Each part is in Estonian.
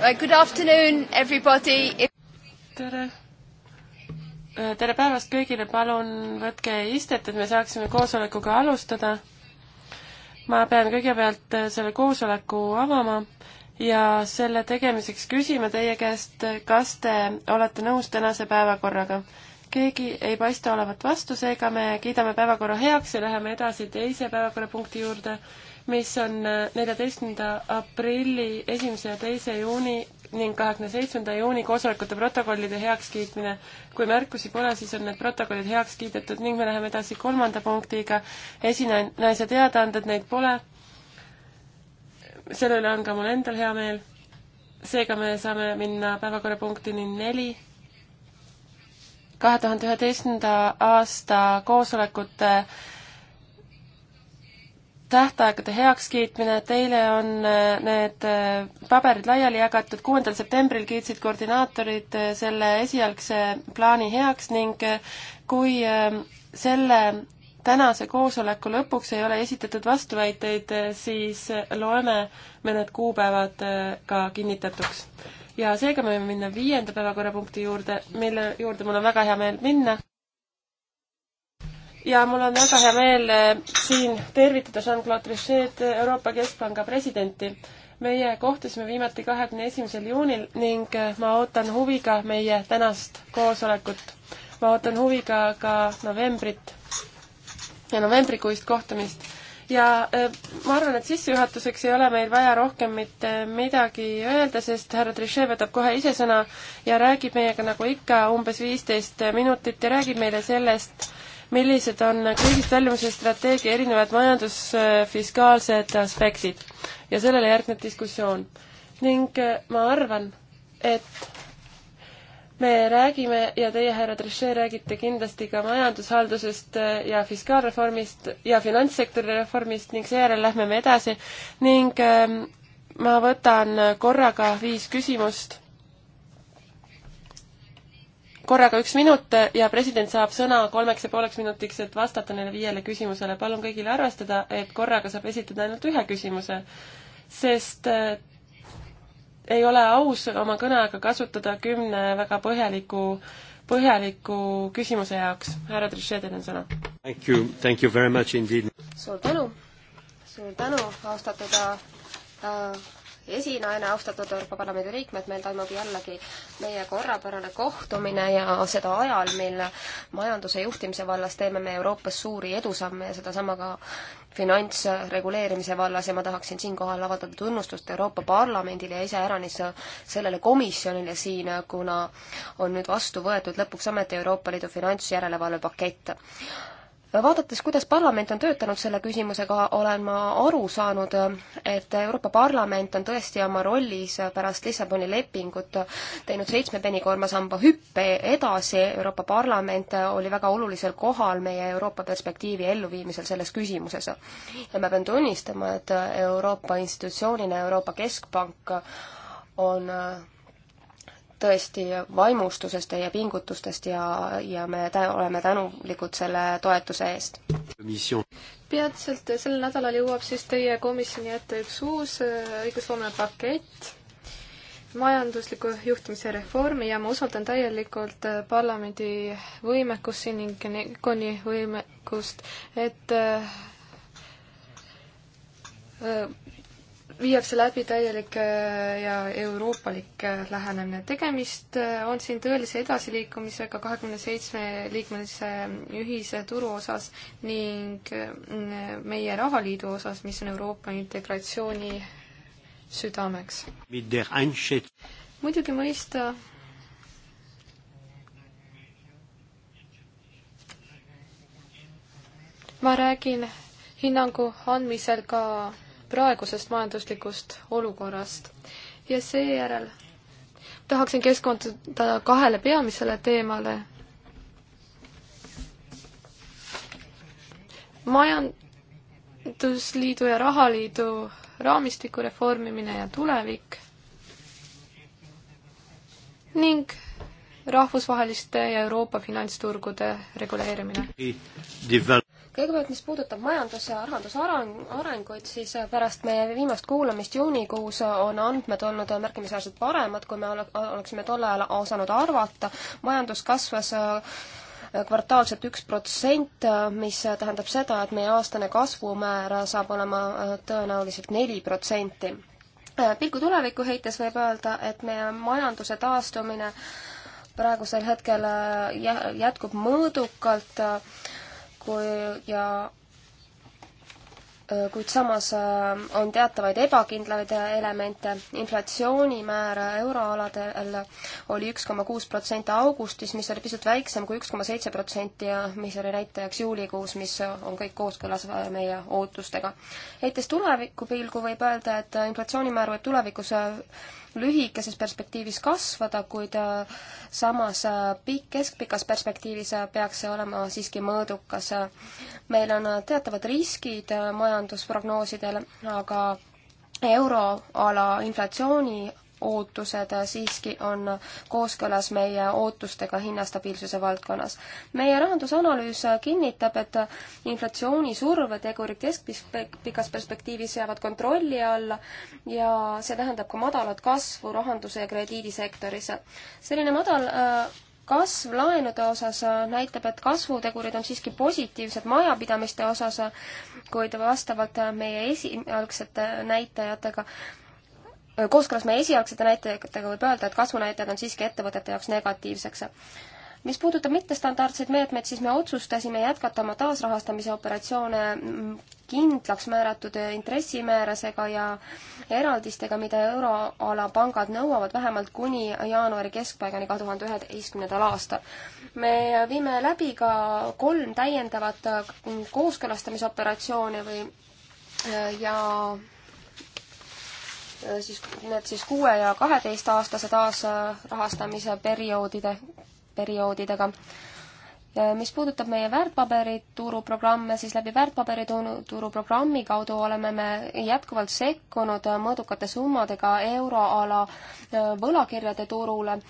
Good afternoon, everybody. tere. Äh, tere päevast kõigile, palun võtke istet, et me saaksime koosolekuga alustada. ma pean kõigepealt äh, selle koosoleku avama ja selle tegemiseks küsima teie käest, kas te olete nõus tänase päevakorraga. keegi ei paista olevat vastu, seega me kiidame päevakorra heaks ja läheme edasi teise päevakorrapunkti juurde mis on äh, neljateistkümnenda aprilli esimese ja teise juuni ning kahekümne seitsmenda juuni koosolekute protokollide heakskiitmine. kui märkusi pole, siis on need protokollid heaks kiidetud ning me läheme edasi kolmanda punktiga. esinaise teadaanded, neid pole. selle üle on ka mul endal hea meel. seega me saame minna päevakorrapunktini neli. kahe tuhande üheteistkümnenda aasta koosolekute tähtaegade heakskiitmine, teile on äh, need äh, paberid laiali jagatud, kuuendal septembril kiitsid koordinaatorid äh, selle esialgse plaani heaks ning kui selle tänase koosoleku lõpuks ei ole esitatud vastuväiteid, siis loeme me need kuupäevad ka kinnitatuks. ja seega me võime minna viienda päevakorrapunkti juurde, mille juurde mul on väga hea meel minna ja mul on väga hea meel äh, siin tervitada Jean-Claude Trichet, äh, Euroopa Keskpanga presidenti. meie kohtusime viimati kahekümne esimesel juunil ning äh, ma ootan huviga meie tänast koosolekut. ma ootan huviga ka novembrit ja novembrikuist kohtumist. ja ma arvan, et sissejuhatuseks ei ole meil vaja rohkem mitte midagi öelda, sest härra Trichet võtab kohe ise sõna ja räägib meiega nagu ikka umbes viisteist minutit ja räägib meile sellest, millised on kriisist väljumise strateegia erinevad majandusfiskaalsed aspektid ja sellele järgneb diskussioon. ning äh, ma arvan, et me räägime ja teie, härra Trichet, räägite kindlasti ka majandushaldusest äh, ja fiskaalreformist ja finantssektori reformist ning seejärel lähme me edasi ning ähm, ma võtan äh, korraga viis küsimust korraga üks minut ja president saab sõna kolmeks ja pooleks minutiks, et vastata neile viiele küsimusele. palun kõigile arvestada, et korraga saab esitada ainult ühe küsimuse, sest äh, ei ole aus oma kõneaega kasutada kümne väga põhjaliku, põhjaliku küsimuse jaoks. härra Trichet, teil on sõna. Thank you, thank you very much indeed. suur tänu, suur tänu, austatud äh, esinaine, austatud Euroopa Parlamendi liikmed, meil toimub jällegi meie korrapärane kohtumine ja seda ajal, mil majanduse juhtimise vallas teeme me Euroopas suuri edusamme ja sedasama ka finantsreguleerimise vallas ja ma tahaksin siinkohal avaldada tunnustust Euroopa Parlamendile ja iseäranis sellele komisjonile siin, kuna on nüüd vastu võetud lõpuks ometi Euroopa Liidu finantsjärelevalve pakett vaadates, kuidas parlament on töötanud selle küsimusega, olen ma aru saanud, et Euroopa Parlament on tõesti oma rollis pärast Lissaboni lepingut teinud seitsme penikoormasamba hüppe edasi, Euroopa Parlament oli väga olulisel kohal meie Euroopa perspektiivi elluviimisel selles küsimuses. ja ma pean tunnistama, et Euroopa institutsioonina Euroopa Keskpank on tõesti vaimustusest ja pingutustest ja, ja me tä-, oleme tänulikud selle toetuse eest. peatselt sel nädalal jõuab siis teie komisjoni ette üks uus äh, õigusloome pakett, majandusliku juhtimise reformi ja ma usaldan täielikult äh, parlamendi võimekust siin ning Nikoni võimekust, et äh, viiakse läbi täielik äh, ja euroopalik äh, lähenemine. tegemist äh, on siin tõelise edasiliikumisega kahekümne seitsme liikmelise ühise turu osas ning meie rahaliidu osas, mis on Euroopa integratsiooni südameks. muidugi mõista ma räägin hinnangu andmisel ka praegusest majanduslikust olukorrast ja seejärel tahaksin keskenduda kahele peamisele teemale. majandusliidu ja rahaliidu raamistiku reformimine ja tulevik ning rahvusvaheliste ja Euroopa finantsturgude reguleerimine kõigepealt, mis puudutab majandus- ja rahandusareng, arenguid, siis pärast meie viimast kuulamist juunikuus on andmed olnud märkimisväärselt paremad, kui me oleksime tol ajal osanud arvata. majandus kasvas äh, kvartaalselt üks protsent, äh, mis tähendab seda, et meie aastane kasvumäär saab olema äh, tõenäoliselt neli protsenti. pilgu tulevikku heites võib öelda, et meie majanduse taastumine praegusel hetkel jätkub mõõdukalt kui ja kuid samas on teatavaid ebakindlaid elemente. inflatsioonimäär euroaladel oli üks koma kuus protsenti augustis, mis oli pisut väiksem kui üks koma seitse protsenti ja mis oli näitajaks juulikuus, mis on kõik kooskõlas meie ootustega. heites tulevikku pilgu, võib öelda, et inflatsioonimäär võib tulevikus lühikeses perspektiivis kasvada, kuid äh, samas äh, pikk, keskpikas perspektiivis äh, peaks see olema siiski mõõdukas. meil on teatavad riskid majandusprognoosidel, aga euroala inflatsiooni ootused äh, siiski on kooskõlas meie ootustega hinnastabiilsuse valdkonnas. meie rahandusanalüüs äh, kinnitab, et äh, inflatsioonisurvetegurid keskpikas perspektiivis jäävad kontrolli alla ja see tähendab ka madalat kasvu rahanduse ja krediidisektoris. selline madal kasv laenude osas näitab, et kasvutegurid on siiski positiivsed majapidamiste osas, kuid vastavalt meie esialgsete näitajatega kooskõlas meie esialgsete näitajatega võib öelda, et kasvunäitajad on siiski ettevõtete jaoks negatiivseks. mis puudutab mittestandardseid meetmeid, siis me otsustasime jätkata oma taasrahastamise operatsioone mm, kindlaks määratud intressimäärasega ja eraldistega, mida euroala pangad nõuavad vähemalt kuni jaanuari keskpaigani kahe tuhande üheteistkümnendal aastal. me viime läbi ka kolm täiendavat mm, kooskõlastamisoperatsiooni või ja Äh, siis need siis kuue ja kaheteistaastase taasrahastamise perioodide, perioodidega. Äh, mis puudutab meie väärtpaberituru programme, siis läbi väärtpaberituru programmi kaudu oleme me jätkuvalt sekkunud mõõdukate summadega euroala äh, võlakirjade turule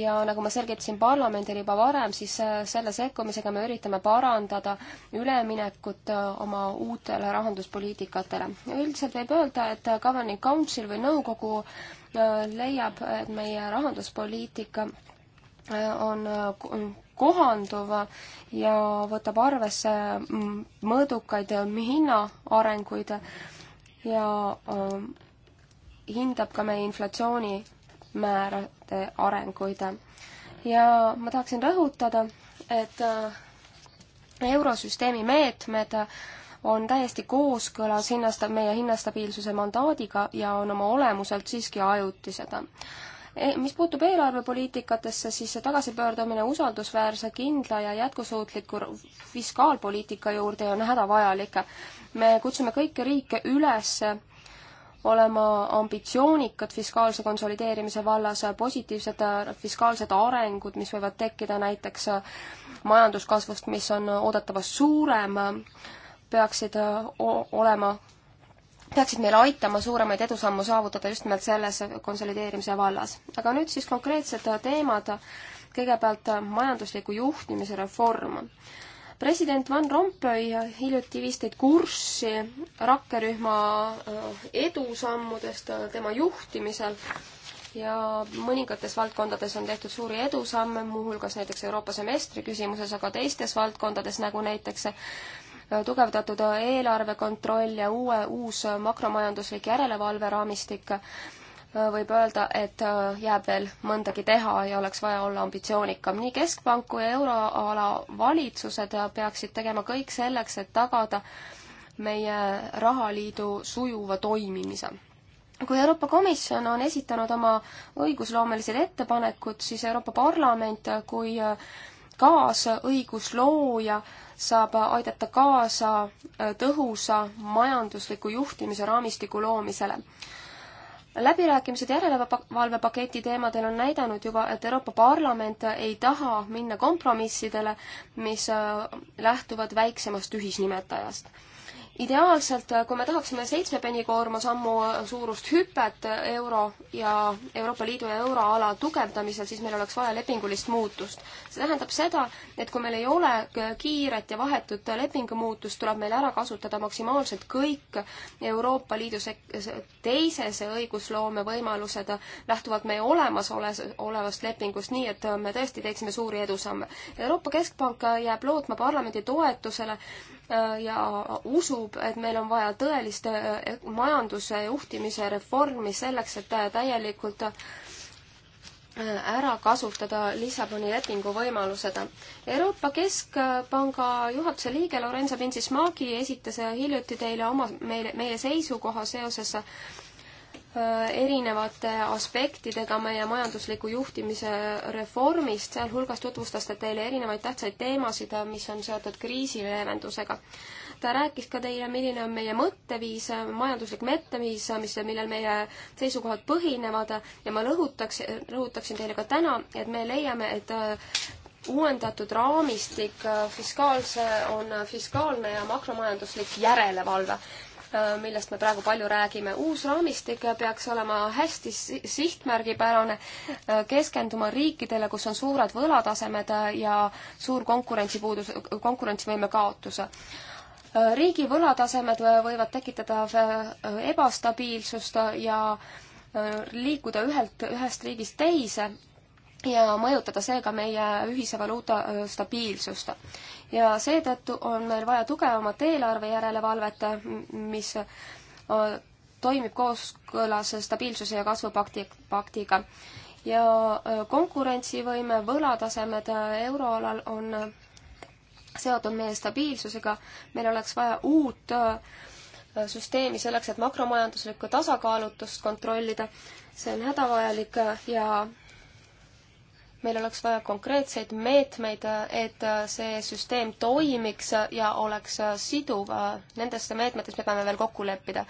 ja nagu ma selgitasin parlamendil juba varem, siis äh, selle sekkumisega me üritame parandada üleminekut äh, oma uutele rahanduspoliitikatele. üldiselt võib öelda, et äh, Governing Council või nõukogu leiab, et meie rahanduspoliitika on kohanduv ja võtab arvesse mm, mõõdukaid hinnaarenguid ja hindab ka meie inflatsiooni määra toodete arenguid. ja ma tahaksin rõhutada, et äh, eurosüsteemi meetmed on täiesti kooskõlas hinnasta-, meie hinnastabiilsuse mandaadiga ja on oma olemuselt siiski ajutised e, mis puutub eelarvepoliitikatesse, siis see tagasipöördumine usaldusväärse, kindla ja jätkusuutliku fiskaalpoliitika juurde on hädavajalik. me kutsume kõiki riike üles olema ambitsioonikad fiskaalse konsolideerimise vallas, positiivsed fiskaalsed arengud, mis võivad tekkida näiteks majanduskasvust, mis on oodatavast suurem, peaksid olema, peaksid meile aitama suuremaid edusammu saavutada just nimelt selles konsolideerimise vallas. aga nüüd siis konkreetsed teemad, kõigepealt majandusliku juhtimise reform president Van Rompuy hiljuti viis teid kurssi rakkerühma äh, edusammudest äh, tema juhtimisel ja mõningates valdkondades on tehtud suuri edusamme, muuhulgas näiteks Euroopa semestri küsimuses, aga teistes valdkondades, nagu näiteks äh, tugevdatud eelarvekontroll ja uue, uus makromajanduslik järelevalveraamistik võib öelda, et äh, jääb veel mõndagi teha ja oleks vaja olla ambitsioonikam. nii Keskpank kui euroala valitsused peaksid tegema kõik selleks, et tagada meie rahaliidu sujuva toimimise kui Euroopa Komisjon on esitanud oma õigusloomelised ettepanekud, siis Euroopa Parlament kui äh, kaasõiguslooja saab aidata kaasa äh, tõhusa majandusliku juhtimise raamistiku loomisele läbirääkimised järelevalvepaketi teemadel on näidanud juba, et Euroopa Parlament ei taha minna kompromissidele, mis äh, lähtuvad väiksemast ühisnimetajast ideaalselt, kui me tahaksime seitsme penikoorma sammu suurust hüpet euro ja Euroopa Liidu ja euroala tugevdamisel, siis meil oleks vaja lepingulist muutust. see tähendab seda, et kui meil ei ole kiiret ja vahetut lepingumuutust, tuleb meil ära kasutada maksimaalselt kõik Euroopa Liidu teises õigusloome võimalused lähtuvalt meie olemasolevast lepingust, nii et me tõesti teeksime suuri edusamme. Euroopa Keskpank jääb lootma parlamendi toetusele Äh, ja usub, et meil on vaja tõelist äh, e-, majanduse juhtimise reformi selleks, et äh, täielikult ära kasutada Lissaboni lepingu võimalused. Euroopa Keskpanga juhatuse liige Lorenzo Vincismagi esitas hiljuti teile oma, meile, meie seisukoha seoses Äh, erinevate aspektidega meie majandusliku juhtimise reformist, sealhulgas tutvustas ta teile erinevaid tähtsaid teemasid, mis on seotud kriisileevendusega. ta rääkis ka teile, milline on meie mõtteviis, majanduslik mõtteviis, mis, millel meie seisukohad põhinevad ja ma rõhutaks, rõhutaksin teile ka täna, et me leiame, et äh, uuendatud raamistik äh, fiskaalse, on fiskaalne ja makromajanduslik järelevalve Äh, millest me praegu palju räägime. uus raamistik peaks olema hästi sihtmärgipärane, äh, keskenduma riikidele, kus on suured võlatasemed äh, ja suur konkurentsipuudus, konkurentsivõime kaotus riigi võlatasemed võivad tekitada ebastabiilsust ja liikuda ühelt, ühest riigist teise ja mõjutada seega meie ühise valuuta stabiilsust. ja seetõttu on meil vaja tugevamat eelarve järelevalvet, mis toimib kooskõlas stabiilsuse ja kasvupakti, paktiga. ja konkurentsivõime võlatasemed euroalal on seotud meie stabiilsusega, meil oleks vaja uut süsteemi selleks, et makromajanduslikku tasakaalutust kontrollida, see on hädavajalik ja meil oleks vaja konkreetseid meetmeid, et see süsteem toimiks ja oleks siduv. Nendesse meetmetesse me peame veel kokku leppida.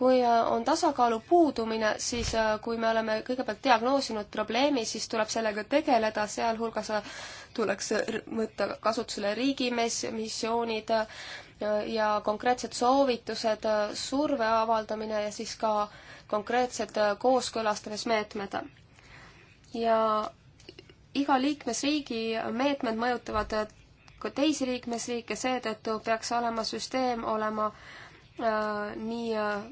kui on tasakaalu puudumine, siis kui me oleme kõigepealt diagnoosinud probleemi, siis tuleb sellega tegeleda, sealhulgas tuleks võtta kasutusele riigimissioonid ja konkreetsed soovitused, surve avaldamine ja siis ka konkreetsed kooskõlastamismeetmed ja iga liikmesriigi meetmed mõjutavad äh, ka teisi liikmesriike, seetõttu peaks olema süsteem olema äh, nii äh,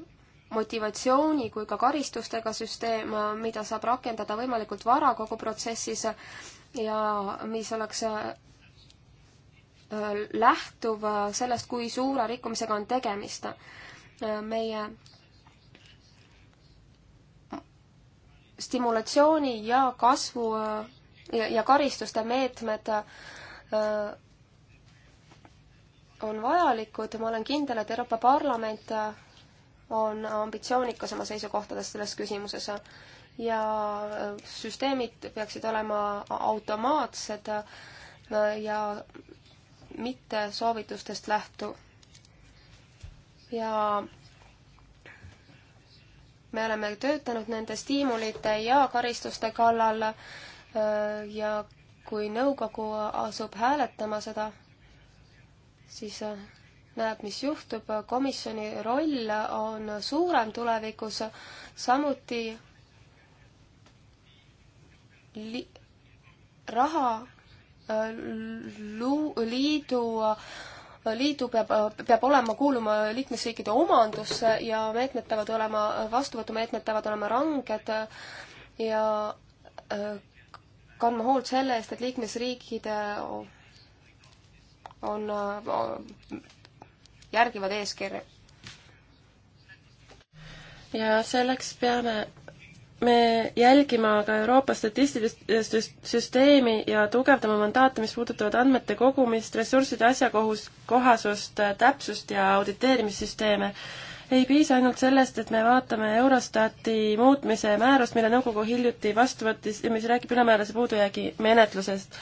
motivatsiooni kui ka karistustega süsteem, äh, mida saab rakendada võimalikult vara kogu protsessis äh, ja mis oleks lähtuv sellest, kui suure rikkumisega on tegemist. meie stimulatsiooni ja kasvu ja karistuste meetmed äh, on vajalikud ja ma olen kindel, et Euroopa Parlament on ambitsioonikas oma seisukohtades selles küsimuses ja süsteemid peaksid olema automaatsed ja mitte soovitustest lähtu. ja me oleme töötanud nende stiimulite ja karistuste kallal Äh, ja kui nõukogu asub hääletama seda, siis äh, näeb, mis juhtub, komisjoni roll on suurem tulevikus, samuti li-, raha äh, lu-, liidu liidu peab, peab olema, kuuluma liikmesriikide omandusse ja meetmed peavad olema, vastuvõtumeetmed peavad olema ranged ja kandma hoolt selle eest, et liikmesriigid äh, on, äh, järgivad eeskirja. ja selleks peame me jälgima ka Euroopa statistilist süsteemi ja tugevdama mandaate, mis puudutavad andmete kogumist, ressursside asjakohus, kohasust, täpsust ja auditeerimissüsteeme ei piisa ainult sellest, et me vaatame Eurostati muutmise määrust, mille nõukogu hiljuti vastu võttis ja mis räägib ülemäärase puudujäägi menetlusest,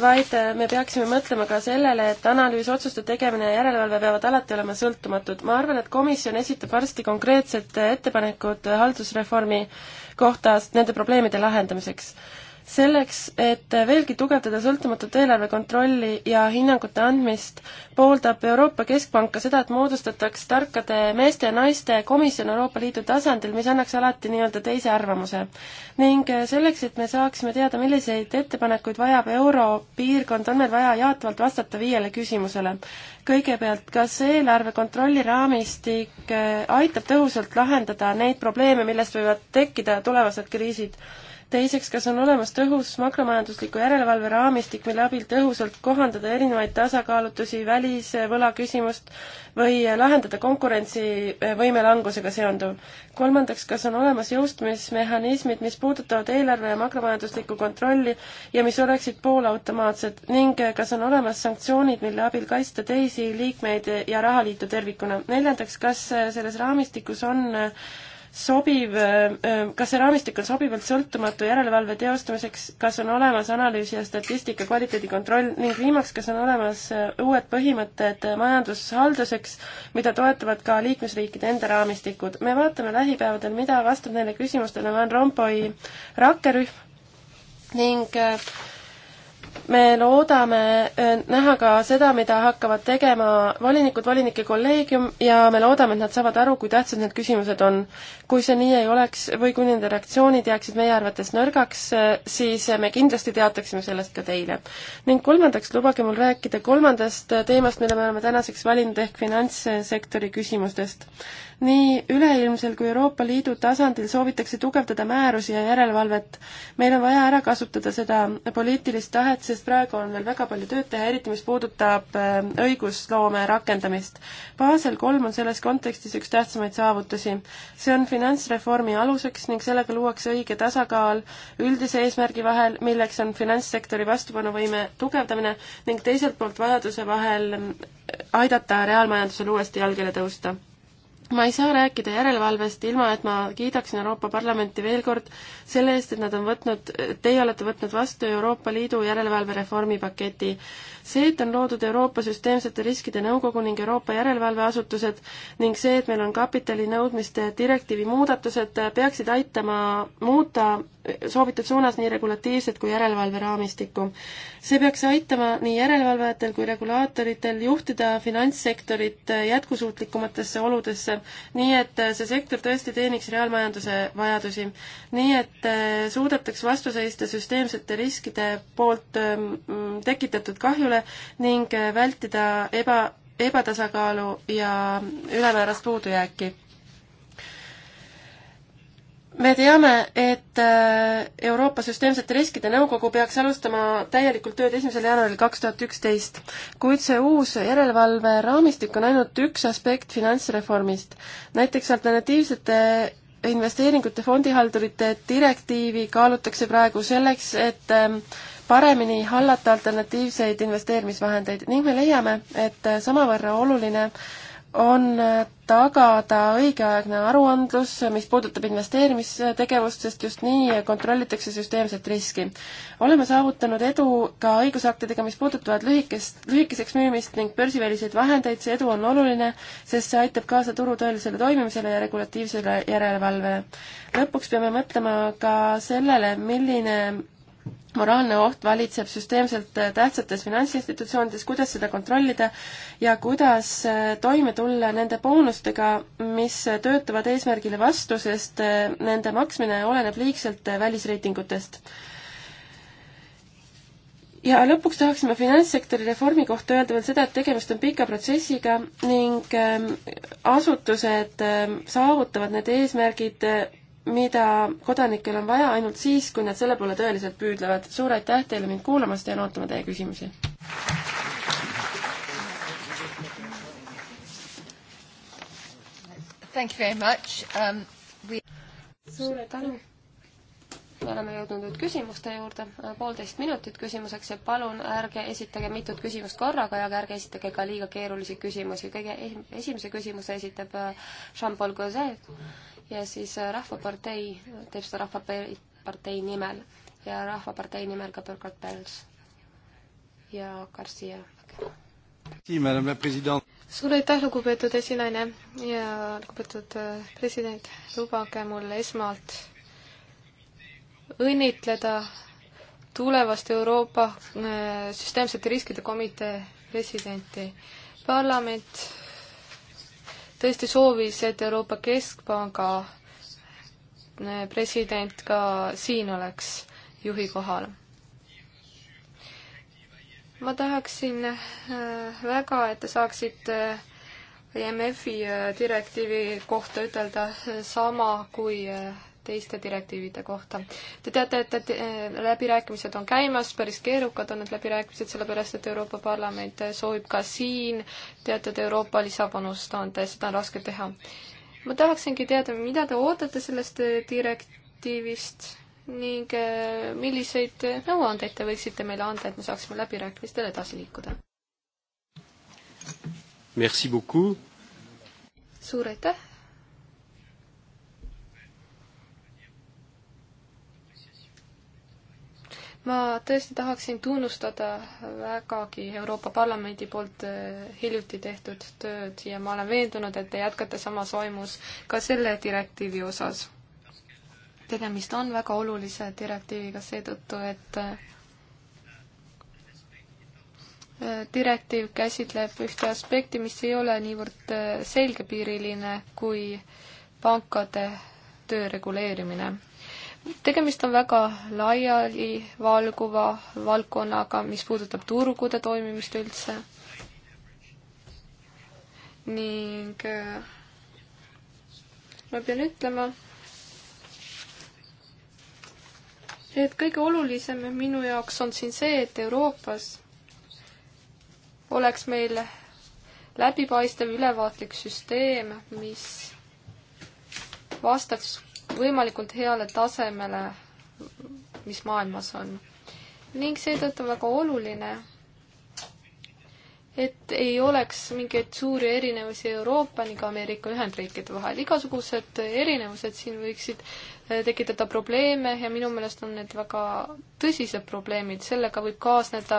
vaid äh, me peaksime mõtlema ka sellele, et analüüs, otsuste tegemine ja järelevalve peavad alati olema sõltumatud. ma arvan, et komisjon esitab varsti konkreetsed äh, ettepanekud äh, haldusreformi kohta nende probleemide lahendamiseks selleks, et veelgi tugevdada sõltumatut eelarvekontrolli ja hinnangute andmist, pooldab Euroopa Keskpank ka seda, et moodustataks tarkade meeste ja naiste komisjon Euroopa Liidu tasandil, mis annaks alati nii-öelda teise arvamuse. ning selleks, et me saaksime teada, milliseid ettepanekuid vajab Europiirkond, on meil vaja jaatavalt vastata viiele küsimusele. kõigepealt, kas eelarvekontrolli raamistik äh, aitab tõhusalt lahendada neid probleeme, millest võivad tekkida tulevased kriisid? teiseks, kas on olemas tõhus makromajandusliku järelevalve raamistik, mille abil tõhusalt kohandada erinevaid tasakaalutusi, välisvõla küsimust või lahendada konkurentsivõime langusega seonduv? kolmandaks, kas on olemas jõustumismehhanismid, mis puudutavad eelarve ja makromajanduslikku kontrolli ja mis oleksid poolautomaatsed ning kas on olemas sanktsioonid, mille abil kaitsta teisi liikmeid ja rahaliitu tervikuna? neljandaks, kas selles raamistikus on sobiv, äh, äh, kas see raamistik on sobivalt sõltumatu järelevalve teostamiseks, kas on olemas analüüsi ja statistika kvaliteedikontroll ning viimaks, kas on olemas äh, uued põhimõtted majandushalduseks, mida toetavad ka liikmesriikide enda raamistikud. me vaatame lähipäevadel, mida vastab neile küsimustele Van Rompuy rakkerühm ning äh, me loodame äh, näha ka seda, mida hakkavad tegema volinikud, volinike kolleegium ja me loodame, et nad saavad aru, kui tähtsad need küsimused on. kui see nii ei oleks või kui nende reaktsioonid jääksid meie arvates nõrgaks, äh, siis me kindlasti teataksime sellest ka teile. ning kolmandaks lubage mul rääkida kolmandast äh, teemast, mille me oleme tänaseks valinud, ehk finantssektori küsimustest nii üleilmsel kui Euroopa Liidu tasandil soovitakse tugevdada määrusi ja järelevalvet. meil on vaja ära kasutada seda poliitilist tahet, sest praegu on veel väga palju tööd teha, eriti mis puudutab äh, õigusloome rakendamist. Basel kolm on selles kontekstis üks tähtsamaid saavutusi. see on finantsreformi aluseks ning sellega luuakse õige tasakaal üldise eesmärgi vahel, milleks on finantssektori vastupanuvõime tugevdamine ning teiselt poolt vajaduse vahel äh, aidata reaalmajandusel uuesti jalgele tõusta ma ei saa rääkida järelevalvest, ilma et ma kiidaksin Euroopa Parlamenti veel kord selle eest, et nad on võtnud, teie olete võtnud vastu Euroopa Liidu järelevalvereformi paketi see, et on loodud Euroopa Süsteemsete Riskide Nõukogu ning Euroopa järelevalveasutused ning see, et meil on kapitalinõudmiste direktiivi muudatused, peaksid aitama muuta soovitud suunas nii regulatiivset kui järelevalveraamistikku. see peaks aitama nii järelevalvajatel kui regulaatoritel juhtida finantssektorit jätkusuutlikumatesse oludesse, nii et see sektor tõesti teeniks reaalmajanduse vajadusi. nii et eh, suudetaks vastu seista süsteemsete riskide poolt mm, tekitatud kahjule turule ning äh, vältida eba, ebatasakaalu ja ülemäärast puudujääki. me teame, et äh, Euroopa Süsteemsete Riskide Nõukogu peaks alustama täielikult tööd esimesel jaanuaril kaks tuhat üksteist, kuid see uus järelevalveraamistik on ainult üks aspekt finantsreformist. näiteks alternatiivsete investeeringute fondihaldurite direktiivi kaalutakse praegu selleks, et ähm, paremini hallata alternatiivseid investeerimisvahendeid ning me leiame, et samavõrra oluline on tagada õigeaegne aruandlus, mis puudutab investeerimistegevust, sest just nii kontrollitakse süsteemset riski. oleme saavutanud edu ka õigusaktidega, mis puudutavad lühikest, lühikeseks müümist ning börsiväliseid vahendeid, see edu on oluline, sest see aitab kaasa turu tõelisele toimimisele ja regulatiivsele järelevalvele. lõpuks peame mõtlema ka sellele, milline moraalne oht valitseb süsteemselt äh, tähtsates finantsinstitutsioonides, kuidas seda kontrollida ja kuidas äh, toime tulla nende boonustega, mis äh, töötavad eesmärgile vastu, sest nende maksmine oleneb liigselt välisreitingutest. ja lõpuks tahaksime finantssektori reformi kohta öelda veel seda, et tegemist on pika protsessiga ning ähm, asutused ähm, saavutavad need eesmärgid mida kodanikel on vaja ainult siis, kui nad selle poole tõeliselt püüdlevad. suur aitäh teile mind kuulamast, jään ootama teie küsimusi. Thank you very much um,. We... suur tänu. me oleme jõudnud nüüd küsimuste juurde, poolteist minutit küsimuseks ja palun ärge esitage mitut küsimust korraga ja ärge esitage ka liiga keerulisi küsimusi. kõige esimese küsimuse esitab äh, Jean-Paul Gauzet ja siis äh, Rahvapartei teeb seda Rahvapartei nimel ja Rahvapartei nimel ka Burkhard Pels ja Garcia. suur aitäh, lugupeetud esinaine ja lugupeetud äh, president, lubage mul esmalt õnnitleda tulevast Euroopa äh, süsteemsete riskide komitee presidenti. parlament tõesti soovis, et Euroopa Keskpanga eh, president ka siin oleks juhi kohal. ma tahaksin eh, väga, et te saaksite IMF-i eh, direktiivi kohta ütelda sama, kui teiste direktiivide kohta. Te teate, et, et eh, läbirääkimised on käimas, päris keerukad on need läbirääkimised, sellepärast et Euroopa Parlament soovib ka siin teatud Euroopa lisapanust anda ja seda on raske teha. ma tahaksingi teada, mida te ootate sellest eh, direktiivist ning eh, milliseid nõuandeid te võiksite meile anda, et me saaksime läbirääkimistel edasi liikuda? suur aitäh ma tõesti tahaksin tunnustada vägagi Euroopa Parlamendi poolt äh, hiljuti tehtud tööd ja ma olen veendunud, et te jätkate samas vaimus ka selle direktiivi osas. tegemist on väga olulise direktiiviga seetõttu, et äh, direktiiv käsitleb ühte aspekti, mis ei ole niivõrd äh, selgepiiriline kui pankade töö reguleerimine tegemist on väga laialivalguva valdkonnaga, mis puudutab turgude toimimist üldse ning äh, ma pean ütlema, et kõige olulisem minu jaoks on siin see, et Euroopas oleks meil läbipaistev ülevaatlik süsteem, mis vastaks võimalikult heale tasemele, mis maailmas on. ning seetõttu on väga oluline, et ei oleks mingeid suuri erinevusi Euroopa ning Ameerika Ühendriikide vahel. igasugused erinevused siin võiksid äh, tekitada probleeme ja minu meelest on need väga tõsised probleemid, sellega võib kaasneda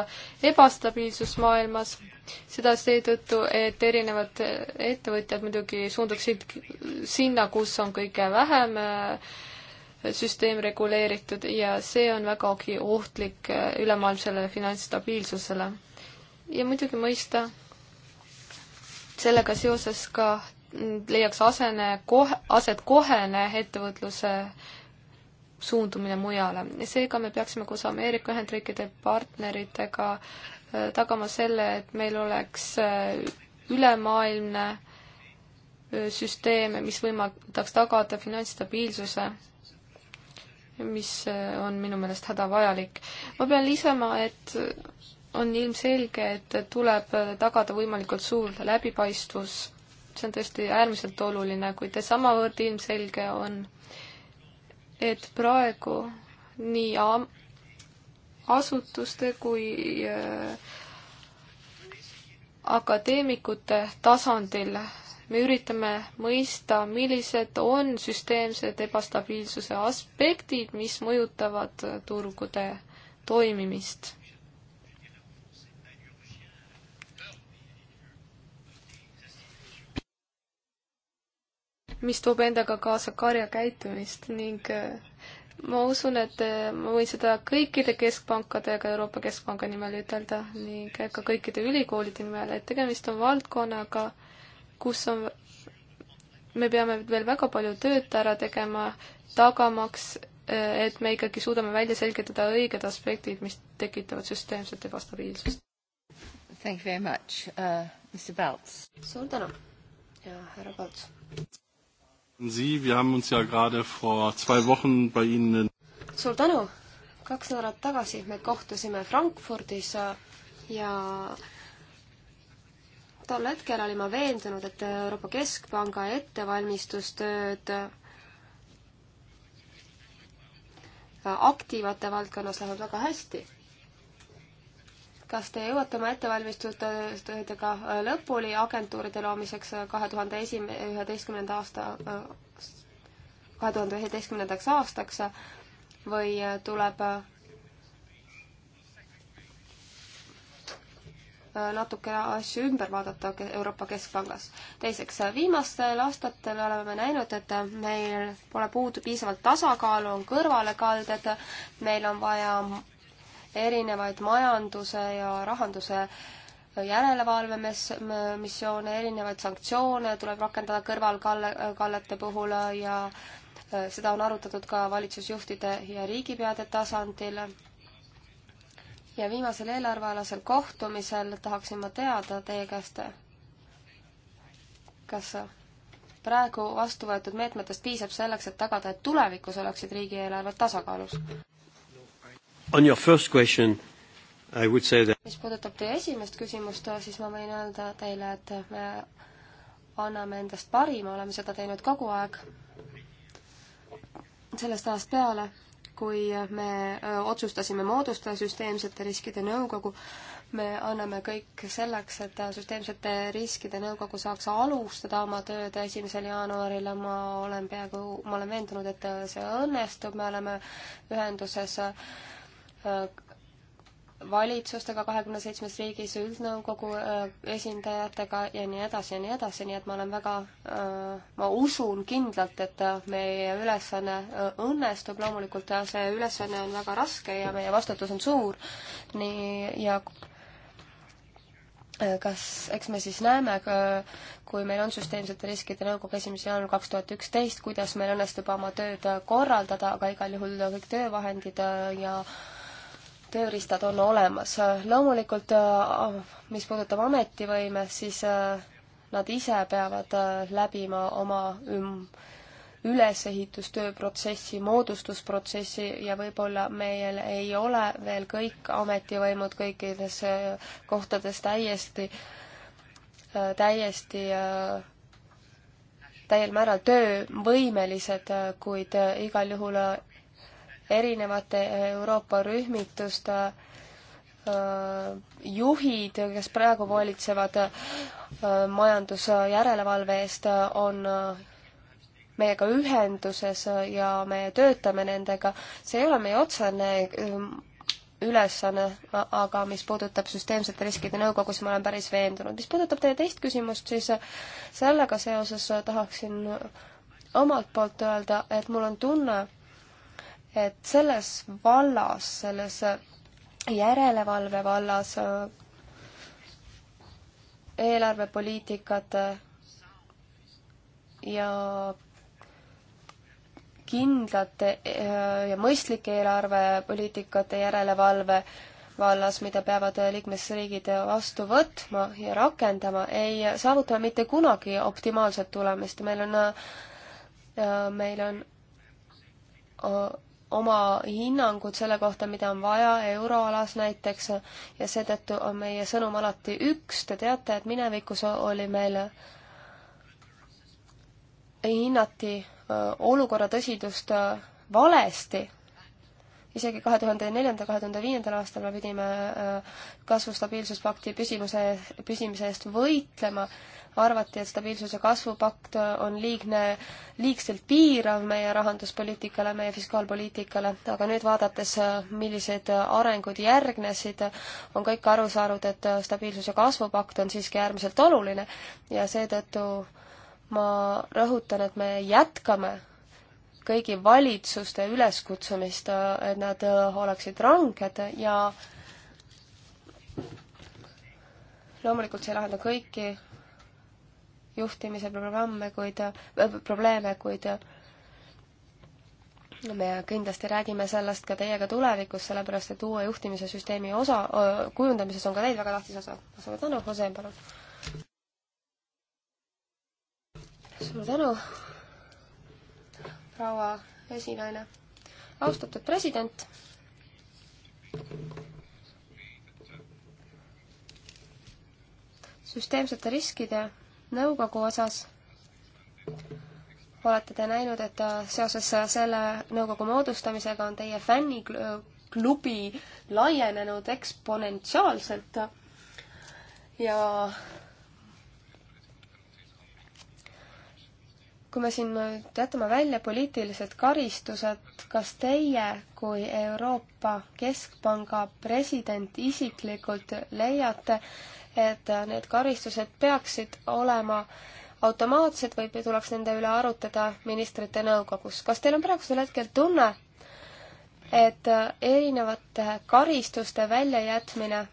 ebastabiilsus maailmas, seda seetõttu, et erinevad ettevõtjad muidugi suunduksid sinna, kus on kõige vähem äh, süsteem reguleeritud ja see on vägagi ohtlik äh, ülemaailmsele finantsstabiilsusele. ja muidugi mõista sellega seoses ka leiaks asene kohe, aset kohene ettevõtluse suundumine mujale. seega me peaksime koos Ameerika Ühendriikide partneritega äh, tagama selle, et meil oleks äh, ülemaailmne äh, süsteem, mis võimaldaks tagada finantsstabiilsuse, mis on minu meelest hädavajalik. ma pean lisama, et on ilmselge, et tuleb tagada võimalikult suur läbipaistvus see on tõesti äärmiselt oluline, kuid samavõrd ilmselge on, et praegu nii asutuste kui äh, akadeemikute tasandil me üritame mõista, millised on süsteemsed ebastabiilsuse aspektid, mis mõjutavad turgude toimimist mis toob endaga kaasa karjakäitumist ning äh, ma usun, et äh, ma võin seda kõikide keskpankadega Euroopa Keskpanga nimel ütelda ning ka kõikide ülikoolide nimel, et tegemist on valdkonnaga, kus on, me peame veel väga palju tööd ära tegema, tagamaks, äh, et me ikkagi suudame välja selgitada õiged aspektid, mis tekitavad süsteemset ebastabiilsust. Thank you very much uh,, Mr Palts. suur tänu ja härra Palts suur tänu! kaks nädalat tagasi me kohtusime Frankfurdis ja tol hetkel olin ma veendunud, et Euroopa Keskpanga ettevalmistustööd aktiivate valdkonnas lähevad väga hästi kas te jõuate oma ettevalmistustöödega lõpuni agentuuride loomiseks kahe tuhande esim-, üheteistkümnenda aasta, kahe tuhande üheteistkümnendaks aastaks või tuleb natuke asju ümber vaadata Euroopa Keskpangas. teiseks, viimastel aastatel oleme näinud, et meil pole puudu piisavalt tasakaalu, on kõrvalekalded, meil on vaja erinevaid majanduse ja rahanduse järelevalvemissioone, erinevaid sanktsioone tuleb rakendada kõrvalkallete puhul ja äh, seda on arutatud ka valitsusjuhtide ja riigipeade tasandil. ja viimasel eelarvealasel kohtumisel tahaksin ma teada teie käest, kas praegu vastu võetud meetmetest piisab selleks, et tagada, et tulevikus oleksid riigieelarved tasakaalus? On your first question, I would say that mis puudutab teie esimest küsimust, siis ma võin öelda teile, et me anname endast parima, oleme seda teinud kogu aeg, sellest ajast peale, kui me otsustasime moodustada süsteemsete riskide nõukogu, me anname kõik selleks, et süsteemsete riskide nõukogu saaks alustada oma tööd esimesel jaanuaril ja ma olen peaaegu, ma olen veendunud, et see õnnestub, me oleme ühenduses äh, Äh, valitsustega kahekümne seitsmes riigis, üldnõukogu äh, esindajatega ja nii edasi ja nii edasi, nii et ma olen väga, äh, ma usun kindlalt, et meie ülesanne õnnestub, loomulikult see ülesanne on väga raske ja meie vastutus on suur, nii, ja kas, eks me siis näeme, kui meil on Süsteemsete Riskide Nõukogu esimese jaanuar kaks tuhat üksteist, kuidas meil õnnestub oma tööd korraldada, aga igal juhul kõik töövahendid ja äh, tööriistad on olemas. loomulikult, äh, mis puudutab ametivõime, siis äh, nad ise peavad äh, läbima oma üm-, ülesehitustööprotsessi, moodustusprotsessi ja võib-olla meil ei ole veel kõik ametivõimud kõikides kohtades täiesti, täiesti täiel määral töövõimelised, kuid igal juhul erinevate eh, Euroopa rühmituste eh, juhid, kes praegu hoolitsevad eh, majandusjärelevalve eest, on meiega ühenduses ja me töötame nendega. see ei ole meie otsene ülesanne, aga mis puudutab süsteemsete riskide nõukogu, siis ma olen päris veendunud. mis puudutab teie teist küsimust, siis sellega seoses tahaksin omalt poolt öelda, et mul on tunne, et selles vallas, selles järelevalve vallas äh, eelarvepoliitikate äh, ja kindlate äh, ja mõistlike eelarvepoliitikate järelevalve vallas, mida peavad liikmesriigid vastu võtma ja rakendama, ei saavuta mitte kunagi optimaalset tulemist. meil on, meil on oma hinnangud selle kohta, mida on vaja euroalas näiteks ja seetõttu on meie sõnum alati üks, te teate, et minevikus oli meil, hinnati olukorra tõsidust valesti isegi kahe tuhande neljanda, kahe tuhande viiendal aastal me pidime äh, kasvustabiilsuspakti püsimuse, püsimise eest võitlema. arvati, et stabiilsuse kasvupakt äh, on liigne, liigselt piirav meie rahanduspoliitikale, meie fiskaalpoliitikale, aga nüüd vaadates, äh, millised arengud järgnesid, on kõik aru saanud, et stabiilsuse kasvupakt on siiski äärmiselt oluline ja seetõttu ma rõhutan, et me jätkame kõigi valitsuste üleskutsumist, et nad äh, oleksid ranged ja loomulikult see ei lahenda kõiki juhtimise programme, kuid äh,, probleeme, kuid me kindlasti räägime sellest ka teiega tulevikus, sellepärast et uue juhtimise süsteemi osa äh,, kujundamises on ka teil väga tähtis osa. suur tänu, Jose, palun! suur tänu! proua esinaine. austatud president. süsteemsete riskide nõukogu osas olete te näinud, et seoses selle nõukogu moodustamisega on teie fänniklubi laienenud eksponentsiaalselt ja kui me siin nüüd jätame välja poliitilised karistused, kas teie kui Euroopa Keskpanga president isiklikult leiate, et need karistused peaksid olema automaatsed või tuleks nende üle arutada ministrite nõukogus? kas teil on praegusel hetkel tunne, et erinevate karistuste väljajätmine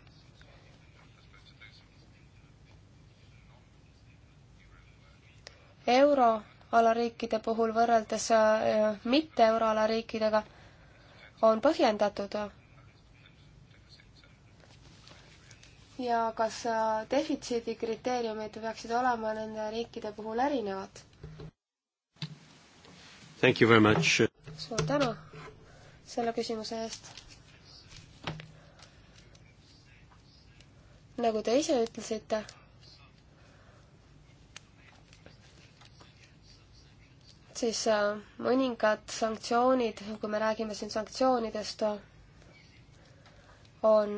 euro alariikide puhul võrreldes äh, mitte euroala riikidega on põhjendatud. ja kas äh, defitsiidi kriteeriumid peaksid olema nende riikide puhul erinevad? Thank you very much. suur tänu selle küsimuse eest. nagu te ise ütlesite siis äh, mõningad sanktsioonid, kui me räägime siin sanktsioonidest, on,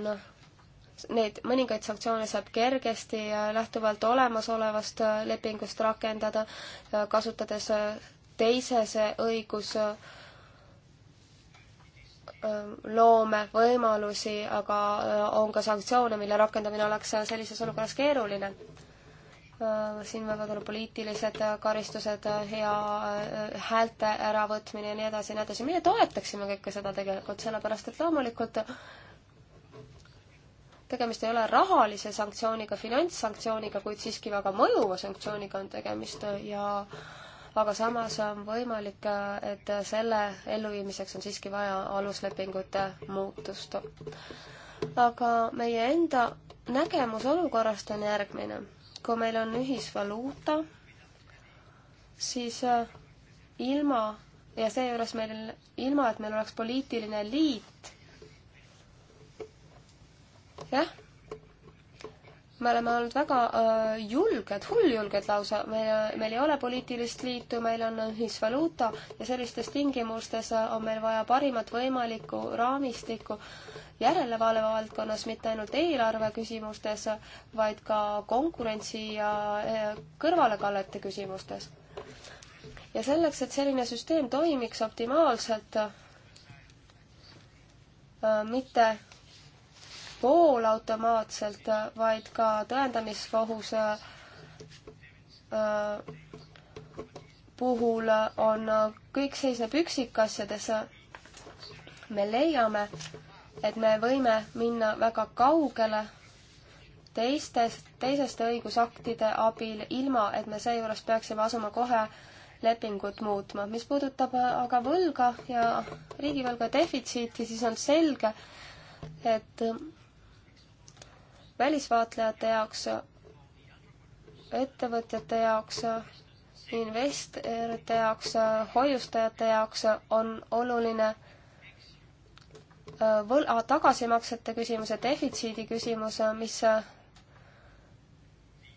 neid mõningaid sanktsioone saab kergesti äh, lähtuvalt olemasolevast äh, lepingust rakendada, kasutades teises õigus loome võimalusi, aga on ka sanktsioone, mille rakendamine oleks sellises olukorras keeruline Äh, siin võivad olla poliitilised karistused, hea äh, häälte äravõtmine ja nii edasi ja nii edasi. meie toetaksime kõike seda tegelikult, sellepärast et loomulikult tegemist ei ole rahalise sanktsiooniga, finantssanktsiooniga, kuid siiski väga mõjuva sanktsiooniga on tegemist ja aga samas on võimalik, et selle elluviimiseks on siiski vaja aluslepingute muutust. aga meie enda nägemus olukorrast on järgmine kui meil on ühisvaluuta, siis äh, ilma ja seejuures meil, ilma et meil oleks poliitiline liit, jah, me oleme olnud väga äh, julged, hulljulged lausa, meil, meil ei ole poliitilist liitu, meil on ühisvaluuta ja sellistes tingimustes äh, on meil vaja parimat võimalikku raamistikku järelevalve valdkonnas, mitte ainult eelarve küsimustes, vaid ka konkurentsi ja äh, kõrvalekallete küsimustes. ja selleks, et selline süsteem toimiks optimaalselt äh,, mitte poolautomaatselt, vaid ka tõendamiskohus äh, puhul on, kõik seisneb üksikasjades. me leiame, et me võime minna väga kaugele teistest, teiseste õigusaktide abil, ilma et me seejuures peaksime asuma kohe lepingut muutma. mis puudutab aga võlga ja riigivõlga defitsiiti, siis on selge, et välisvaatlejate jaoks, ettevõtjate jaoks, investorite jaoks, hoiustajate jaoks on oluline äh, võla tagasimaksete küsimuse, defitsiidi küsimus, äh, mis, äh,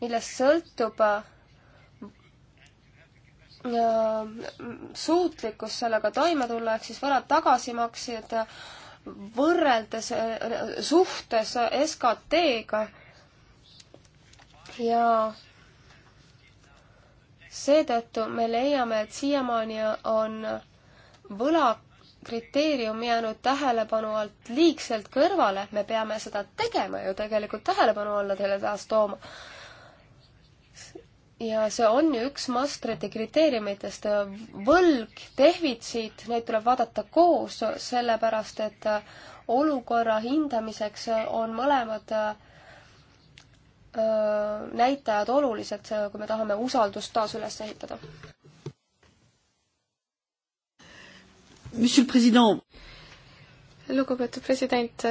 millest sõltub suutlikkus sellega toime tulla, ehk siis võla tagasimaksjad võrreldes suhtes SKT-ga ja seetõttu me leiame, et siiamaani on võlakriteerium jäänud tähelepanu alt liigselt kõrvale, me peame seda tegema ju tegelikult tähelepanu alla selle taas tooma ja see on ju üks Maastrichti kriteeriumitest, võlg, defitsiit, neid tuleb vaadata koos, sellepärast et olukorra hindamiseks on mõlemad äh, näitajad olulised, kui me tahame usaldust taas üles ehitada. lugupeetud president,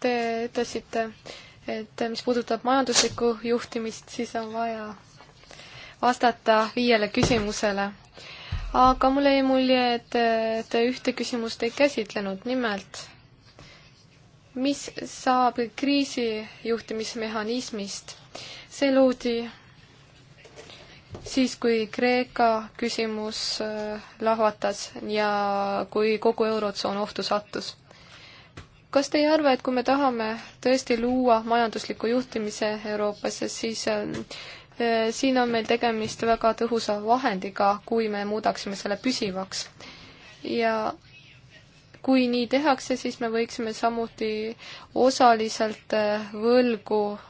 te ütlesite, et mis puudutab majanduslikku juhtimist, siis on vaja vastata viiele küsimusele. aga mulle jäi mulje, et te ühte küsimust ei käsitlenud, nimelt mis saab kriisijuhtimismehhanismist? see loodi siis, kui Kreeka küsimus äh, lahvatas ja kui kogu Eurotsoon ohtu sattus kas te ei arva, et kui me tahame tõesti luua majandusliku juhtimise Euroopas, siis äh, siin on meil tegemist väga tõhusa vahendiga, kui me muudaksime selle püsivaks. ja kui nii tehakse, siis me võiksime samuti osaliselt äh, võlgu äh,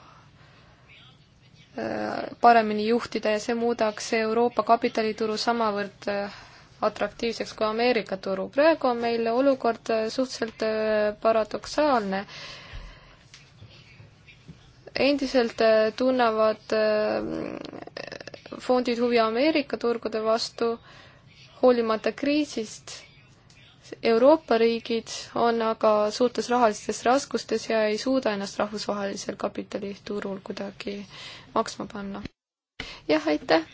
paremini juhtida ja see muudaks Euroopa kapitalituru samavõrd atraktiivseks kui Ameerika turu. praegu on meil olukord äh, suhteliselt äh, paradoksaalne. endiselt äh, tunnevad fondid huvi Ameerika turgude vastu, hoolimata kriisist. Euroopa riigid on aga suurtes rahalistes raskustes ja ei suuda ennast rahvusvahelisel kapitaliturul kuidagi maksma panna. jah, aitäh!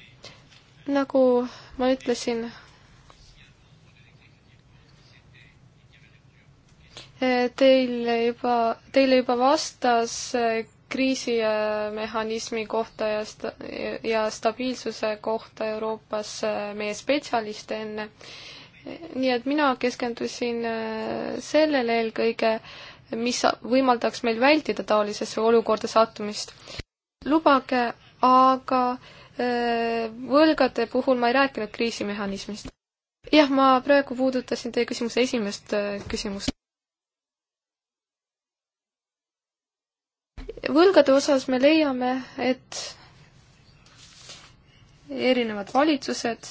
nagu ma ütlesin, Teil juba, teile juba vastas eh, kriisimehhanismi kohta ja sta-, ja stabiilsuse kohta Euroopas eh, meie spetsialist enne. nii et mina keskendusin eh, sellele eelkõige, mis võimaldaks meil vältida taolisesse olukorda sattumist. lubage, aga võlgade puhul ma ei rääkinud kriisimehhanismist. jah, ma praegu puudutasin teie küsimuse esimest küsimust. võlgade osas me leiame, et erinevad valitsused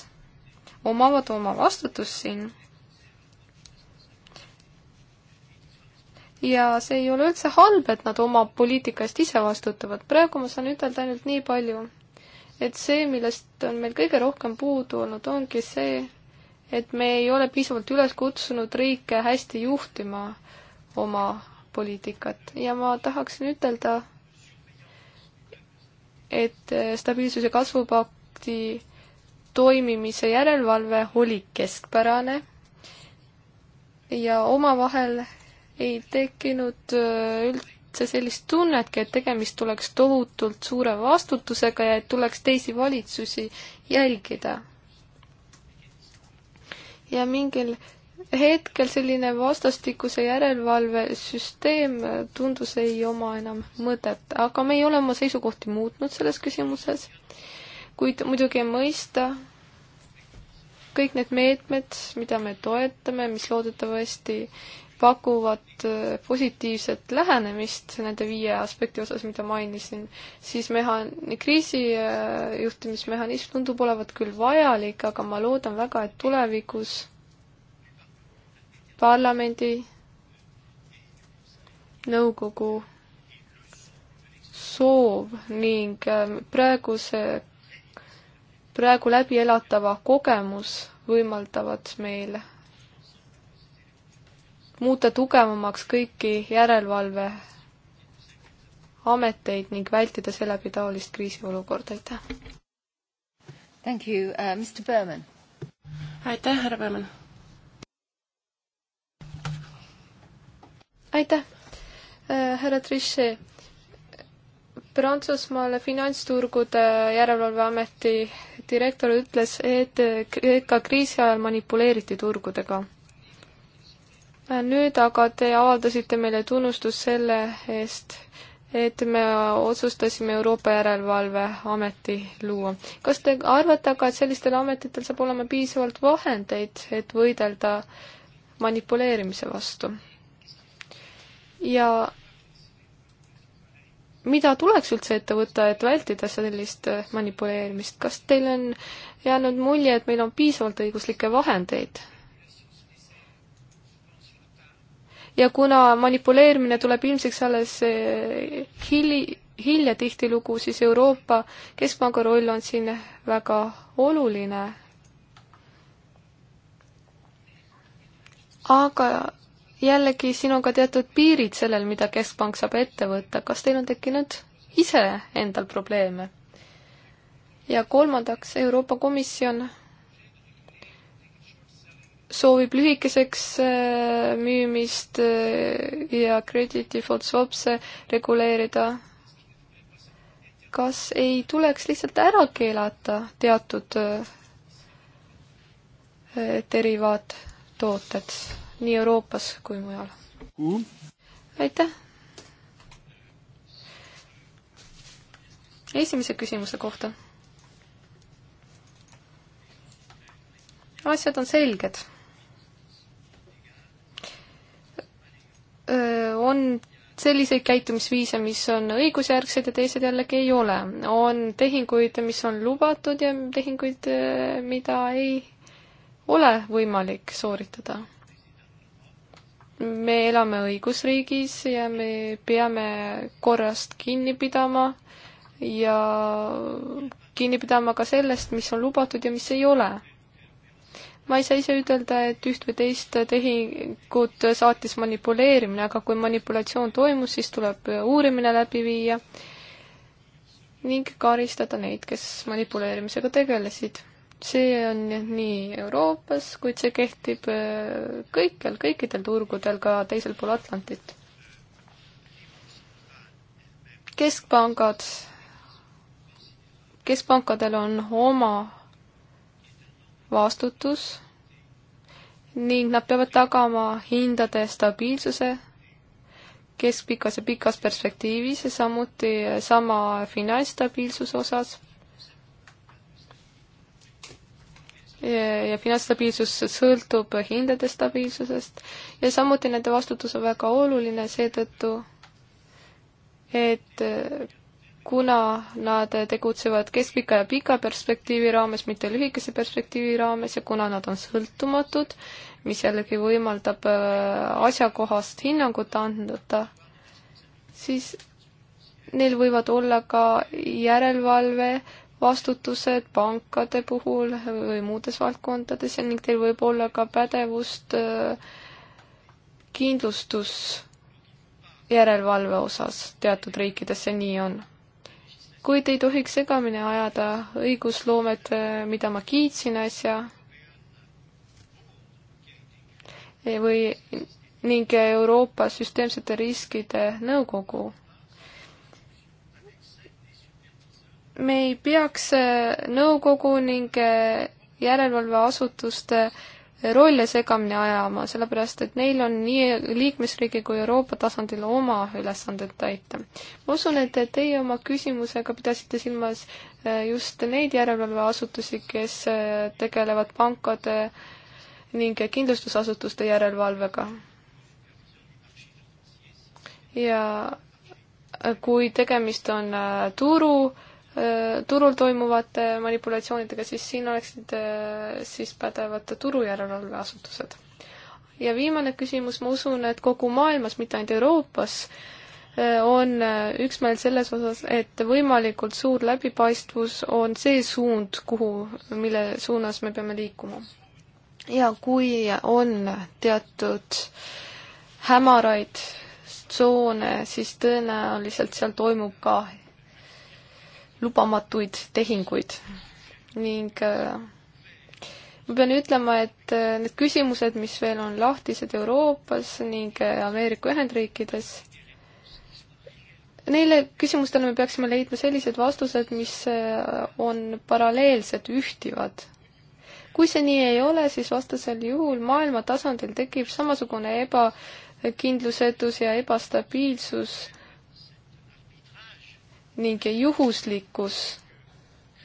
omavad oma vastutust siin. ja see ei ole üldse halb, et nad oma poliitika eest ise vastutavad, praegu ma saan ütelda ainult nii palju, et see, millest on meil kõige rohkem puudu olnud, ongi see, et me ei ole piisavalt üles kutsunud riike hästi juhtima oma poliitikat ja ma tahaksin ütelda, et äh, stabiilsuse kasvupakti toimimise järelevalve oli keskpärane ja omavahel ei tekkinud äh, üldse sellist tunnetki, et tegemist oleks tohutult suure vastutusega ja et tuleks teisi valitsusi jälgida. ja mingil hetkel selline vastastikuse järelevalvesüsteem tundus ei oma enam mõtet, aga me ei ole oma seisukohti muutnud selles küsimuses. kuid muidugi mõista kõik need meetmed, mida me toetame, mis loodetavasti pakuvad positiivset lähenemist nende viie aspekti osas, mida mainisin, siis mehan-, kriisijuhtimismehhanism äh, tundub olevat küll vajalik, aga ma loodan väga, et tulevikus parlamendi, nõukogu soov ning ähm, praeguse, praegu läbi elatava kogemus võimaldavad meil muuta tugevamaks kõiki järelevalve ameteid ning vältida seeläbi taolist kriisiolukorda, aitäh! Thank you uh,, Mr Berman! aitäh, härra Berman! aitäh, äh, härra Trichet. Prantsusmaale finantsturgude järelevalveameti direktor ütles, et ka kriisi ajal manipuleeriti turgudega. Äh, nüüd aga te avaldasite meile tunnustust selle eest, et me otsustasime Euroopa Järelevalveameti luua. kas te arvate aga, et sellistel ametitel saab olema piisavalt vahendeid, et võidelda manipuleerimise vastu? ja mida tuleks üldse ette võtta, et vältida sellist äh, manipuleerimist, kas teil on jäänud mulje, et meil on piisavalt õiguslikke vahendeid? ja kuna manipuleerimine tuleb ilmsiks alles äh, hili-, hilja tihtilugu, siis Euroopa Keskpanga roll on siin väga oluline. aga jällegi siin on ka teatud piirid sellel, mida Keskpank saab ette võtta. kas teil on tekkinud ise endal probleeme? ja kolmandaks, Euroopa Komisjon soovib lühikeseks äh, müümist äh, ja credit default swaps'e reguleerida. kas ei tuleks lihtsalt ära keelata teatud äh, derivaattooted? nii Euroopas kui mujal mm.. aitäh! esimese küsimuse kohta. asjad on selged. on selliseid käitumisviise, mis on õigusjärgsed ja teised jällegi ei ole. on tehinguid, mis on lubatud ja tehinguid, mida ei ole võimalik sooritada me elame õigusriigis ja me peame korrast kinni pidama ja kinni pidama ka sellest, mis on lubatud ja mis ei ole. ma ei saa ise ütelda, et üht või teist tehingut saatis manipuleerimine, aga kui manipulatsioon toimus, siis tuleb uurimine läbi viia ning karistada neid, kes manipuleerimisega tegelesid see on nii Euroopas, kuid see kehtib äh, kõikjal, kõikidel turgudel, ka teisel pool Atlantit. keskpangad, keskpankadel on oma vastutus ning nad peavad tagama hindade stabiilsuse keskpikas ja pikas perspektiivis ja samuti sama finantsstabiilsuse osas ja finantsstabiilsus sõltub hindade stabiilsusest ja samuti nende vastutus on väga oluline seetõttu, et äh, kuna nad tegutsevad keskpika ja pika perspektiivi raames, mitte lühikese perspektiivi raames ja kuna nad on sõltumatud, mis jällegi võimaldab äh, asjakohast hinnangut anda, siis neil võivad olla ka järelevalve vastutused pankade puhul või muudes valdkondades ning teil võib olla ka pädevust äh, kindlustusjärelevalve osas teatud riikides see nii on. kuid ei tohiks segamini ajada õigusloomet, äh, mida ma kiitsin äsja, või ning Euroopa süsteemsete riskide nõukogu me ei peaks äh, nõukogu ning äh, järelevalveasutuste äh, rolle segamini ajama, sellepärast et neil on nii liikmesriigi kui Euroopa tasandil oma ülesanded täita. ma usun, et teie oma küsimusega pidasite silmas just neid järelevalveasutusi, kes tegelevad pankade ning kindlustusasutuste järelevalvega. ja kui tegemist on turu Äh, turul toimuvate manipulatsioonidega, siis siin oleksid äh, siis pädevad turujärelevalveasutused. ja viimane küsimus, ma usun, et kogu maailmas, mitte ainult Euroopas, äh, on üksmeel selles osas, et võimalikult suur läbipaistvus on see suund, kuhu, mille suunas me peame liikuma. ja kui on teatud hämaraid tsoone, siis tõenäoliselt seal toimub ka lubamatuid tehinguid ning äh, ma pean ütlema, et äh, need küsimused, mis veel on lahtised Euroopas ning äh, Ameerika Ühendriikides, neile küsimustele me peaksime leidma sellised vastused, mis on paralleelsed, ühtivad. kui see nii ei ole, siis vastasel juhul maailma tasandil tekib samasugune ebakindlusetus ja ebastabiilsus äh, ning juhuslikkus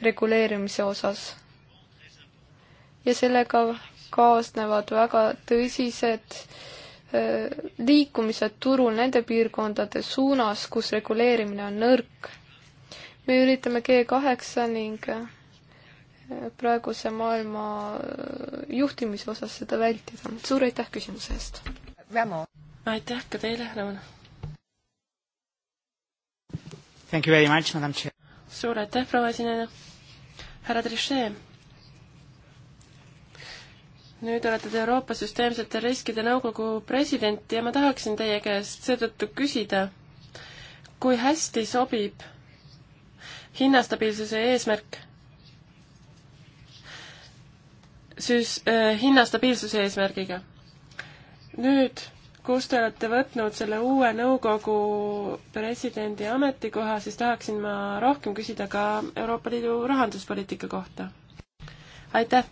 reguleerimise osas. ja sellega kaasnevad väga tõsised liikumised turul nende piirkondade suunas, kus reguleerimine on nõrk. me üritame G kaheksa ning praeguse maailma juhtimise osas seda vältida. suur aitäh küsimuse eest! aitäh ka teile, Raul! Thank you very much, madam chair. suur aitäh, proua esineja. härra Trichet. nüüd olete te Euroopa Süsteemsete Riskide Nõukogu president ja ma tahaksin teie käest seetõttu küsida, kui hästi sobib hinnastabiilsuse eesmärk siis äh, hinnastabiilsuse eesmärgiga. nüüd kus te olete võtnud selle uue nõukogu presidendi ametikoha, siis tahaksin ma rohkem küsida ka Euroopa Liidu rahanduspoliitika kohta. aitäh!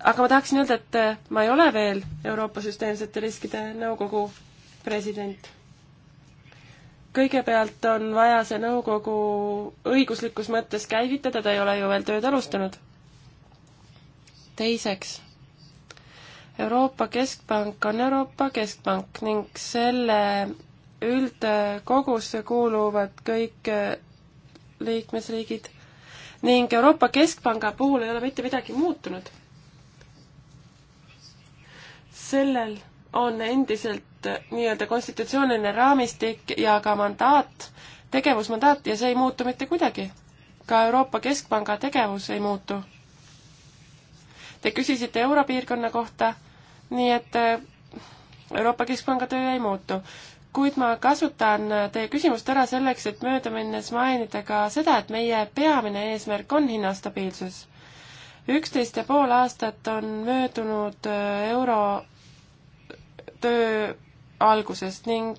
aga ma tahaksin öelda, et ma ei ole veel Euroopa Süsteemsete Riskide Nõukogu president. kõigepealt on vaja see nõukogu õiguslikus mõttes käivitada, ta ei ole ju veel tööd alustanud. teiseks Euroopa Keskpank on Euroopa Keskpank ning selle üldkogusse kuuluvad kõik äh, liikmesriigid ning Euroopa Keskpanga puhul ei ole mitte midagi muutunud. sellel on endiselt äh, nii-öelda konstitutsiooniline raamistik ja ka mandaat, tegevusmandaat ja see ei muutu mitte kuidagi. ka Euroopa Keskpanga tegevus ei muutu. Te küsisite Europiirkonna kohta nii et äh, Euroopa Keskpanga töö ei muutu. kuid ma kasutan äh, teie küsimust ära selleks, et mööda minnes mainida ka seda, et meie peamine eesmärk on hinnastabiilsus. üksteist ja pool aastat on möödunud äh, euro töö algusest ning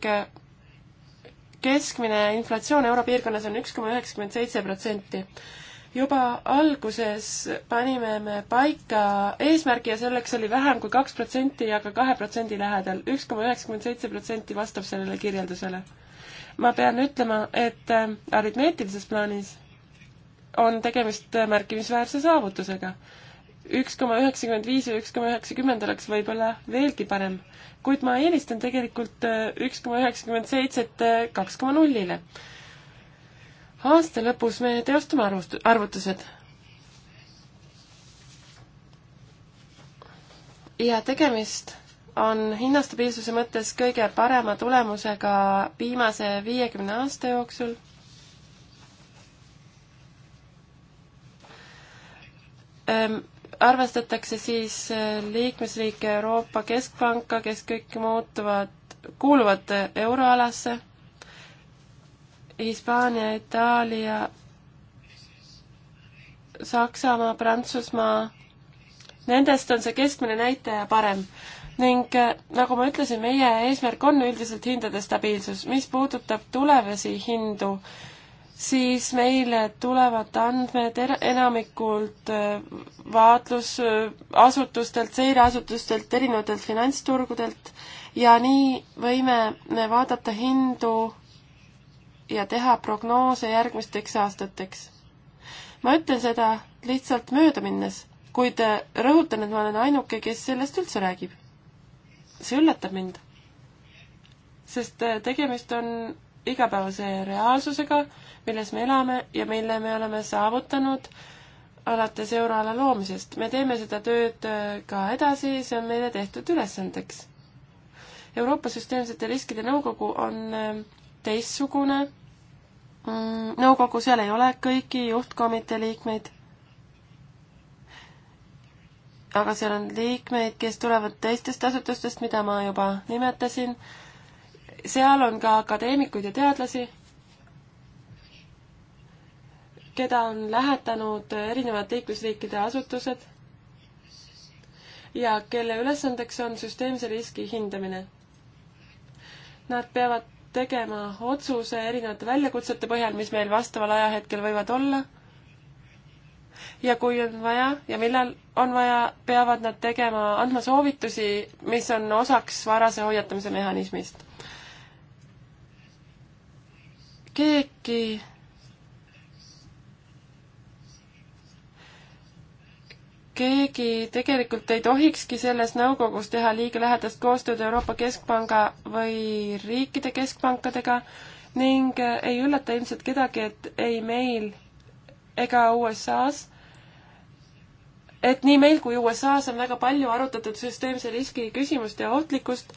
keskmine inflatsioon Europiirkonnas on üks koma üheksakümmend seitse protsenti juba alguses panime me paika eesmärgi ja selleks oli vähem kui kaks protsenti ja ka kahe protsendi lähedal, üks koma üheksakümmend seitse protsenti vastab sellele kirjeldusele. ma pean ütlema, et äh, aritmeetilises plaanis on tegemist äh, märkimisväärse saavutusega. üks koma üheksakümmend viis või üks koma üheksakümmend oleks võib-olla veelgi parem, kuid ma eelistan tegelikult äh, üks koma üheksakümmend seitset kaks koma nullile aasta lõpus me teostame arvust-, arvutused. ja tegemist on hinnastabiilsuse mõttes kõige parema tulemusega viimase viiekümne aasta jooksul ähm, arvestatakse siis äh, liikmesriike Euroopa Keskpanka, kes kõik muutuvad, kuuluvad euroalasse Hispaania, Itaalia, Saksamaa, Prantsusmaa, nendest on see keskmine näitaja parem. ning äh, nagu ma ütlesin, meie eesmärk on üldiselt hindade stabiilsus. mis puudutab tulevasi hindu, siis meile tulevad andmed er-, enamikult äh, vaatlusasutustelt, seireasutustelt, erinevatelt finantsturgudelt ja nii võime me vaadata hindu ja teha prognoose järgmisteks aastateks. ma ütlen seda lihtsalt mööda minnes, kuid rõhutan, et ma olen ainuke, kes sellest üldse räägib. see üllatab mind. sest tegemist on igapäevase reaalsusega, milles me elame ja mille me oleme saavutanud alates euroala loomisest. me teeme seda tööd ka edasi, see on meile tehtud ülesandeks. Euroopa Süsteemsete Riskide Nõukogu on teistsugune Mm, nõukogu, seal ei ole kõiki juhtkomitee liikmeid. aga seal on liikmeid, kes tulevad teistest asutustest, mida ma juba nimetasin. seal on ka akadeemikuid ja teadlasi, keda on lähetanud erinevad liiklusriikide asutused ja kelle ülesandeks on süsteemse riski hindamine. Nad peavad tegema otsuse erinevate väljakutsete põhjal, mis meil vastaval ajahetkel võivad olla. ja kui on vaja ja millal on vaja, peavad nad tegema, andma soovitusi, mis on osaks varase hoiatamise mehhanismist. keegi keegi tegelikult ei tohikski selles nõukogus teha liiga lähedast koostööd Euroopa Keskpanga või riikide keskpankadega ning ei üllata ilmselt kedagi, et ei meil ega USA-s, et nii meil kui USA-s on väga palju arutatud süsteemse riski küsimust ja ohtlikkust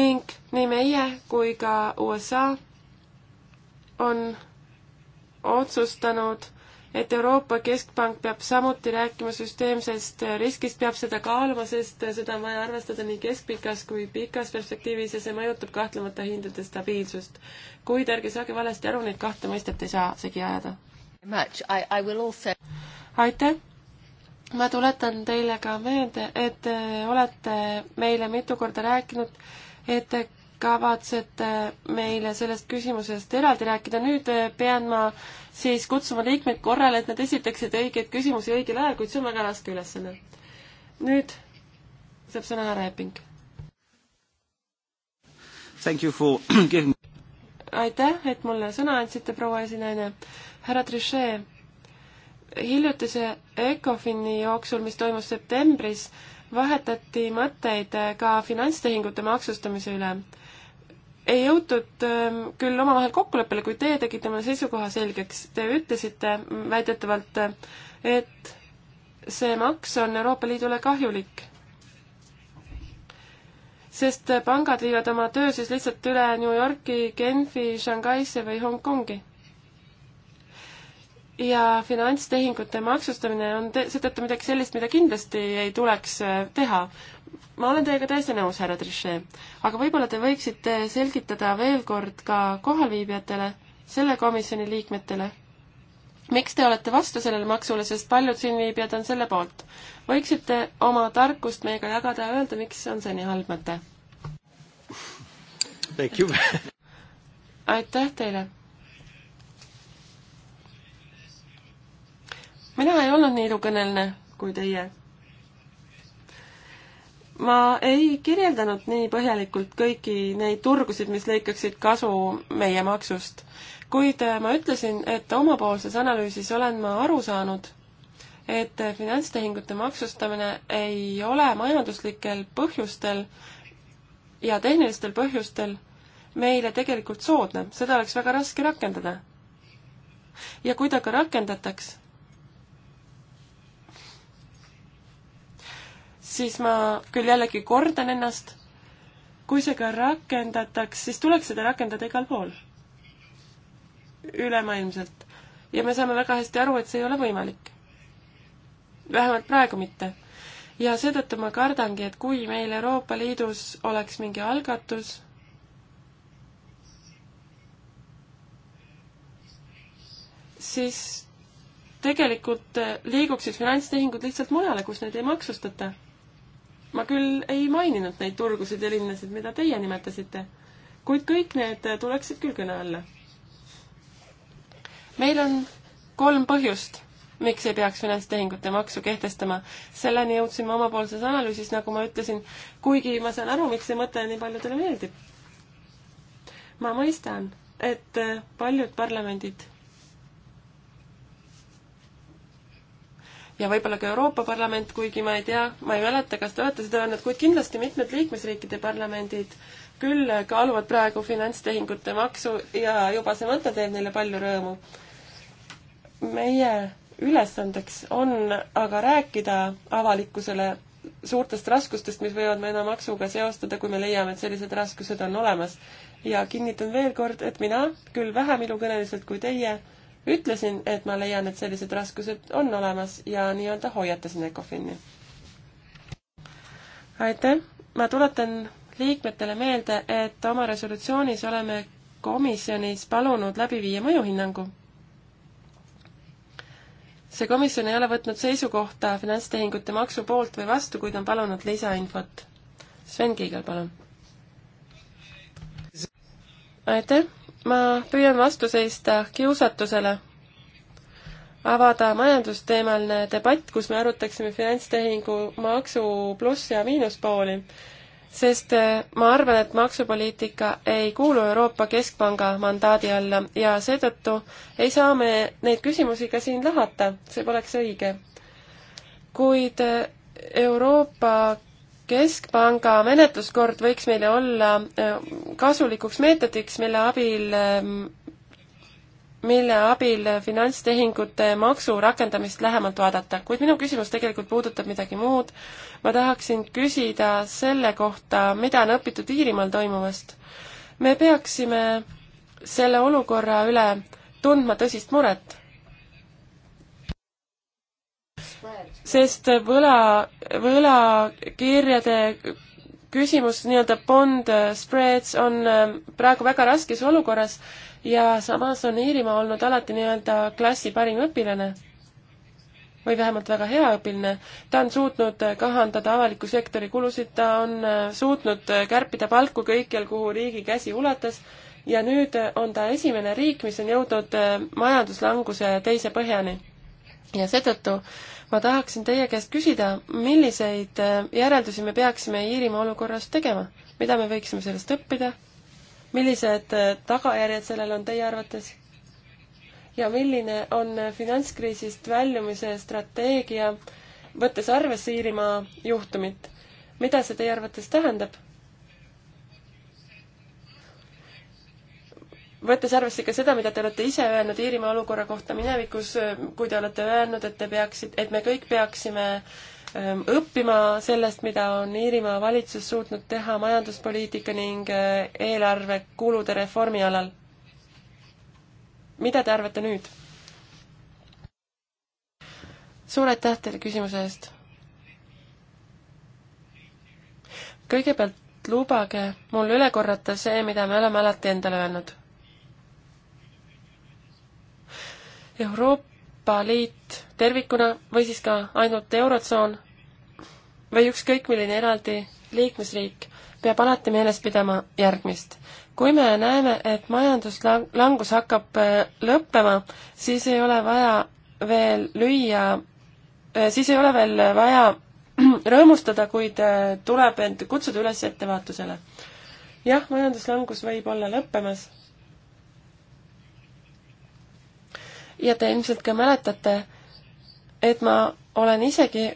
ning nii meie kui ka USA on otsustanud et Euroopa Keskpank peab samuti rääkima süsteemsest riskist, peab seda kaaluma, sest seda on vaja arvestada nii keskpikas kui pikas perspektiivis ja see mõjutab kahtlemata hindade stabiilsust. kuid ärge saage valesti aru, neid kahte mõistet ei saa segi ajada. aitäh! ma tuletan teile ka meelde, et te olete meile mitu korda rääkinud, et kavatsete meile sellest küsimusest eraldi rääkida. nüüd eh, pean ma siis kutsuma liikmeid korrale, et nad esitaksid õigeid küsimusi õigel ajal, kuid see on väga raske ülesanne. nüüd saab sõna härra Epping. aitäh, et mulle sõna andsite, proua esinaine. härra Trichet, hiljutise ECOFIN-i jooksul, mis toimus septembris, vahetati mõtteid ka finantstehingute maksustamise üle ei jõutud ähm, küll omavahel kokkuleppele, kuid teie tegite oma seisukoha selgeks. Te ütlesite väidetavalt, äh, et see maks on Euroopa Liidule kahjulik. sest pangad viivad oma töö siis lihtsalt üle New Yorki, Genfi, Shanghai'sse või Hongkongi. ja finantstehingute maksustamine on seetõttu midagi sellist, mida kindlasti ei tuleks äh, teha ma olen teiega täiesti nõus, härra Trichet, aga võib-olla te võiksite selgitada veel kord ka kohalviibijatele, selle komisjoni liikmetele, miks te olete vastu sellele maksule, sest paljud siinviibijad on selle poolt. võiksite oma tarkust meiega jagada ja öelda, miks on see nii halb mõte? aitäh teile! mina ei olnud nii ilukõneline kui teie ma ei kirjeldanud nii põhjalikult kõiki neid turgusid, mis lõikaksid kasu meie maksust, kuid äh, ma ütlesin, et omapoolses analüüsis olen ma aru saanud, et finantstehingute maksustamine ei ole majanduslikel põhjustel ja tehnilistel põhjustel meile tegelikult soodne, seda oleks väga raske rakendada. ja kui ta ka rakendataks, siis ma küll jällegi kordan ennast, kui see ka rakendataks, siis tuleks seda rakendada igal pool. ülemaailmselt. ja me saame väga hästi aru, et see ei ole võimalik. vähemalt praegu mitte. ja seetõttu ma kardangi, et kui meil Euroopa Liidus oleks mingi algatus, siis tegelikult liiguksid finantstehingud lihtsalt mujale, kus neid ei maksustata ma küll ei maininud neid turgusid ja linnasid, mida teie nimetasite, kuid kõik need tuleksid küll kõne alla. meil on kolm põhjust, miks ei peaks finantstehingute maksu kehtestama. selleni jõudsime omapoolses analüüsis, nagu ma ütlesin, kuigi ma saan aru, miks see mõte nii paljudele meeldib. ma mõistan, et paljud parlamendid ja võib-olla ka Euroopa Parlament, kuigi ma ei tea, ma ei mäleta, kas te olete seda öelnud, kuid kindlasti mitmed liikmesriikide parlamendid küll kaaluvad praegu finantstehingute maksu ja juba see mõte teeb neile palju rõõmu. meie ülesandeks on aga rääkida avalikkusele suurtest raskustest, mis võivad meid maksuga seostada, kui me leiame, et sellised raskused on olemas. ja kinnitan veel kord, et mina, küll vähem ilukõneliselt kui teie, ütlesin, et ma leian, et sellised raskused on olemas ja nii-öelda hoiatasin Ecofini. aitäh, ma tuletan liikmetele meelde, et oma resolutsioonis oleme komisjonis palunud läbi viia mõjuhinnangu. see komisjon ei ole võtnud seisukohta finantstehingute maksu poolt või vastu, kuid on palunud lisainfot. Sven Kiigel, palun. aitäh ma püüan vastu seista kiusatusele avada majandusteemaline debatt, kus me arutaksime finantstehingu maksu pluss- ja miinuspooli. sest eh, ma arvan, et maksupoliitika ei kuulu Euroopa Keskpanga mandaadi alla ja seetõttu ei saa me neid küsimusi ka siin lahata, see poleks õige. kuid eh, Euroopa keskpanga menetluskord võiks meile olla äh, kasulikuks meetodiks, mille abil, ähm, mille abil finantstehingute maksu rakendamist lähemalt vaadata. kuid minu küsimus tegelikult puudutab midagi muud. ma tahaksin küsida selle kohta, mida on õpitud Iirimaal toimuvast. me peaksime selle olukorra üle tundma tõsist muret sest võla, võlakirjade küsimus, nii-öelda bond äh, spreads on ähm, praegu väga raskes olukorras ja samas on Iirimaa olnud alati nii-öelda klassi parim õpilane või vähemalt väga hea õpilane. ta on suutnud äh, kahandada avaliku sektori kulusid, ta on äh, suutnud kärpida palku kõikjal, kuhu riigi käsi ulatas ja nüüd on ta esimene riik, mis on jõudnud majanduslanguse teise põhjani. ja seetõttu ma tahaksin teie käest küsida, milliseid äh, järeldusi me peaksime Iirimaa olukorrast tegema, mida me võiksime sellest õppida, millised äh, tagajärjed sellel on teie arvates ja milline on äh, finantskriisist väljumise strateegia, võttes arvesse Iirimaa juhtumit, mida see teie arvates tähendab võttes arvesse ka seda, mida te olete ise öelnud Iirimaa olukorra kohta minevikus, kui te olete öelnud, et te peaksite, et me kõik peaksime ähm, õppima sellest, mida on Iirimaa valitsus suutnud teha majanduspoliitika ning äh, eelarvekulude reformi alal. mida te arvate nüüd? suur aitäh teile küsimuse eest! kõigepealt lubage mul üle korrata see, mida me oleme alati endale öelnud Euroopa Liit tervikuna või siis ka ainult Eurotsoon või ükskõik milline eraldi liikmesriik peab alati meeles pidama järgmist. kui me näeme, et majanduslangus hakkab äh, lõppema, siis ei ole vaja veel lüüa, äh, siis ei ole veel vaja rõõmustada, kuid äh, tuleb end kutsuda üles ettevaatusele. jah, majanduslangus võib olla lõppemas ja te ilmselt ka mäletate, et ma olen isegi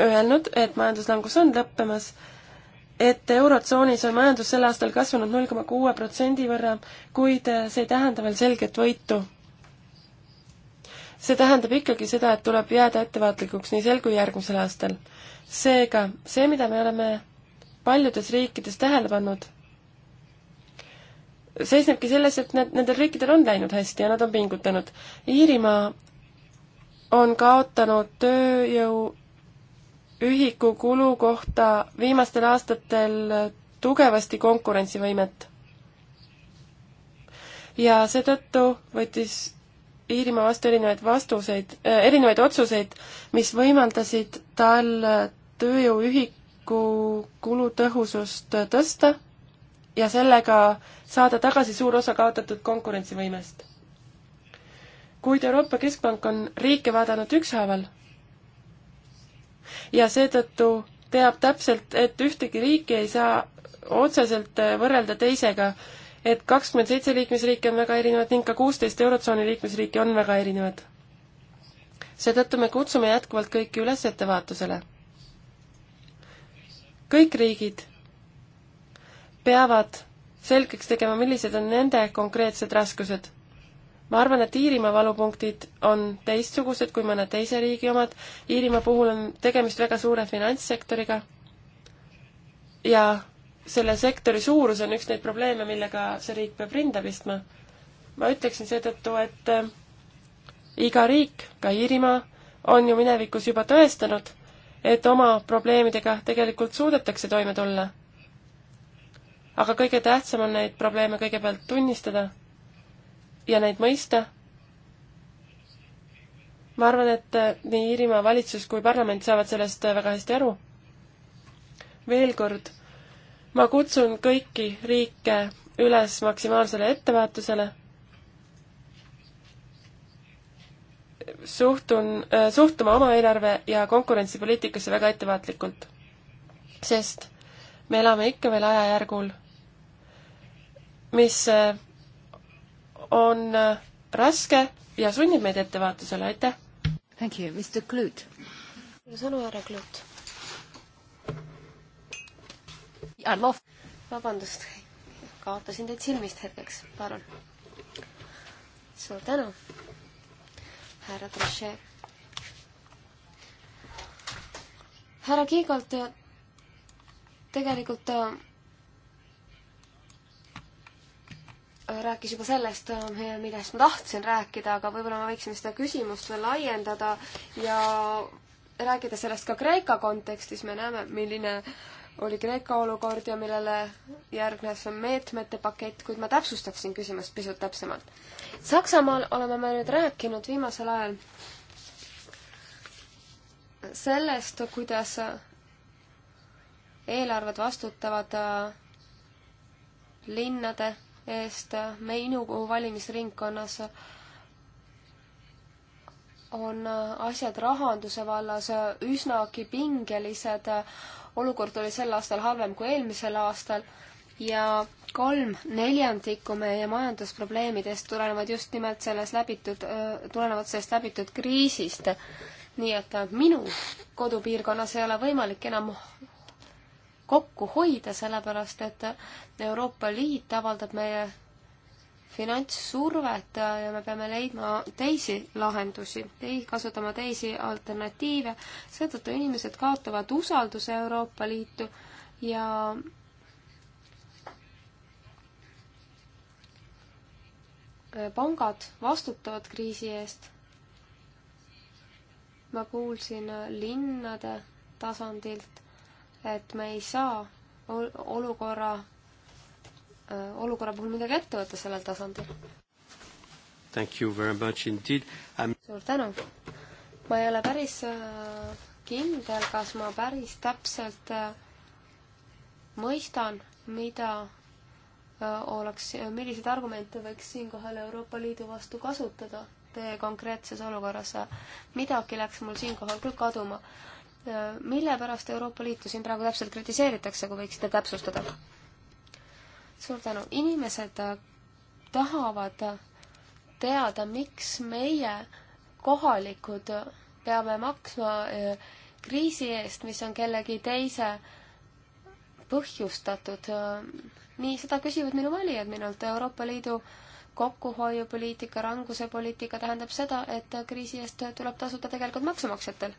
öelnud, et majanduslangus on lõppemas, et Eurotsoonis on majandus sel aastal kasvanud null koma kuue protsendi võrra, kuid see ei tähenda veel selget võitu. see tähendab ikkagi seda, et tuleb jääda ettevaatlikuks nii sel kui järgmisel aastal. seega, see, mida me oleme paljudes riikides tähele pannud, seisnebki selles, et need, nendel riikidel on läinud hästi ja nad on pingutanud. Iirimaa on kaotanud tööjõu ühiku kulu kohta viimastel aastatel tugevasti konkurentsivõimet. ja seetõttu võttis Iirimaa vastu erinevaid vastuseid äh,, erinevaid otsuseid, mis võimaldasid tal tööjõuühiku kulutõhusust tõsta ja sellega saada tagasi suur osa kaotatud konkurentsivõimest. kuid Euroopa Keskpank on riike vaadanud ükshaaval ja seetõttu teab täpselt, et ühtegi riiki ei saa otseselt võrrelda teisega, et kakskümmend seitse liikmesriiki on väga erinevad ning ka kuusteist Eurotsooni liikmesriiki on väga erinevad. seetõttu me kutsume jätkuvalt kõiki üles ettevaatusele. kõik riigid peavad selgeks tegema, millised on nende konkreetsed raskused. ma arvan, et Iirimaa valupunktid on teistsugused kui mõne teise riigi omad, Iirimaa puhul on tegemist väga suure finantssektoriga ja selle sektori suurus on üks neid probleeme, millega see riik peab rinda pistma. ma ütleksin seetõttu, et äh, iga riik, ka Iirimaa, on ju minevikus juba tõestanud, et oma probleemidega tegelikult suudetakse toime tulla aga kõige tähtsam on neid probleeme kõigepealt tunnistada ja neid mõista. ma arvan, et äh, nii Iirimaa valitsus kui parlament saavad sellest äh, väga hästi aru. veel kord, ma kutsun kõiki riike üles maksimaalsele ettevaatusele. suhtun, äh, suhtuma oma eelarve ja konkurentsipoliitikasse väga ettevaatlikult, sest me elame ikka veel ajajärgul mis eh, on eh, raske ja sunnib meid ettevaatusele, aitäh! Thank you, Mr Klut. sõnu, härra Klut. vabandust, kaotasin teid silmist hetkeks, palun. suur tänu, härra Trichet. härra Kiigolt tegelikult äh, rääkis juba sellest, millest ma tahtsin rääkida, aga võib-olla me võiksime seda küsimust veel laiendada ja rääkida sellest ka Kreeka kontekstis, me näeme, milline oli Kreeka olukord ja millele järgnes meetmete pakett, kuid ma täpsustaksin küsimust pisut täpsemalt. Saksamaal oleme me nüüd rääkinud viimasel ajal sellest, kuidas eelarved vastutavad linnade eest minu valimisringkonnas on asjad rahanduse vallas üsnagi pingelised. olukord oli sel aastal halvem kui eelmisel aastal ja kolm neljandikku meie majandusprobleemidest tulenevad just nimelt selles läbitud, tulenevad sellest läbitud kriisist. nii et minu kodupiirkonnas ei ole võimalik enam kokku hoida, sellepärast et Euroopa Liit avaldab meie finantssurvet ja me peame leidma teisi lahendusi, tei-, kasutama teisi alternatiive, seetõttu inimesed kaotavad usalduse Euroopa Liitu ja pangad vastutavad kriisi eest. ma kuulsin linnade tasandilt et me ei saa olukorra, äh, olukorra puhul midagi ette võtta sellel tasandil. Thank you very much indeed I'm.... suur tänu. ma ei ole päris äh, kindel, kas ma päris täpselt äh, mõistan, mida oleks, milliseid argumente võiks siinkohal Euroopa Liidu vastu kasutada teie konkreetses olukorras. midagi läks mul siinkohal küll kaduma mille pärast Euroopa Liitu siin praegu täpselt kritiseeritakse, kui võiksite täpsustada? suur tänu. inimesed äh, tahavad teada, miks meie kohalikud peame maksma äh, kriisi eest, mis on kellegi teise põhjustatud. Äh, nii, seda küsivad minu valijad minult. Euroopa Liidu kokkuhoiupoliitika, ranguse poliitika tähendab seda, et kriisi eest tuleb tasuda tegelikult maksumaksjatel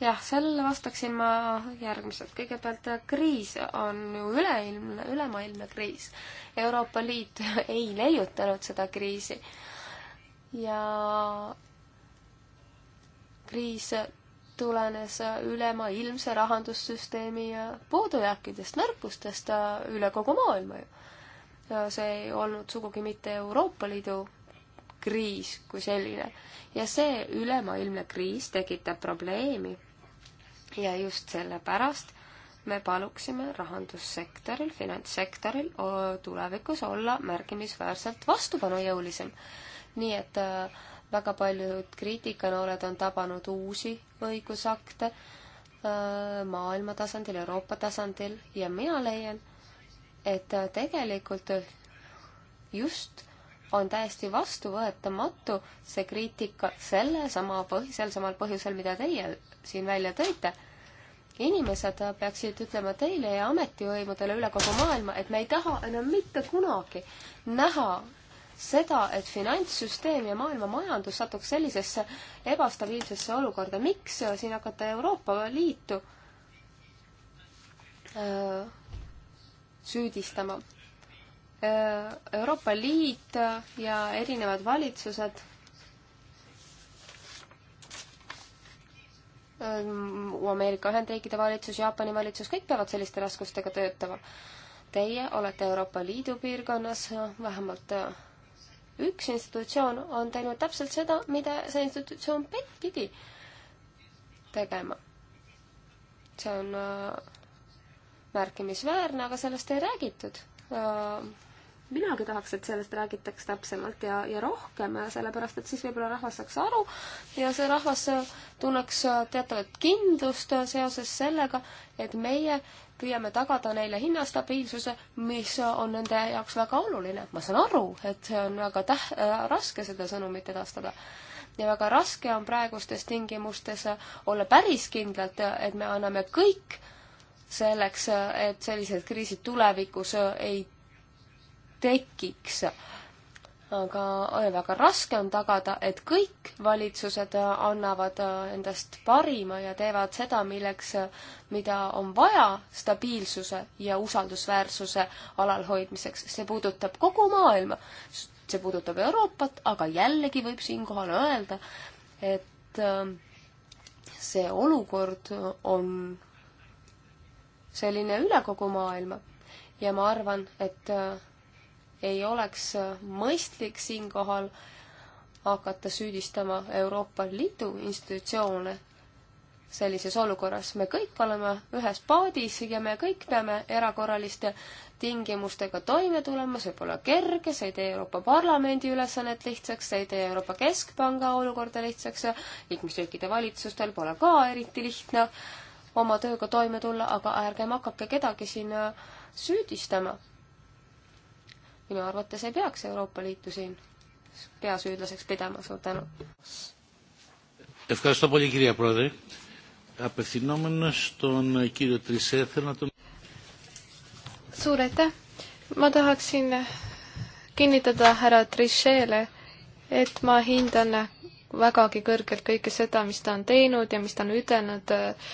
jah, sellele vastaksin ma järgmiselt. kõigepealt kriis on ju üleilmne, ülemaailmne kriis. Euroopa Liit ei leiutanud seda kriisi. ja kriis tulenes ülemaailmse rahandussüsteemi puudujääkidest, nõrkustest üle kogu maailma ju. see ei olnud sugugi mitte Euroopa Liidu kriis kui selline. ja see ülemaailmne kriis tekitab probleemi ja just sellepärast me paluksime rahandussektoril, finantssektoril tulevikus olla märkimisväärselt vastupanujõulisem. nii et äh, väga paljud kriitikanooled on tabanud uusi õigusakte äh, maailma tasandil, Euroopa tasandil ja mina leian, et äh, tegelikult just on täiesti vastuvõetamatu see kriitika selle sama põhi, sel samal põhjusel, mida teie siin välja tõite inimesed peaksid ütlema teile ja ametivõimudele üle kogu maailma, et me ei taha enam mitte kunagi näha seda, et finantssüsteem ja maailma majandus satuks sellisesse ebastabiilsesse olukorda. miks siin hakata Euroopa Liitu öö, äh, süüdistama? Äh, Euroopa Liit ja erinevad valitsused Ameerika Ühendriikide valitsus, Jaapani valitsus, kõik peavad selliste raskustega töötama. Teie olete Euroopa Liidu piirkonnas, vähemalt üks institutsioon on teinud täpselt seda, mida see institutsioon pidi tegema. see on märkimisväärne, aga sellest ei räägitud minagi tahaks, et sellest räägitaks täpsemalt ja, ja rohkem, sellepärast et siis võib-olla rahvas saaks aru ja see rahvas tunneks teatavat kindlust seoses sellega, et meie püüame tagada neile hinnastabiilsuse, mis on nende jaoks väga oluline. ma saan aru, et see on väga täh-, äh, raske seda sõnumit edastada ja väga raske on praegustes tingimustes olla päris kindlad, et me anname kõik selleks, et sellised kriisid tulevikus ei tekiks. aga väga raske on tagada, et kõik valitsused annavad endast parima ja teevad seda, milleks, mida on vaja stabiilsuse ja usaldusväärsuse alalhoidmiseks. see puudutab kogu maailma, see puudutab Euroopat, aga jällegi võib siinkohal öelda, et ähm, see olukord on selline üle kogu maailma ja ma arvan, et äh, ei oleks mõistlik siinkohal hakata süüdistama Euroopa Liidu institutsioone sellises olukorras. me kõik oleme ühes paadis ja me kõik peame erakorraliste tingimustega toime tulema, see pole kerge, see ei tee Euroopa Parlamendi ülesannet lihtsaks, see ei tee Euroopa Keskpanga olukorda lihtsaks, liikmesriikide valitsustel pole ka eriti lihtne oma tööga toime tulla, aga ärgem hakake kedagi siin süüdistama minu arvates ei peaks Euroopa Liitu siin peasüüdlaseks pidama, suur tänu. Ευχαριστώ πολύ κυρία Πρόεδρε. Απευθυνόμενος στον κύριο Τρισέ, θέλω να τον... Suur aitäh! Ma tahaksin kinnitada härra Trichele, et ma hindan vägagi kõrgelt kõike seda, mis ta on teinud ja mis ta on ütelnud äh,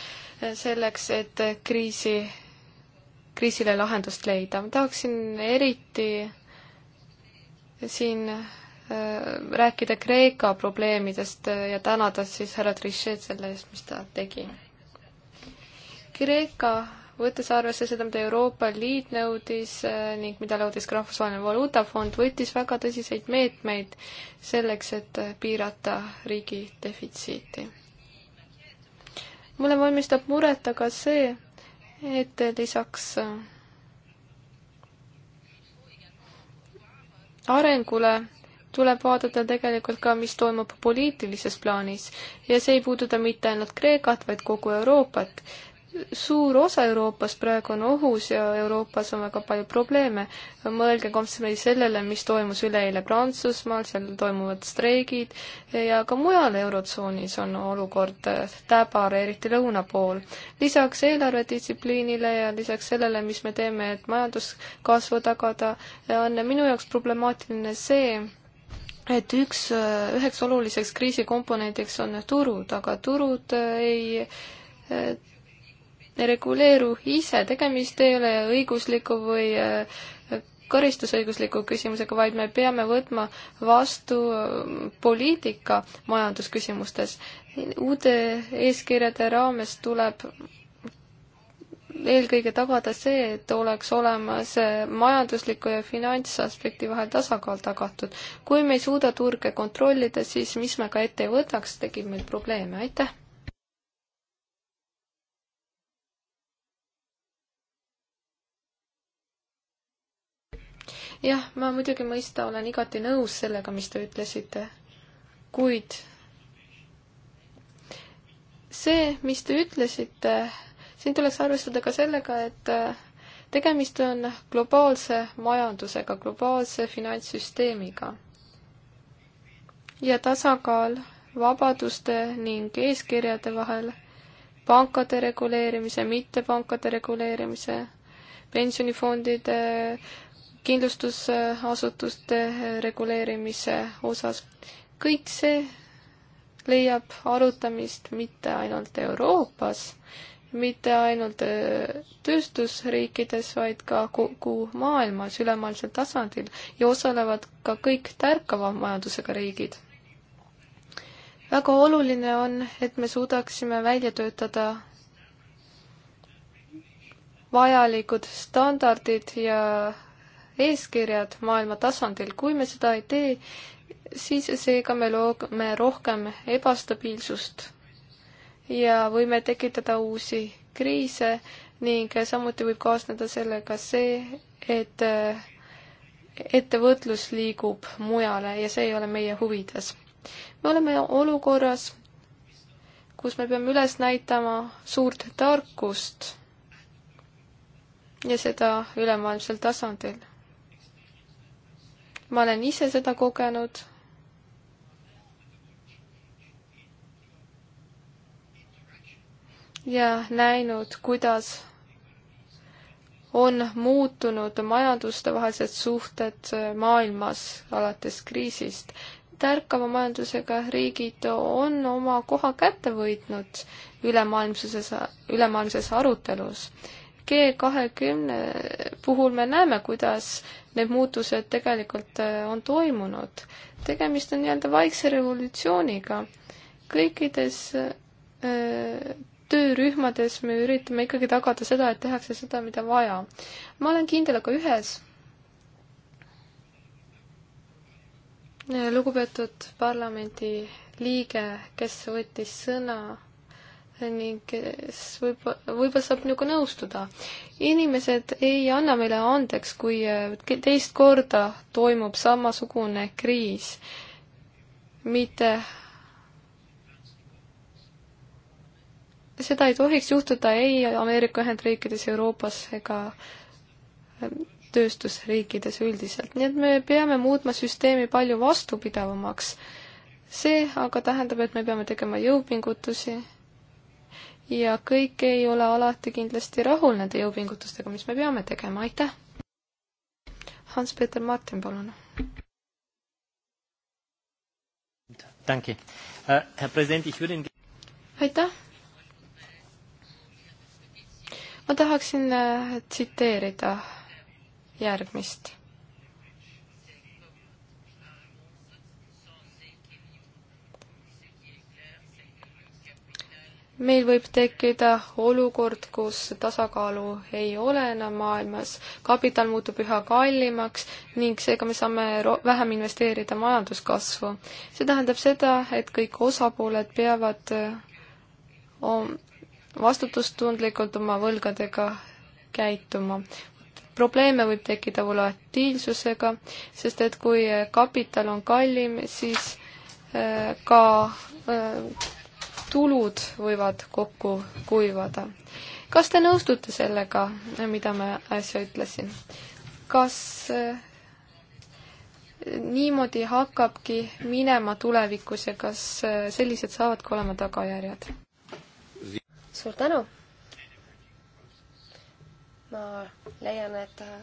selleks, et kriisi, kriisile lahendust leida. ma tahaksin eriti siin äh, rääkida Kreeka probleemidest äh, ja tänada siis härra Trichet selle eest, mis ta tegi. Kreeka, võttes arvesse seda, mida Euroopa Liit nõudis äh, ning mida nõudis ka Rahvusvaheline Valuutafond, võttis väga tõsiseid meetmeid selleks, et piirata riigi defitsiiti. mulle valmistab muret aga see, et lisaks arengule tuleb vaadata tegelikult ka, mis toimub poliitilises plaanis ja see ei puuduta mitte ainult Kreekat, vaid kogu Euroopat suur osa Euroopast praegu on ohus ja Euroopas on väga palju probleeme. mõelge kompsmei sellele, mis toimus üleeile Prantsusmaal, seal toimuvad streigid ja ka mujal Eurotsoonis on olukord täbar, eriti lõuna pool. lisaks eelarvedistsipliinile ja lisaks sellele, mis me teeme, et majanduskasvu tagada, on minu jaoks problemaatiline see, et üks, üheks oluliseks kriisikomponendiks on turud, aga turud ei ei reguleeru ise, tegemist ei ole õigusliku või äh, karistusõigusliku küsimusega, vaid me peame võtma vastu äh, poliitika majandusküsimustes. uute eeskirjade raames tuleb eelkõige tagada see, et oleks olemas äh, majandusliku ja finantsaspekti vahel tasakaal tagatud. kui me ei suuda turge kontrollida, siis mis me ka ette ei võtaks, tekib meil probleeme, aitäh! jah, ma muidugi mõista olen igati nõus sellega, mis te ütlesite, kuid see, mis te ütlesite, siin tuleks arvestada ka sellega, et äh, tegemist on globaalse majandusega, globaalse finantssüsteemiga. ja tasakaal vabaduste ning eeskirjade vahel, pankade reguleerimise, mittepankade reguleerimise, pensionifondide kindlustusasutuste reguleerimise osas. kõik see leiab arutamist mitte ainult Euroopas, mitte ainult äh, tööstusriikides, vaid ka kogu maailmas ülemaailmsel tasandil ja osalevad ka kõik tärkava majandusega riigid. väga oluline on, et me suudaksime välja töötada vajalikud standardid ja eeskirjad maailma tasandil, kui me seda ei tee, siis seega me loome rohkem ebastabiilsust ja võime tekitada uusi kriise ning samuti võib kaasneda sellega see, et äh, ettevõtlus liigub mujale ja see ei ole meie huvides. me oleme olukorras, kus me peame üles näitama suurt tarkust ja seda ülemaailmsel tasandil ma olen ise seda kogenud. ja näinud, kuidas on muutunud majandustevahelised suhted maailmas alates kriisist. tärkava majandusega riigid on oma koha kätte võitnud ülemaailmsuses, ülemaailmses arutelus G kahekümne puhul me näeme, kuidas need muutused tegelikult äh, on toimunud. tegemist on nii-öelda vaikse revolutsiooniga. kõikides öö, äh, töörühmades me üritame ikkagi tagada seda, et tehakse seda, mida vaja. ma olen kindel aga ühes. Äh, lugupeetud parlamendi liige, kes võttis sõna ning kes võib, võib-olla saab minuga nõustuda. inimesed ei anna meile andeks, kui eh, teist korda toimub samasugune kriis. mitte seda ei tohiks juhtuda ei Ameerika Ühendriikides, Euroopas ega eh, tööstusriikides üldiselt, nii et me peame muutma süsteemi palju vastupidavamaks. see aga tähendab, et me peame tegema jõupingutusi ja kõik ei ole alati kindlasti rahul nende jõupingutustega, mis me peame tegema, aitäh! Hans-Peter Martin, palun! Uh, aitäh! ma tahaksin äh, tsiteerida järgmist meil võib tekkida olukord, kus tasakaalu ei ole enam maailmas, kapital muutub üha kallimaks ning seega me saame vähem investeerida majanduskasvu. see tähendab seda, et kõik osapooled peavad eh, vastutustundlikult oma võlgadega käituma. probleeme võib tekkida volatiilsusega, sest et kui eh, kapital on kallim, siis eh, ka tulud võivad kokku kuivada. kas te nõustute sellega, mida ma äsja ütlesin? kas eh, niimoodi hakkabki minema tulevikus ja kas eh, sellised saavadki olema tagajärjed? suur tänu! ma leian, et eh,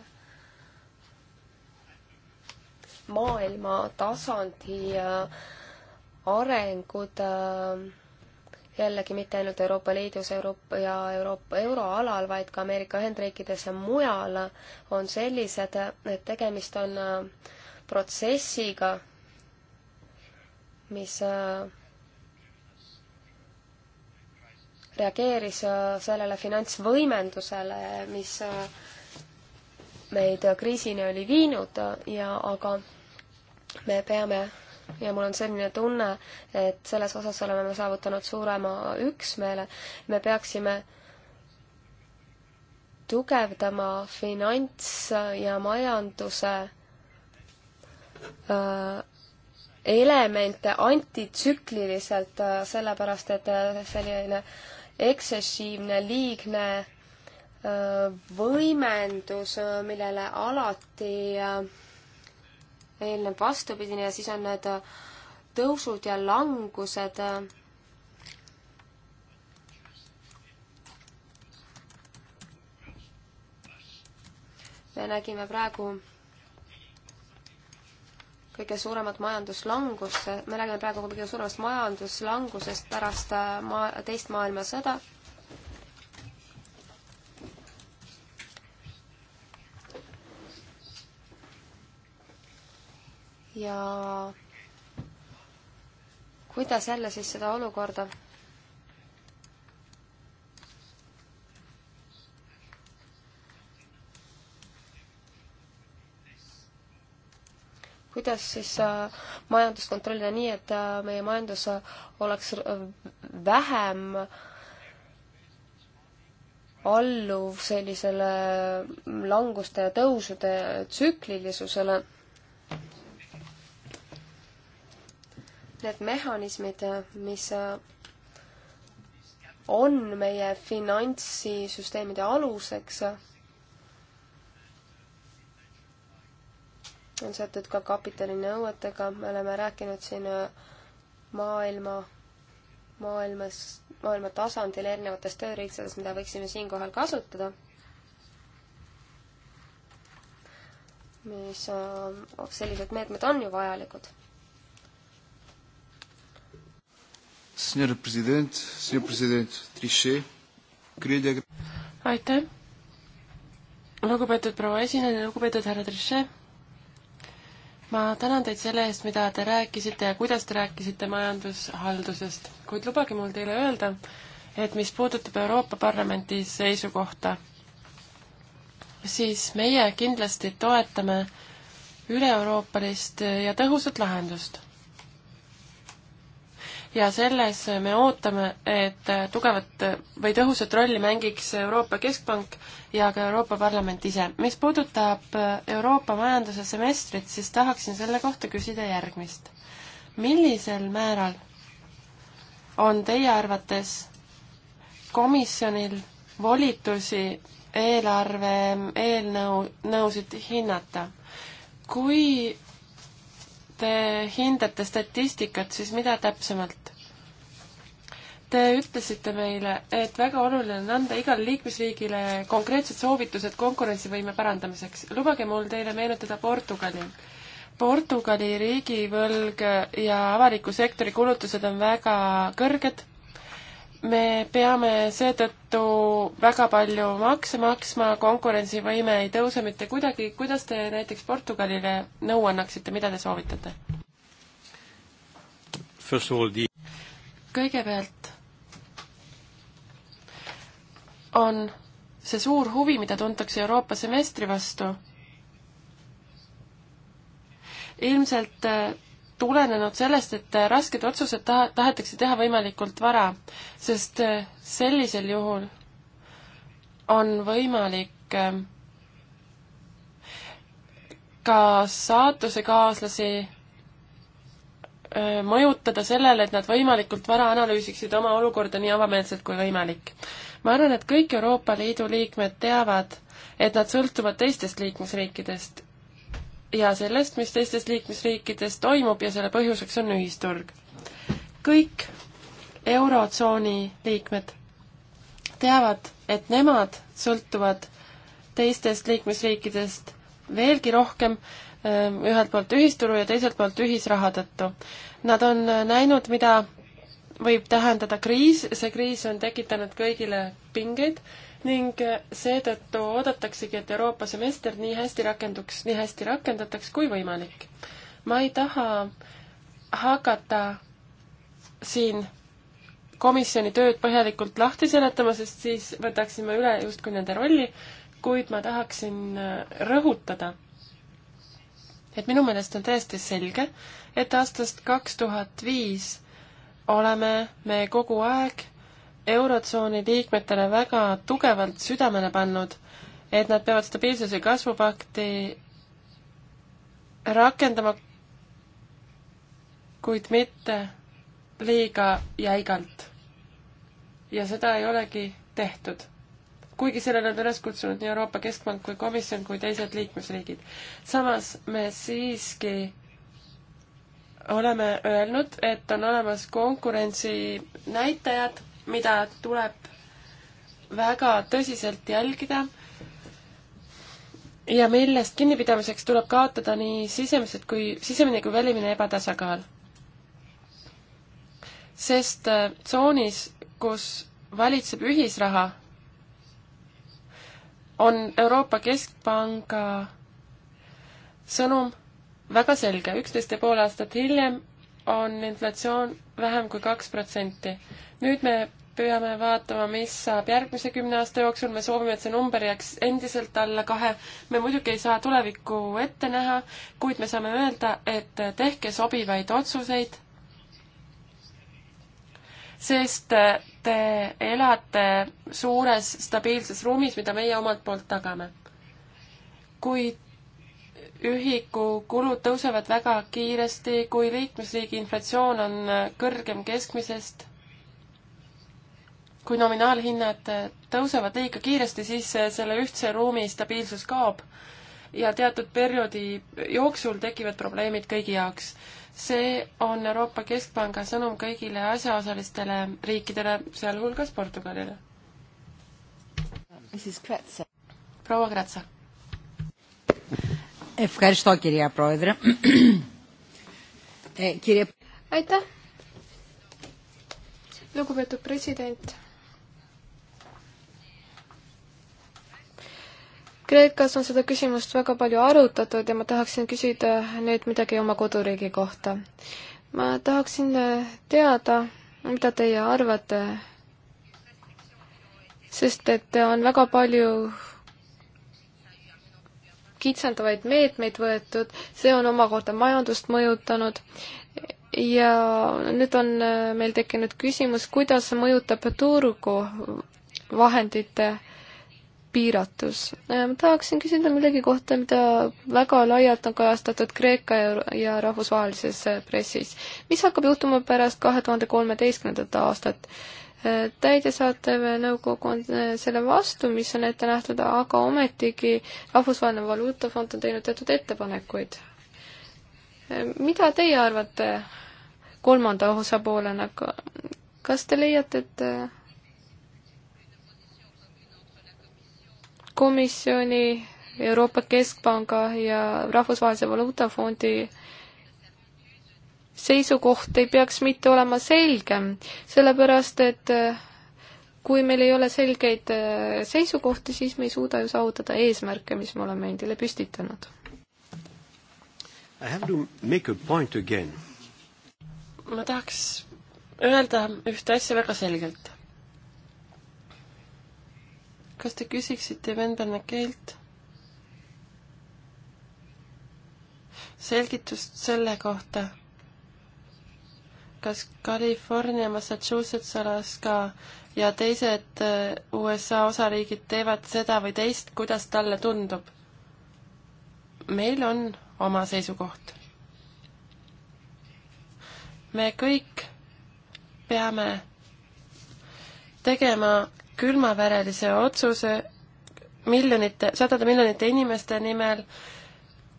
maailma tasandi arengud äh, jällegi mitte ainult Euroopa Liidus Euroopa ja Euroopa euroalal, vaid ka Ameerika Ühendriikides ja mujal on sellised, et tegemist on äh, protsessiga, mis äh, reageeris äh, sellele finantsvõimendusele, mis meid kriisini oli viinud ja aga me peame ja mul on selline tunne, et selles osas oleme me saavutanud suurema üksmeele, me peaksime tugevdama finants- ja majanduse äh, elemente antitsükliliselt, äh, sellepärast et äh, selline eksessiivne, liigne võimendus, millele alati eelneb vastupidine ja siis on need äh, tõusud ja langused. Äh, me nägime praegu kõige suuremat majanduslangust, me räägime praegu kõige suuremast majanduslangusest pärast äh, maa, teist maailmasõda ja kuidas jälle siis seda olukorda kuidas siis äh, majandust kontrollida nii, et äh, meie majandus äh, oleks vähem alluv sellisele languste ja tõusude tsüklilisusele need mehhanismid, mis äh, on meie finantssüsteemide aluseks, on seotud ka kapitalinõuetega, me oleme rääkinud siin äh, maailma, maailmas, maailma tasandil erinevatest tööriistadest, mida võiksime siinkohal kasutada mis, äh, sellised meetmed on ju vajalikud. Senhora Presidente, Senhor Presidente Trichet, queria lhe... aitäh, lugupeetud proua esineja, lugupeetud härra Trichet. ma tänan teid selle eest, mida te rääkisite ja kuidas te rääkisite majandushaldusest, kuid lubage mul teile öelda, et mis puudutab Euroopa Parlamendi seisukohta, siis meie kindlasti toetame üle-euroopalist ja tõhusat lahendust ja selles me ootame, et tugevat või tõhusat rolli mängiks Euroopa Keskpank ja ka Euroopa Parlament ise. mis puudutab Euroopa majanduse semestrit, siis tahaksin selle kohta küsida järgmist. millisel määral on teie arvates komisjonil volitusi eelarve eelnõu, nõusid hinnata? kui te hindate statistikat, siis mida täpsemalt? Te ütlesite meile, et väga oluline on anda igale liikmesriigile konkreetsed soovitused konkurentsivõime parandamiseks. lubage mul teile meenutada Portugali. Portugali riigivõlg ja avaliku sektori kulutused on väga kõrged me peame seetõttu väga palju makse maksma, konkurentsivõime ei tõuse mitte kuidagi, kuidas te näiteks Portugalile nõu annaksite, mida te soovitate? kõigepealt on see suur huvi, mida tuntakse Euroopa semestri vastu, ilmselt tulenenud sellest, et rasked otsused taha, tahetakse teha võimalikult vara, sest eh, sellisel juhul on võimalik eh, ka saatusekaaslasi eh, mõjutada sellele, et nad võimalikult vara analüüsiksid oma olukorda nii avameelselt kui võimalik. ma arvan, et kõik Euroopa Liidu liikmed teavad, et nad sõltuvad teistest liikmesriikidest ja sellest, mis teistes liikmesriikides toimub ja selle põhjuseks on ühisturg. kõik Eurotsooni liikmed teavad, et nemad sõltuvad teistest liikmesriikidest veelgi rohkem ähm, ühelt poolt ühisturu ja teiselt poolt ühisraha tõttu. Nad on näinud, mida võib tähendada kriis, see kriis on tekitanud kõigile pingeid ning eh, seetõttu oodataksegi, et Euroopa semester nii hästi rakenduks, nii hästi rakendataks kui võimalik. ma ei taha hakata siin komisjoni tööd põhjalikult lahti seletama, sest siis võtaksime üle justkui nende rolli, kuid ma tahaksin eh, rõhutada, et minu meelest on täiesti selge, et aastast kaks tuhat viis oleme me kogu aeg Eurotsooni liikmetele väga tugevalt südamele pannud, et nad peavad stabiilsuse kasvupakti rakendama, kuid mitte liiga jäigalt. ja seda ei olegi tehtud kuigi sellele on üles kutsunud nii Euroopa Keskpank kui komisjon kui teised liikmesriigid. samas me siiski oleme öelnud, et on olemas konkurentsi näitajad, mida tuleb väga tõsiselt jälgida ja millest kinnipidamiseks tuleb kaotada nii sisemised kui, sisemine kui välimine ebatasakaal. sest äh, tsoonis, kus valitseb ühisraha, on Euroopa Keskpanga sõnum väga selge, üksteist ja pool aastat hiljem on inflatsioon vähem kui kaks protsenti. nüüd me püüame vaatama, mis saab järgmise kümne aasta jooksul, me soovime, et see number jääks endiselt alla kahe. me muidugi ei saa tulevikku ette näha, kuid me saame öelda, et tehke sobivaid otsuseid, sest te elate suures stabiilses ruumis, mida meie omalt poolt tagame. kuid ühiku kulud tõusevad väga kiiresti, kui liikmesriigi inflatsioon on kõrgem keskmisest, kui nominaalhinnad tõusevad liiga kiiresti, siis selle ühtse ruumi stabiilsus kaob ja teatud perioodi jooksul tekivad probleemid kõigi jaoks. see on Euroopa Keskpanga sõnum kõigile asjaosalistele riikidele, sealhulgas Portugalile. proua Kratsa Ευχαριστώ κυρία Πρόεδρε. ε, κύριε... Aitäh! Lugupeetud president! Kreekas on seda küsimust väga palju arutatud ja ma tahaksin küsida nüüd midagi oma koduriigi kohta. ma tahaksin äh, teada, mida teie arvate, sest et on väga palju kitsendavaid meetmeid võetud, see on omakorda majandust mõjutanud ja nüüd on äh, meil tekkinud küsimus, kuidas mõjutab turgu vahendite piiratus. Äh, ma tahaksin küsida millegi kohta, mida väga laialt on kajastatud Kreeka ja, ja rahvusvahelises pressis. mis hakkab juhtuma pärast kahe tuhande kolmeteistkümnendat aastat? täidesaatev nõukogu on äh, selle vastu, mis on ette nähtud, aga ometigi Rahvusvaheline Valuutafond on teinud teatud ettepanekuid. Äh, mida teie arvate kolmanda osapoolena, kas te leiate, et äh, komisjoni, Euroopa Keskpanga ja Rahvusvahelise Valuutafondi seisukoht ei peaks mitte olema selgem, sellepärast et äh, kui meil ei ole selgeid äh, seisukohti, siis me ei suuda ju saavutada eesmärke, mis me oleme endile püstitanud. ma tahaks öelda ühte asja väga selgelt. kas te küsiksite Ben Bernakeelt selgitust selle kohta, kas California, Massachusetts, Alaska ja teised äh, USA osariigid teevad seda või teist, kuidas talle tundub. meil on oma seisukoht. me kõik peame tegema külmaverelise otsuse miljonite, sadade miljonite inimeste nimel,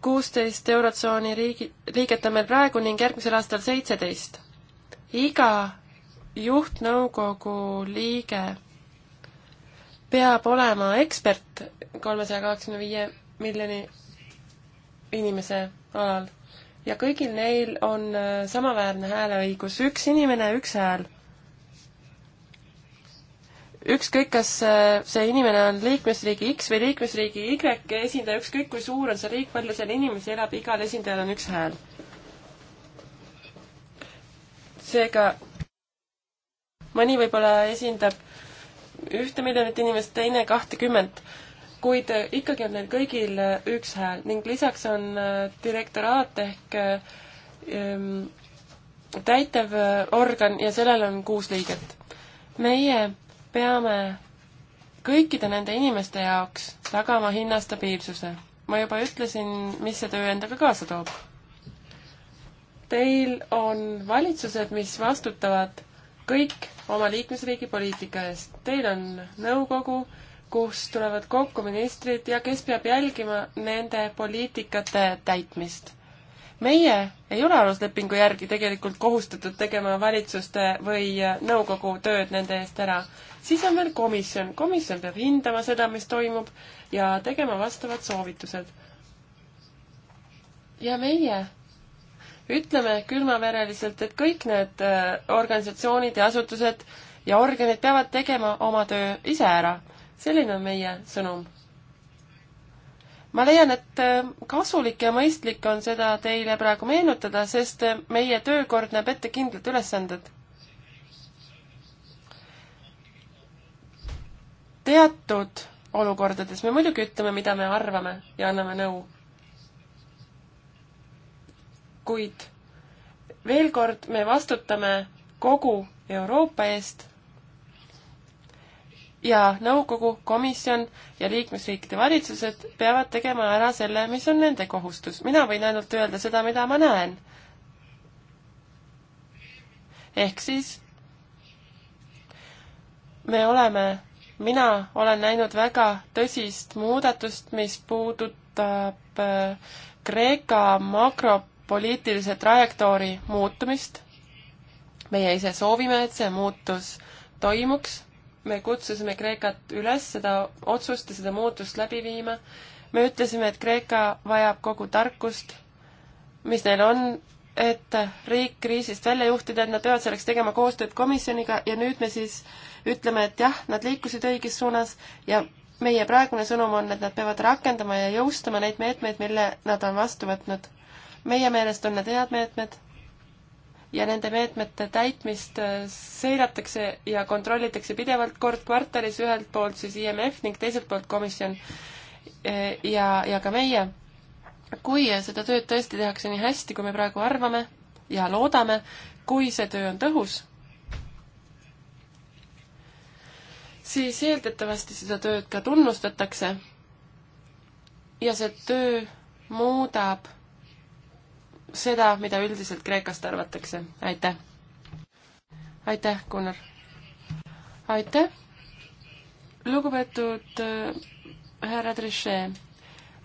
kuusteist eurotsooni riigi, liiget on meil praegu ning järgmisel aastal seitseteist iga juhtnõukogu liige peab olema ekspert kolmesaja kaheksakümne viie miljoni inimese alal ja kõigil neil on äh, samaväärne hääleõigus, üks inimene, üks hääl. ükskõik, kas äh, see inimene on liikmesriigi X või liikmesriigi Y esindaja, ükskõik kui suur on see riik, palju seal inimesi elab, igal esindajal on üks hääl seega mõni võib-olla esindab ühte miljonit inimest, teine kahtekümmet, kuid ikkagi on neil kõigil äh, üks hääl ning lisaks on äh, direktoraat ehk äh, ähm, täitev organ ja sellel on kuus liiget. meie peame kõikide nende inimeste jaoks tagama hinnastabiilsuse. ma juba ütlesin, mis see töö endaga kaasa toob Teil on valitsused, mis vastutavad kõik oma liikmesriigi poliitika eest. Teil on nõukogu, kus tulevad kokku ministrid ja kes peab jälgima nende poliitikate täitmist. meie ei ole aluslepingu järgi tegelikult kohustatud tegema valitsuste või nõukogu tööd nende eest ära. siis on veel komisjon, komisjon peab hindama seda, mis toimub ja tegema vastavad soovitused. ja meie ütleme külmavereliselt, et kõik need äh, organisatsioonid ja asutused ja organid peavad tegema oma töö ise ära. selline on meie sõnum. ma leian, et äh, kasulik ja mõistlik on seda teile praegu meenutada, sest äh, meie töökord näeb ette kindlad ülesanded. teatud olukordades me muidugi ütleme, mida me arvame ja anname nõu kuid veel kord, me vastutame kogu Euroopa eest ja nõukogu, komisjon ja liikmesriikide valitsused peavad tegema ära selle, mis on nende kohustus. mina võin ainult öelda seda, mida ma näen. ehk siis me oleme, mina olen näinud väga tõsist muudatust, mis puudutab äh, Kreeka makro poliitilise trajektoori muutumist. meie ise soovime, et see muutus toimuks. me kutsusime Kreekat üles seda otsust ja seda muutust läbi viima. me ütlesime, et Kreeka vajab kogu tarkust, mis neil on, et riik kriisist välja juhtida, et nad peavad selleks tegema koostööd komisjoniga ja nüüd me siis ütleme, et jah, nad liikusid õiges suunas ja meie praegune sõnum on, et nad peavad rakendama ja jõustama neid meetmeid, mille nad on vastu võtnud meie meelest on need head meetmed ja nende meetmete täitmist äh, seiratakse ja kontrollitakse pidevalt kord kvartalis, ühelt poolt siis IMF ning teiselt poolt komisjon äh, ja, ja ka meie. kui seda tööd tõesti tehakse nii hästi, kui me praegu arvame ja loodame, kui see töö on tõhus, siis eeldatavasti seda tööd ka tunnustatakse ja see töö muudab seda, mida üldiselt Kreekast arvatakse. aitäh! aitäh, Gunnar! aitäh! lugupeetud äh, härra Trichet,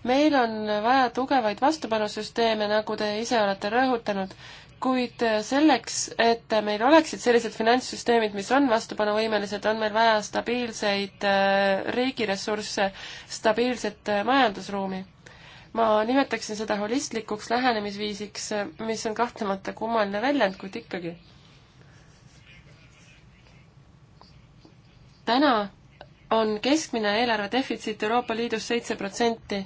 meil on vaja tugevaid vastupanusüsteeme, nagu te ise olete rõhutanud, kuid äh, selleks, et meil oleksid sellised finantssüsteemid, mis on vastupanuvõimelised, on meil vaja stabiilseid äh, riigiressursse, stabiilset majandusruumi ma nimetaksin seda holistlikuks lähenemisviisiks, mis on kahtlemata kummaline väljend, kuid ikkagi. täna on keskmine eelarve defitsiit Euroopa Liidus seitse protsenti.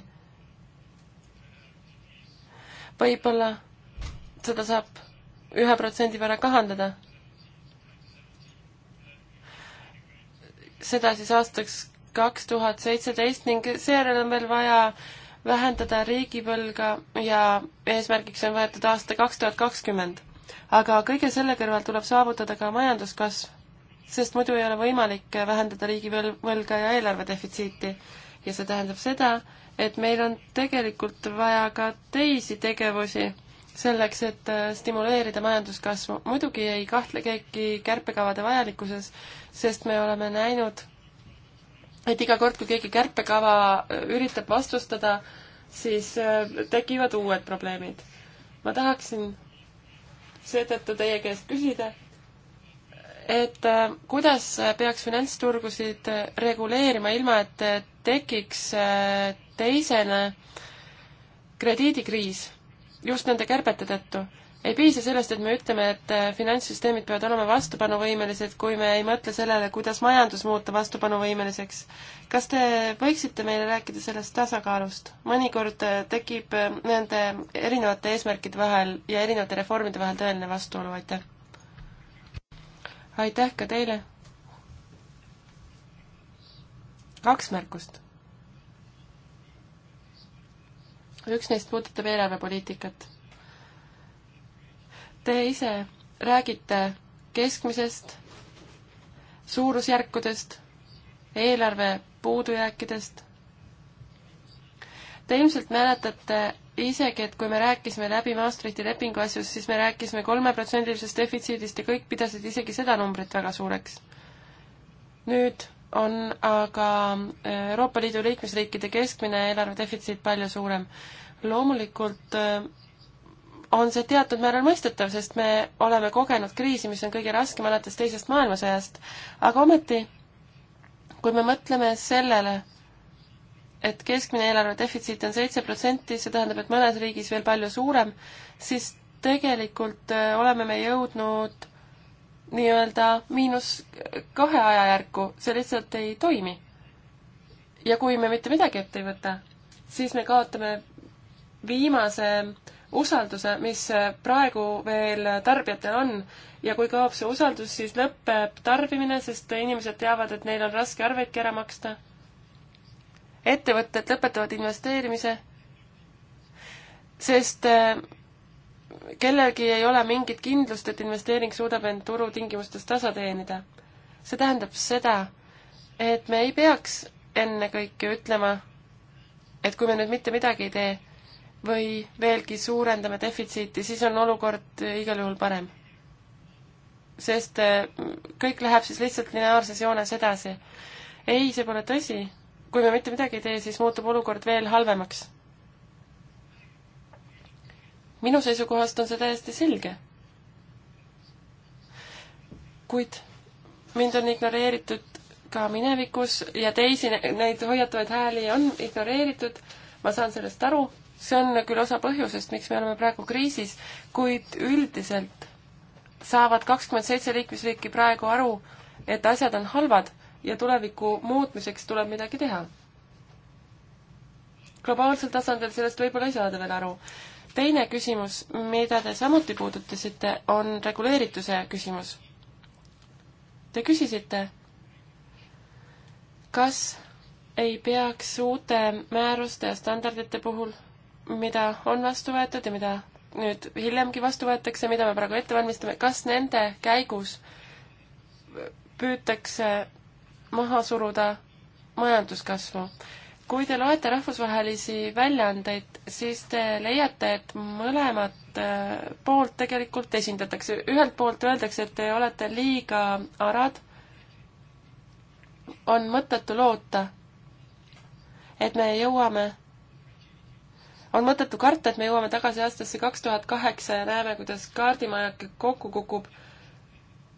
võib-olla seda saab ühe protsendi võrra kahandada. seda siis aastaks kaks tuhat seitseteist ning seejärel on veel vaja vähendada riigivõlga ja eesmärgiks on võetud aasta kaks tuhat kakskümmend. aga kõige selle kõrval tuleb saavutada ka majanduskasv, sest muidu ei ole võimalik vähendada riigivõlga ja eelarvedefitsiiti. ja see tähendab seda, et meil on tegelikult vaja ka teisi tegevusi selleks, et äh, stimuleerida majanduskasvu. muidugi ei kahtle keegi kärpekavade vajalikkuses, sest me oleme näinud, et iga kord, kui keegi kärpekava äh, üritab vastustada, siis äh, tekivad uued probleemid. ma tahaksin seetõttu teie käest küsida, et äh, kuidas peaks finantsturgusid reguleerima, ilma et tekiks teisene krediidikriis just nende kärbete tõttu ei piisa sellest, et me ütleme, et äh, finantssüsteemid peavad olema vastupanuvõimelised, kui me ei mõtle sellele, kuidas majandus muuta vastupanuvõimeliseks. kas te võiksite meile rääkida sellest tasakaalust? mõnikord äh, tekib äh, nende erinevate eesmärkide vahel ja erinevate reformide vahel tõeline vastuolu, aitäh! aitäh ka teile! kaks märkust. üks neist puudutab eelarvepoliitikat Te ise räägite keskmisest, suurusjärkudest, eelarve puudujääkidest. Te ilmselt mäletate isegi, et kui me rääkisime läbi Maastrichti lepingu asjus, siis me rääkisime kolmeprotsendilisest defitsiidist ja kõik pidasid isegi seda numbrit väga suureks. nüüd on aga äh, Euroopa Liidu liikmesriikide keskmine eelarve defitsiit palju suurem. loomulikult äh, on see teatud määral mõistetav, sest me oleme kogenud kriisi, mis on kõige raskem alates Teisest maailmasõjast. aga ometi, kui me mõtleme sellele, et keskmine eelarve defitsiit on seitse protsenti, see tähendab, et mõnes riigis veel palju suurem, siis tegelikult äh, oleme me jõudnud nii-öelda miinus kahe ajajärku, see lihtsalt ei toimi. ja kui me mitte midagi ette ei võta, siis me kaotame viimase usalduse, mis praegu veel tarbijatel on ja kui kaob see usaldus, siis lõpeb tarbimine, sest inimesed teavad, et neil on raske arveidki ära maksta. ettevõtted lõpetavad investeerimise, sest eh, kellelgi ei ole mingit kindlust, et investeering suudab end turutingimustes tasa teenida. see tähendab seda, et me ei peaks ennekõike ütlema, et kui me nüüd mitte midagi ei tee, või veelgi suurendame defitsiiti, siis on olukord igal juhul parem. sest äh, kõik läheb siis lihtsalt lineaarses joones edasi. ei, see pole tõsi. kui me mitte midagi ei tee, siis muutub olukord veel halvemaks. minu seisukohast on see täiesti selge. kuid mind on ignoreeritud ka minevikus ja teisi neid hoiatavaid hääli on ignoreeritud, ma saan sellest aru see on küll osa põhjusest, miks me oleme praegu kriisis, kuid üldiselt saavad kakskümmend seitse liikmesriiki praegu aru, et asjad on halvad ja tuleviku muutmiseks tuleb midagi teha. globaalsel tasandil sellest võib-olla ei saada veel aru. teine küsimus, mida te samuti puudutasite, on reguleerituse küsimus. Te küsisite, kas ei peaks uute määruste ja standardite puhul mida on vastu võetud ja mida nüüd hiljemgi vastu võetakse, mida me praegu ette valmistame, kas nende käigus püütakse maha suruda majanduskasvu? kui te loete rahvusvahelisi väljaandeid, siis te leiate, et mõlemat äh, poolt tegelikult esindatakse. ühelt poolt öeldakse, et te olete liiga arad, on mõttetu loota, et me jõuame on mõttetu karta, et me jõuame tagasi aastasse kaks tuhat kaheksa ja näeme, kuidas kaardimajak kokku kukub.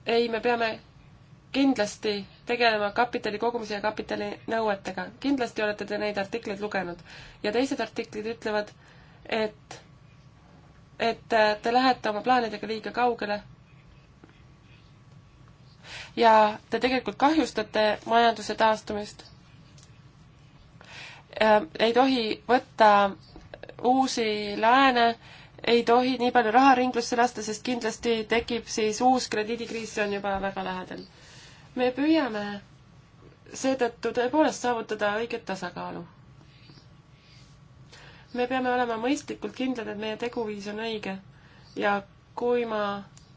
ei, me peame kindlasti tegelema kapitali kogumise ja kapitali nõuetega. kindlasti olete te neid artikleid lugenud. ja teised artiklid ütlevad, et, et te lähete oma plaanidega liiga kaugele ja te tegelikult kahjustate majanduse taastumist. Äh, ei tohi võtta uusi laene, ei tohi nii palju raha ringlusse lasta, sest kindlasti tekib siis uus krediidikriis, see on juba väga lähedal. me püüame seetõttu tõepoolest saavutada õiget tasakaalu. me peame olema mõistlikult kindlad, et meie teguviis on õige ja kui ma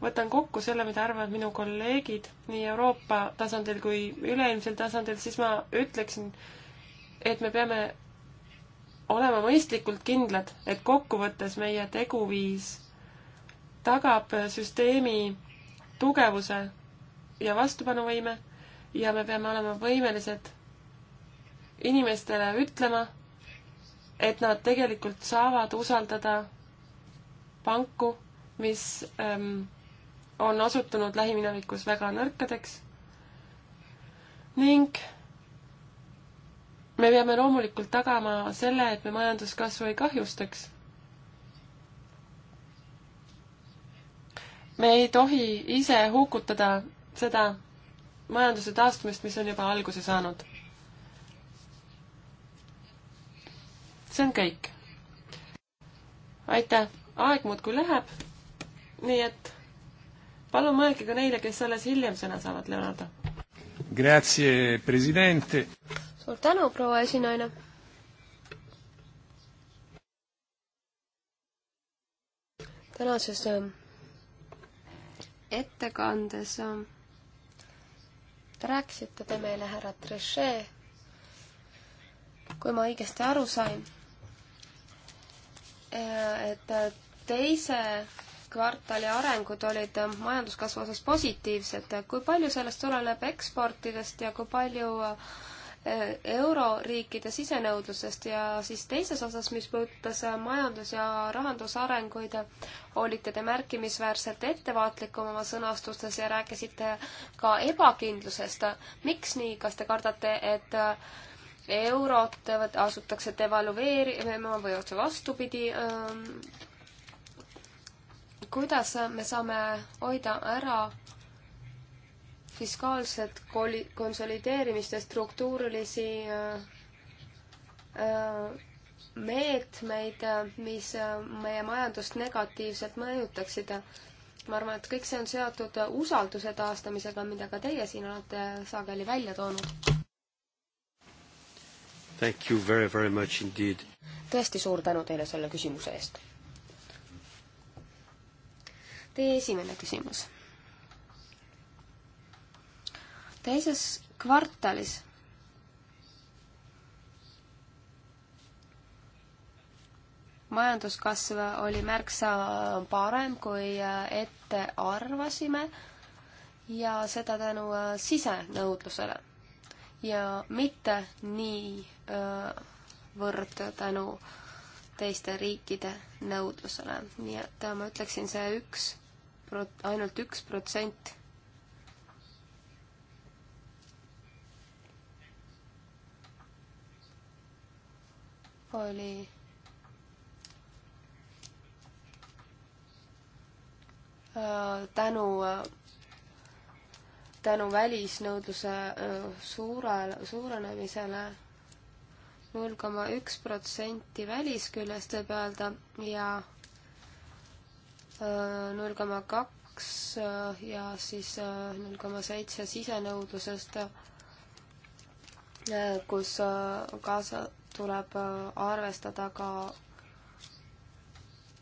võtan kokku selle, mida arvavad minu kolleegid nii Euroopa tasandil kui üleilmsel tasandil, siis ma ütleksin, et me peame olema mõistlikult kindlad, et kokkuvõttes meie teguviis tagab süsteemi tugevuse ja vastupanuvõime ja me peame olema võimelised inimestele ütlema, et nad tegelikult saavad usaldada panku, mis ähm, on osutunud lähiminevikus väga nõrkadeks ning me peame loomulikult tagama selle, et me majanduskasvu ei kahjustaks. me ei tohi ise hukutada seda majanduse taastumist, mis on juba alguse saanud. see on kõik. aitäh, aeg muudkui läheb. nii et palun mõelge ka neile, kes alles hiljem sõna saavad, Leonardo. Grazie, president suur tänu, proua esinaine. tänases ähm, ettekandes ähm, te rääkisite te meile, härra Trichet, kui ma õigesti aru sain, äh, et äh, teise kvartali arengud olid äh, majanduskasvu osas positiivsed. kui palju sellest tuleneb eksportidest ja kui palju euroriikide sisenõudlusest ja siis teises osas, mis puudutas majandus- ja rahandusarenguid, olite te märkimisväärselt ettevaatlikum oma sõnastustes ja rääkisite ka ebakindlusest. miks nii, kas te kardate, et eurot asutakse devalveerima või otse vastupidi? kuidas me saame hoida ära fiskaalset koli-, konsolideerimist ja struktuurilisi äh, äh, meetmeid, mis äh, meie majandust negatiivselt mõjutaksid. ma arvan, et kõik see on seotud usalduse taastamisega, mida ka teie siin olete sageli välja toonud. Thank you very, very much indeed. tõesti suur tänu teile selle küsimuse eest. Teie esimene küsimus teises kvartalis majanduskasv oli märksa parem, kui ette arvasime ja seda tänu äh, sisenõudlusele ja mitte niivõrd äh, tänu teiste riikide nõudlusele. nii et äh, ma ütleksin see, see üks, ainult üks protsent oli äh, tänu, äh, tänu välisnõudluse äh, suure, suurenemisele null koma üks protsenti välisküljest võib öelda ja null koma kaks ja siis null koma seitse sisenõudlusest, kus kaasa, tuleb äh, arvestada ka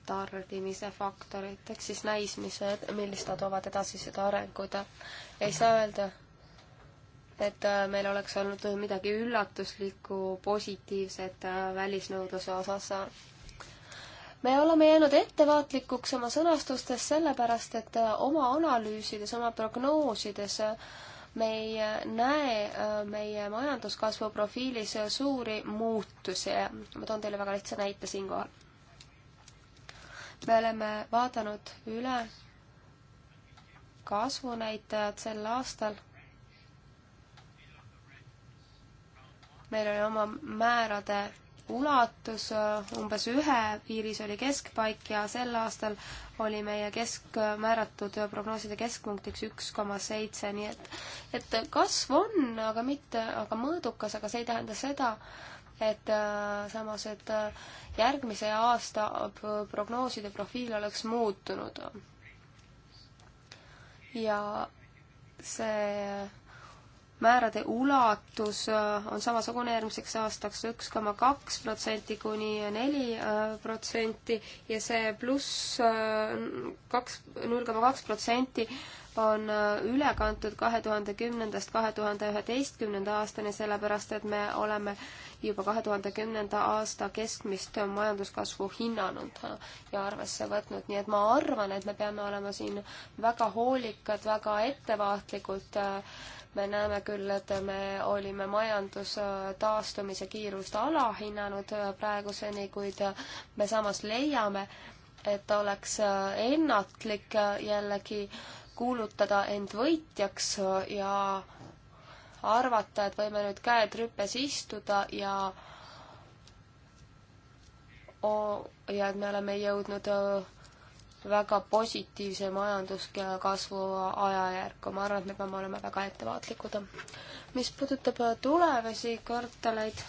tarbimise faktorit, ehk siis näismised, millist nad toovad edasised arengud. ei saa öelda, et äh, meil oleks olnud midagi üllatuslikku, positiivset äh, välisnõudluse osas. me oleme jäänud ettevaatlikuks oma sõnastustes sellepärast, et oma analüüsides, oma prognoosides äh, me ei äh, näe äh, meie majanduskasvu profiilis suuri muutusi. ma toon teile väga lihtsa näite siinkohal. me oleme vaadanud üle kasvunäitajad sel aastal. meil oli oma määrade ulatus äh, umbes ühe, piiris oli keskpaik ja sel aastal oli meie kesk, määratud prognooside keskpunktiks üks koma seitse, nii et, et kasv on, aga mitte, aga mõõdukas, aga see ei tähenda seda, et äh, samas, et äh, järgmise aasta prognooside profiil oleks muutunud. ja see määrade ulatus äh, on samasugune järgmiseks aastaks üks koma kaks protsenti kuni neli äh, protsenti ja see pluss äh, kaks, null koma kaks protsenti on üle kantud kahe tuhande kümnendast kahe tuhande üheteistkümnenda aastani, sellepärast et me oleme juba kahe tuhande kümnenda aasta keskmist majanduskasvu hinnanud ja arvesse võtnud, nii et ma arvan, et me peame olema siin väga hoolikad, väga ettevaatlikud me näeme küll, et me olime majandustaastumise äh, kiirust alahinnanud äh, praeguseni, kuid äh, me samas leiame, et oleks ennatlik jällegi kuulutada end võitjaks ja arvata, et võime nüüd käed rüpes istuda ja ja et me oleme jõudnud väga positiivse majanduskasvu ajajärku, ma arvan, et me peame olema väga ettevaatlikud. mis puudutab tulevasi kvartaleid,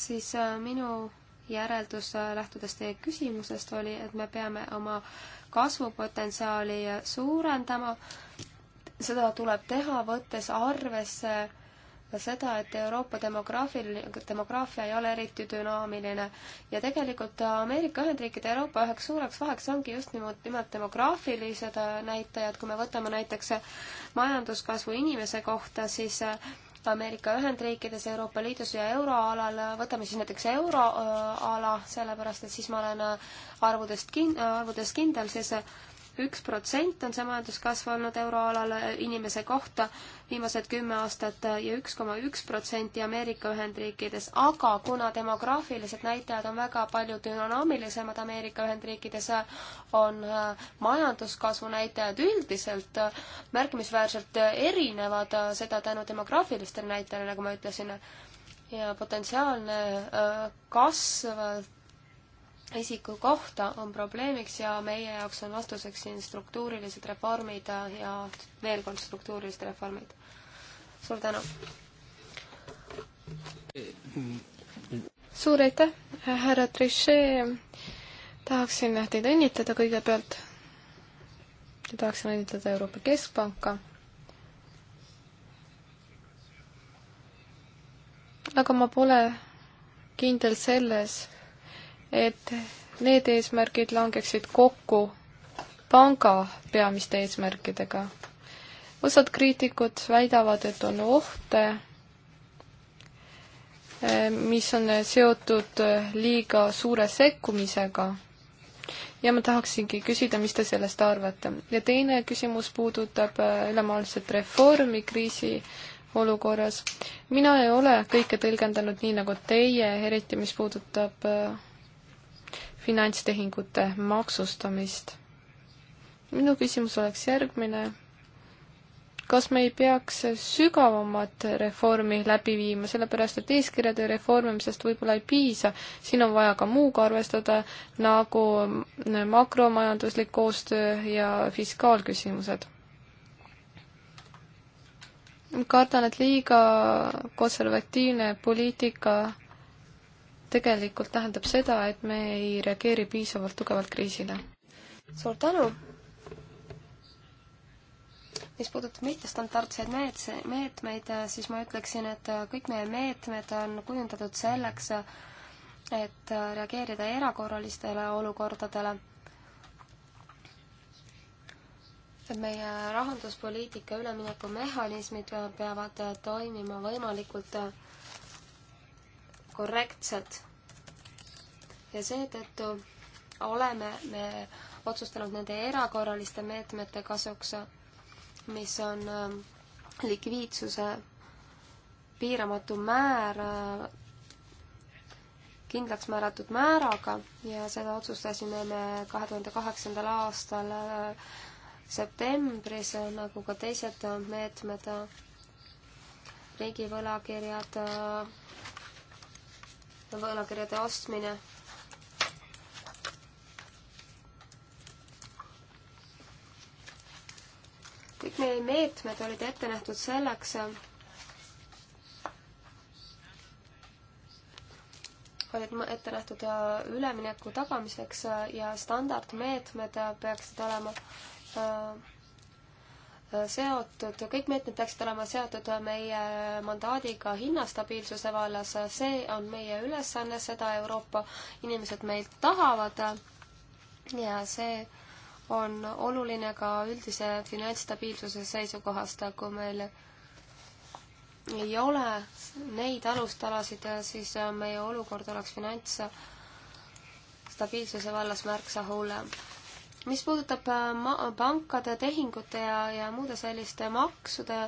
siis äh, minu järeldus, äh, lähtudes teie küsimusest, oli, et me peame oma kasvupotentsiaali suurendama, seda tuleb teha, võttes arvesse ka seda, et Euroopa demograafiline, demograafia ei ole eriti dünaamiline ja tegelikult Ameerika Ühendriikide ja Euroopa üheks suureks vaheks ongi just nimelt, nimelt demograafilised näitajad, kui me võtame näiteks majanduskasvu inimese kohta, siis Ameerika Ühendriikides, Euroopa Liidus ja euroalal, võtame siis näiteks euroala, sellepärast et siis ma olen arvudest kin-, arvudes kindel, siis üks protsent on see majanduskasv olnud euroalal äh, inimese kohta viimased kümme aastat äh, ja üks koma üks protsenti Ameerika Ühendriikides, aga kuna demograafilised näitajad on väga palju dünaamilisemad Ameerika Ühendriikides, äh, on majanduskasvu näitajad üldiselt märkimisväärselt erinevad, seda tänu demograafilistele näitajale, nagu ma ütlesin ja potentsiaalne kasv isiku kohta on probleemiks ja meie jaoks on vastuseks siin struktuurilised reformid ja veel kord struktuurilised reformid. suur tänu! suur aitäh, härra Trichet! tahaksin teid õnnitleda kõigepealt ja tahaksin õnnitleda Euroopa Keskpanka. aga ma pole kindel selles, et need eesmärgid langeksid kokku panga peamiste eesmärkidega. osad kriitikud väidavad, et on ohte, eh, mis on seotud eh, liiga suure sekkumisega. ja ma tahaksingi küsida, mis te sellest arvate. ja teine küsimus puudutab eh, ülemaailmset reformi kriisi olukorras. mina ei ole kõike tõlgendanud nii nagu teie, eriti mis puudutab finantstehingute maksustamist. minu küsimus oleks järgmine. kas me ei peaks sügavamat reformi läbi viima, sellepärast et eeskirjade reformimisest võib-olla ei piisa, siin on vaja ka muuga arvestada, nagu makromajanduslik koostöö ja fiskaalküsimused kardan, et liiga konservatiivne poliitika tegelikult tähendab seda, et me ei reageeri piisavalt tugevalt kriisile. suur tänu! mis puudutab mittestandardseid meetmeid, meetmeid, siis ma ütleksin, et kõik meie meetmed on kujundatud selleks, et reageerida erakorralistele olukordadele. et meie rahanduspoliitika üleminekumehhanismid peavad toimima võimalikult korrektsed. ja seetõttu oleme me otsustanud nende erakorraliste meetmete kasuks, mis on ähm, likviidsuse piiramatu määr äh, kindlaks määratud määraga ja seda otsustasime me kahe tuhande kaheksandal aastal äh, septembris, äh, nagu ka teised meetmed, riigivõlakirjad, võlakirjade ostmine. kõik meie meetmed olid ette nähtud selleks, olid ette nähtud ülemineku tagamiseks ja standardmeetmed peaksid olema äh, seotud, kõik meetmed peaksid olema seotud meie mandaadiga hinnastabiilsuse vallas, see on meie ülesanne, seda Euroopa inimesed meilt tahavad ja see on oluline ka üldise finantsstabiilsuse seisukohast, kui meil ei ole neid alustalasid, siis meie olukord oleks finants stabiilsuse vallas märksa hullem mis puudutab äh, pankade tehingute ja, ja muude selliste maksude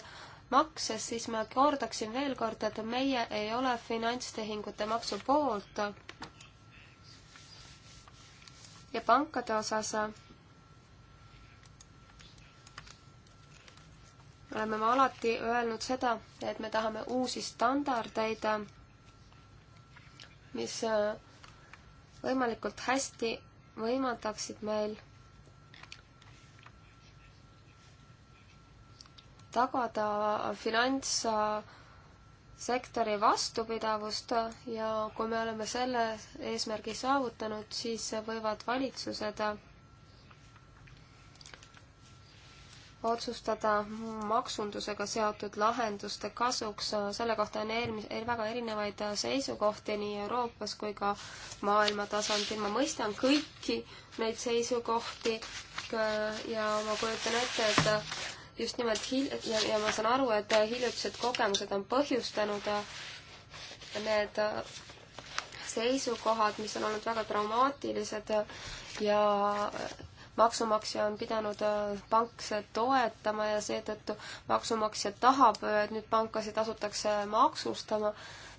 makses, siis ma kordaksin veel kord, et meie ei ole finantstehingute maksu poolt. ja pankade osas äh, oleme me alati öelnud seda, et me tahame uusi standardeid, äh, mis võimalikult hästi võimaldaksid meil tagada finantssektori vastupidavust ja kui me oleme selle eesmärgi saavutanud, siis võivad valitsused otsustada maksundusega seotud lahenduste kasuks. selle kohta on eelmis-, väga erinevaid seisukohti nii Euroopas kui ka maailma tasandil. ma mõistan kõiki neid seisukohti ja ma kujutan ette, et just nimelt hil- ja, ja ma saan aru, et äh, hiljutised kogemused on põhjustanud äh, need äh, seisukohad, mis on olnud väga traumaatilised ja maksumaksja on pidanud pankse toetama ja seetõttu maksumaksja tahab, et nüüd pankasid asutakse maksustama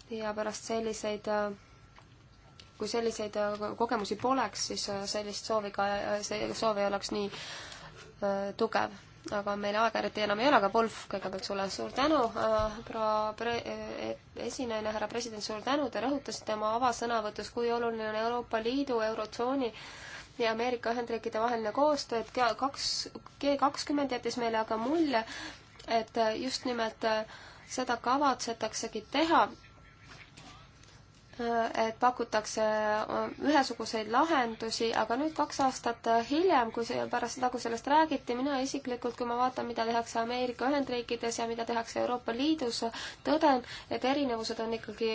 ja pärast selliseid kui selliseid kogemusi poleks, siis sellist soovi ka, see soov ei oleks nii tugev aga meil aega eriti enam ei ole, aga Wolf, kõigepealt sulle suur tänu, äh, proua pre-, äh, esinaine, härra president, suur tänu, te rõhutasite oma avasõnavõtus, kui oluline on Euroopa Liidu, Eurotsooni ja Ameerika Ühendriikide vaheline koostöö, et kaks, G kakskümmend jättis meile aga mulje, et just nimelt äh, seda kavatsetaksegi teha et pakutakse äh, ühesuguseid lahendusi, aga nüüd kaks aastat äh, hiljem, kui see, pärast seda, kui sellest räägiti, mina isiklikult, kui ma vaatan, mida tehakse Ameerika Ühendriikides ja mida tehakse Euroopa Liidus, tõden, et erinevused on ikkagi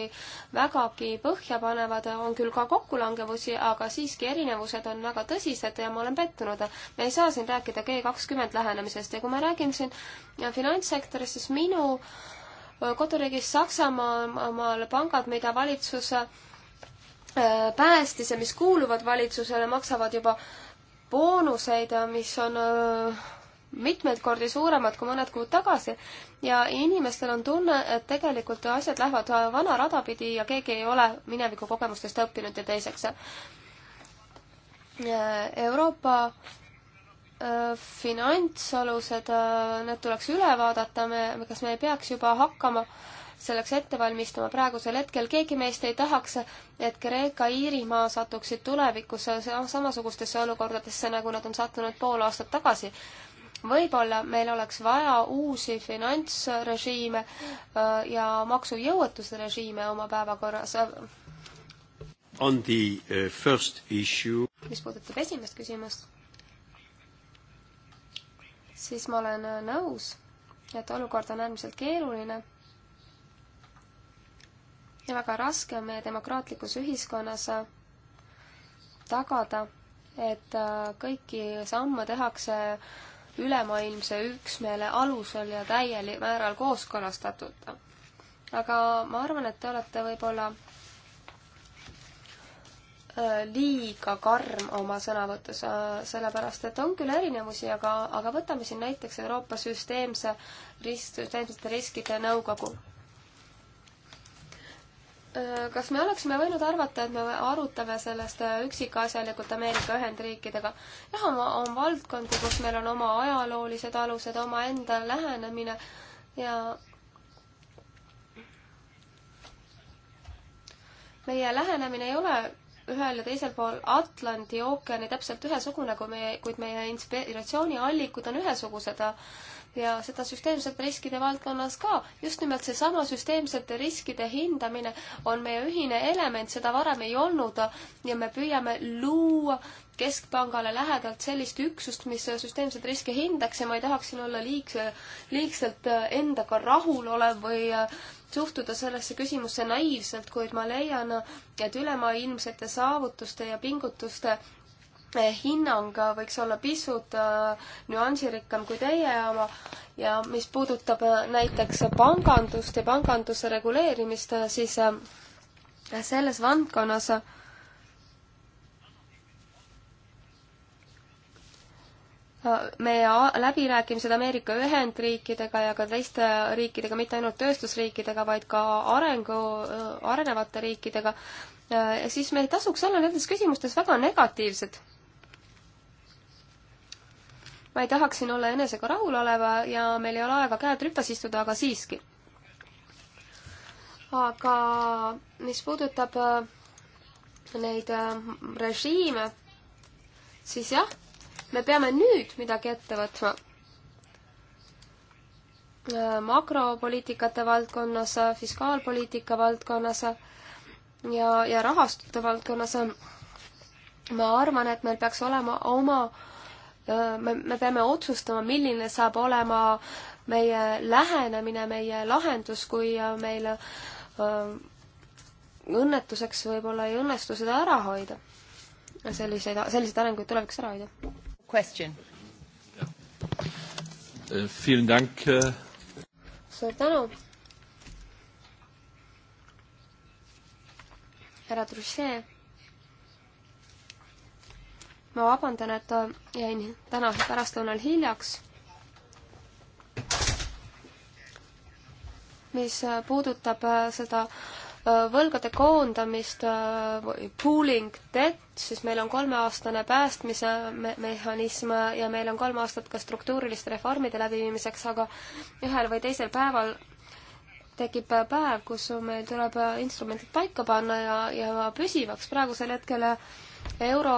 vägagi põhjapanevad, on küll ka kokkulangevusi, aga siiski erinevused on väga tõsised ja ma olen pettunud. me ei saa siin rääkida G kakskümmend lähenemisest ja kui ma räägin siin finantssektorist, siis minu äh, koduriigis Saksamaal pangad, mida valitsus äh, päästis ja mis kuuluvad valitsusele, maksavad juba boonuseid, mis on äh, mitmeid kordi suuremad kui mõned kuud tagasi ja inimestel on tunne, et tegelikult asjad lähevad vana rada pidi ja keegi ei ole mineviku kogemustest õppinud ja teiseks äh, Euroopa Äh, finantsalused, äh, need tuleks üle vaadata, me, kas me ei peaks juba hakkama selleks ette valmistuma praegusel hetkel, keegi meist ei tahaks, et Kreeka, Iirimaa satuksid tulevikus samasugustesse olukordadesse, nagu nad on sattunud pool aastat tagasi. võib-olla meil oleks vaja uusi finantsrežiime äh, ja maksujõuetuse režiime oma päevakorras. On the first issue mis puudutab esimest küsimust siis ma olen äh, nõus, et olukord on äärmiselt keeruline ja väga raske on meie demokraatlikus ühiskonnas äh, tagada, et äh, kõiki samme tehakse ülemaailmse üksmeele alusel ja täiel määral kooskõlastatult. aga ma arvan, et te olete võib-olla Äh, liiga karm oma sõnavõtus, äh, sellepärast et on küll erinevusi, aga, aga võtame siin näiteks Euroopa süsteemse risk, süsteemsete riskide nõukogu. Äh, kas me oleksime võinud arvata, et me arutame sellest üksikasjalikult Ameerika Ühendriikidega? jah, on, on valdkondi, kus meil on oma ajaloolised alused, omaenda lähenemine ja meie lähenemine ei ole ühel ja teisel pool Atlandi ookeani täpselt ühesugune, kui meie, kuid meie inspiratsiooniallikud on ühesugused ja seda süsteemsete riskide valdkonnas ka. just nimelt seesama süsteemsete riskide hindamine on meie ühine element, seda varem ei olnud ja me püüame luua keskpangale lähedalt sellist üksust, mis süsteemseid riske hindaks ja ma ei tahaks siin olla liigs-, liigselt endaga rahulolev või suhtuda sellesse küsimusse naiivselt, kuid ma leian, et ülemaailmsete saavutuste ja pingutuste eh, hinnang võiks olla pisut eh, nüansirikkam kui teie oma ja mis puudutab eh, näiteks pangandust ja panganduse reguleerimist, siis selles valdkonnas meie läbirääkimised Ameerika Ühendriikidega ja ka teiste riikidega, mitte ainult tööstusriikidega, vaid ka arengu, arenevate riikidega, siis me ei tasuks olla nendes küsimustes väga negatiivsed. ma ei tahaks siin olla enesega rahuloleva ja meil ei ole aega käed rüpes istuda, aga siiski. aga mis puudutab äh, neid äh, režiime, siis jah me peame nüüd midagi ette võtma. Äh, makropoliitikate valdkonnas, fiskaalpoliitika valdkonnas ja, ja rahastute valdkonnas ma arvan, et meil peaks olema oma, äh, me, me peame otsustama, milline saab olema meie lähenemine, meie lahendus, kui meil äh, õnnetuseks võib-olla ei õnnestu seda ära hoida. selliseid, selliseid arenguid tulevikus ära hoida question. Äh, vielen Dank. Äh. suur tänu. härra Trichet. ma vabandan, et jäin täna pärastlõunal hiljaks. mis puudutab äh, seda võlgade koondamist äh, või pooling debt, siis meil on kolmeaastane päästmise me mehhanism ja meil on kolm aastat ka struktuuriliste reformide läbiviimiseks, aga ühel või teisel päeval tekib päev, kus meil tuleb instrumendid paika panna ja, ja püsivaks. praegusel hetkel euro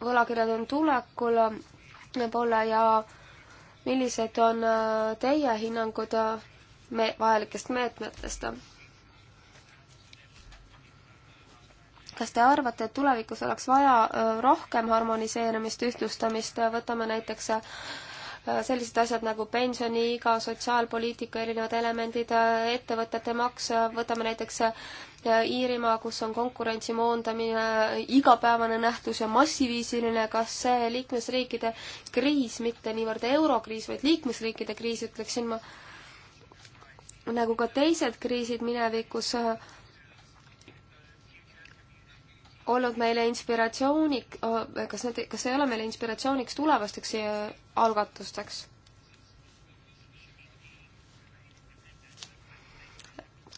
võlakirjad on tulekul poole ja millised on äh, teie hinnangud äh, me vajalikest meetmetest? kas te arvate, et tulevikus oleks vaja äh, rohkem harmoniseerimist, ühtlustamist, võtame näiteks äh, sellised asjad nagu pensioniiga, sotsiaalpoliitika erinevad elemendid, äh, ettevõtete maks, võtame näiteks Iirimaa, kus on konkurentsi moondamine igapäevane nähtus ja massiviisiline, kas see liikmesriikide kriis, mitte niivõrd eurokriis, vaid liikmesriikide kriis, ütleksin ma, nagu ka teised kriisid minevikus äh, olnud meile inspiratsiooni, kas need, kas ei ole meile inspiratsiooniks tulevasteks äh, algatusteks?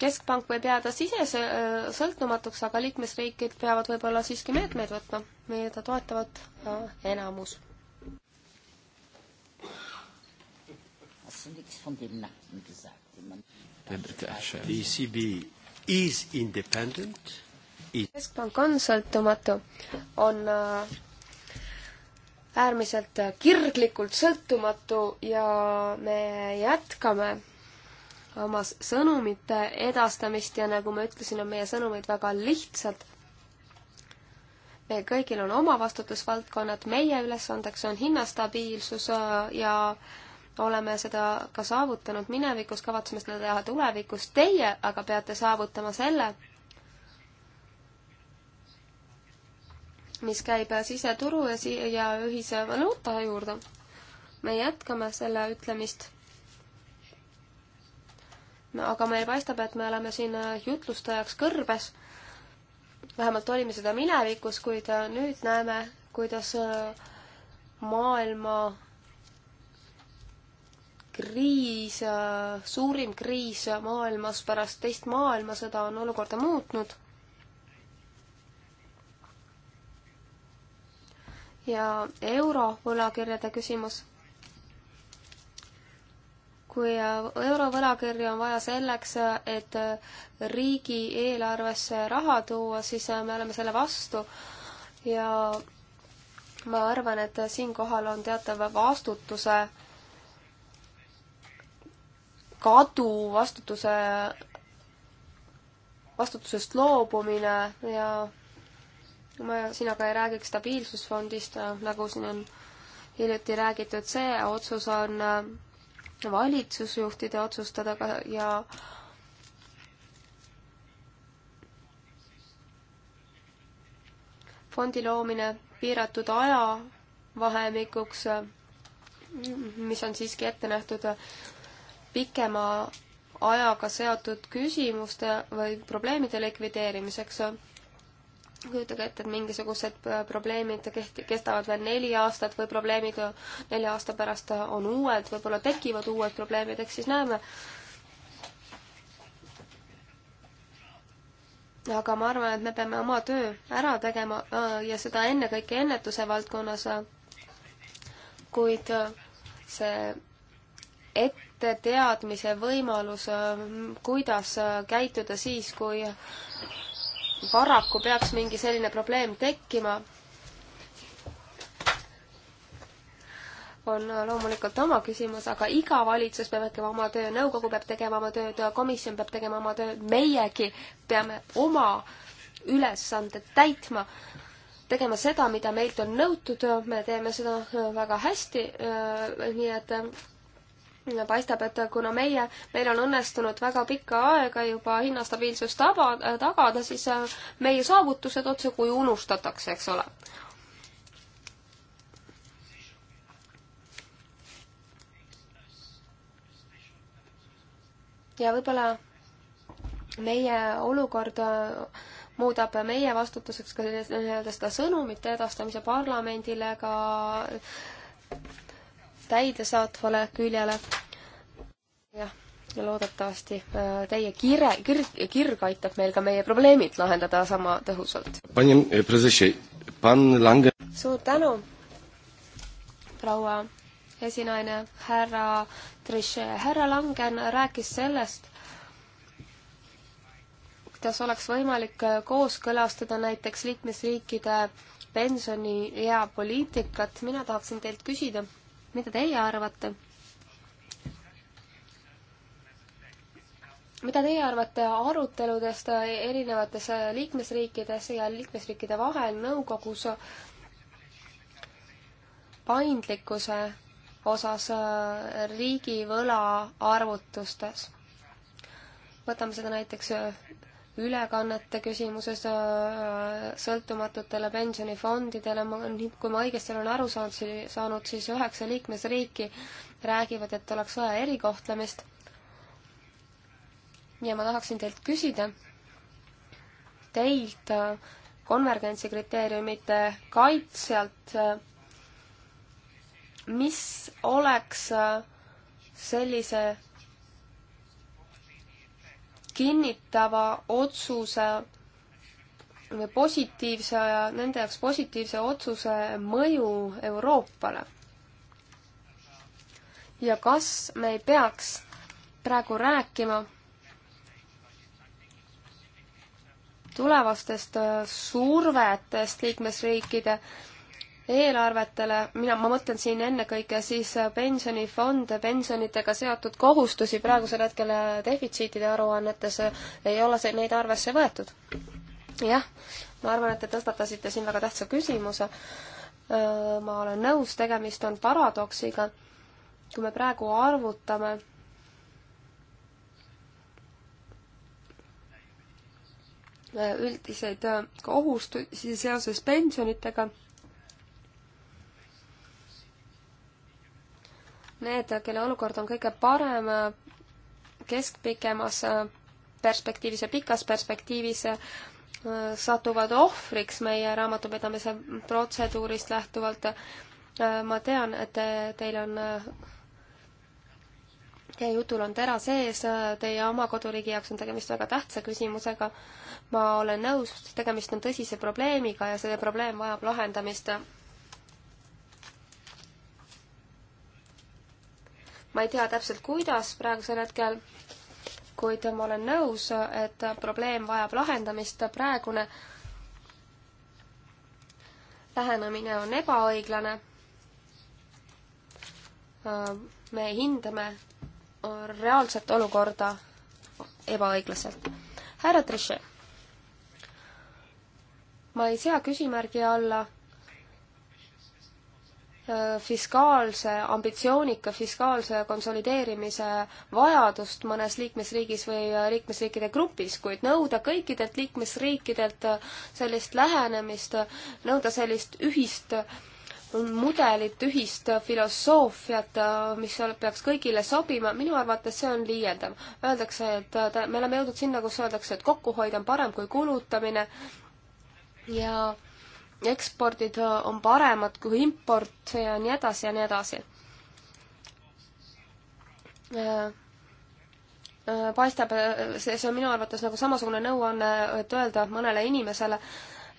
keskpank võib jääda sisese äh, sõltumatuks, aga liikmesriigid peavad võib-olla siiski meetmeid võtma, mida toetavad äh, enamus. ECB e is independent keskpank on sõltumatu, on äh, äärmiselt kirglikult sõltumatu ja me jätkame oma sõnumite edastamist ja nagu ma ütlesin, on meie sõnumid väga lihtsad. meil kõigil on oma vastutusvaldkonnad, meie ülesandeks on hinnastabiilsus äh, ja oleme seda ka saavutanud minevikus, kavatseme seda teha tulevikus, teie aga peate saavutama selle, mis käib siseturu ja si-, ja ühise valuuta juurde. me jätkame selle ütlemist. aga meil paistab, et me oleme siin jutlustajaks kõrbes. vähemalt olime seda minevikus, kuid nüüd näeme, kuidas äh, maailma kriis, äh, suurim kriis maailmas pärast teist maailmasõda on olukorda muutnud ja eurovõlakirjade küsimus. kui eurovõlakirju on vaja selleks, et riigieelarvesse raha tuua, siis me oleme selle vastu ja ma arvan, et siinkohal on teatav vastutuse kadu, vastutuse, vastutusest loobumine ja ma siin aga ei räägiks stabiilsusfondist, äh, nagu siin on hiljuti räägitud, see otsus on äh, valitsusjuhtide otsustada ka ja fondi loomine piiratud ajavahemikuks, äh, mis on siiski ette nähtud pikema ajaga seotud küsimuste või probleemide likvideerimiseks, kujutage ette, et mingisugused probleemid kehti-, kestavad veel neli aastat või probleemid nelja aasta pärast on uued, võib-olla tekivad uued probleemid, eks siis näeme. aga ma arvan, et me peame oma töö ära tegema äh, ja seda ennekõike ennetuse valdkonnas. Äh, kuid äh, see ette teadmise võimalus, kuidas käituda siis, kui paraku peaks mingi selline probleem tekkima, on loomulikult oma küsimus, aga iga valitsus peab tegema oma töö, nõukogu peab tegema oma tööd, komisjon peab tegema oma töö, meiegi peame oma ülesanded täitma tegema seda, mida meilt on nõutud, me teeme seda väga hästi, äh, nii et paistab, et kuna meie, meil on õnnestunud väga pikka aega juba hinnastabiilsust taba, äh, tagada, siis äh, meie saavutused otsekui unustatakse, eks ole. ja võib-olla meie olukord äh, muudab meie vastutuseks ka nii-öelda seda sõnumite edastamise parlamendile, ka täidesaatvale küljele jah, ja loodetavasti äh, teie kire, kirg, kirg aitab meil ka meie probleemid lahendada sama tõhusalt. E, suur tänu, proua esinaine, härra Trichet, härra Langen rääkis sellest, kuidas oleks võimalik äh, kooskõlastada näiteks liikmesriikide pensioniea poliitikat, mina tahaksin teilt küsida, mida teie arvate? mida teie arvate aruteludest erinevates liikmesriikides ja liikmesriikide vahel nõukogus paindlikkuse osas äh, riigivõla arvutustes? võtame seda näiteks äh, ülekannete küsimuses äh, sõltumatutele pensionifondidele, ma, kui ma õigesti olen aru saanud, saanud, siis üheksa liikmesriiki räägivad, et oleks vaja erikohtlemist ja ma tahaksin teilt küsida, teilt äh, konvergentsi kriteeriumite kaitsjalt, äh, mis oleks äh, sellise kinnitava otsuse või positiivse, nende jaoks positiivse otsuse mõju Euroopale. ja kas me ei peaks praegu rääkima tulevastest äh, survetest liikmesriikide eelarvetele, mina, ma mõtlen siin ennekõike siis äh, pensionifonde, pensionitega seotud kohustusi, praegusel hetkel äh, defitsiitide aruannetes ei ole see, neid arvesse võetud. jah, ma arvan, et te tõstatasite siin väga tähtsa küsimuse. ma olen nõus, tegemist on paradoksiga. kui me praegu arvutame Äh, üldiseid äh, kohustusi seoses pensionitega. Need, kelle olukord on kõige parem äh, keskpikemas perspektiivis ja pikas perspektiivis, satuvad ohvriks meie raamatupidamise protseduurist lähtuvalt. ma tean, et te, teil on Teie jutul on tera sees, teie oma koduriigi jaoks on tegemist väga tähtsa küsimusega. ma olen nõus, tegemist on tõsise probleemiga ja see probleem vajab lahendamist. ma ei tea täpselt, kuidas praegusel hetkel, kuid ma olen nõus, et probleem vajab lahendamist, praegune lähenemine on ebaõiglane. me hindame reaalset olukorda ebaõiglaselt. härra Trichet, ma ei sea küsimärgi alla äh, fiskaalse, ambitsioonika fiskaalse konsolideerimise vajadust mõnes liikmesriigis või äh, liikmesriikide grupis, kuid nõuda kõikidelt liikmesriikidelt äh, sellist lähenemist, nõuda sellist ühist mudelit, ühist filosoofiat, mis peaks kõigile sobima, minu arvates see on liialdav. Öeldakse, et me oleme jõudnud sinna, kus öeldakse, et kokkuhoid on parem kui kulutamine ja ekspordid on paremad kui import ja nii edasi ja nii edasi. Äh, äh, paistab, äh, see, see on minu arvates nagu samasugune nõuanne, et öelda mõnele inimesele,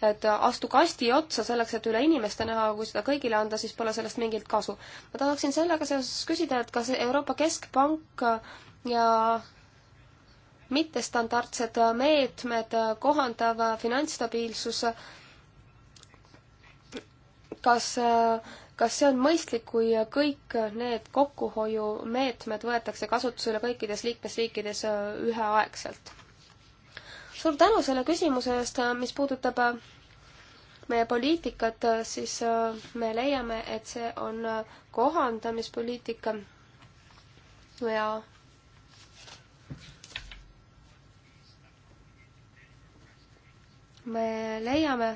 et astu kasti otsa selleks, et üle inimeste näha, kui seda kõigile anda, siis pole sellest mingit kasu. ma tahaksin sellega seoses küsida, et kas Euroopa Keskpank ja mittestandardsed meetmed, kohandav finantsstabiilsus, kas kas see on mõistlik, kui kõik need kokkuhoiumeetmed võetakse kasutusele kõikides liikmesriikides üheaegselt? suur tänu selle küsimuse eest, mis puudutab äh, meie poliitikat, äh, siis äh, me leiame, et see on kohandamispoliitika ja me leiame,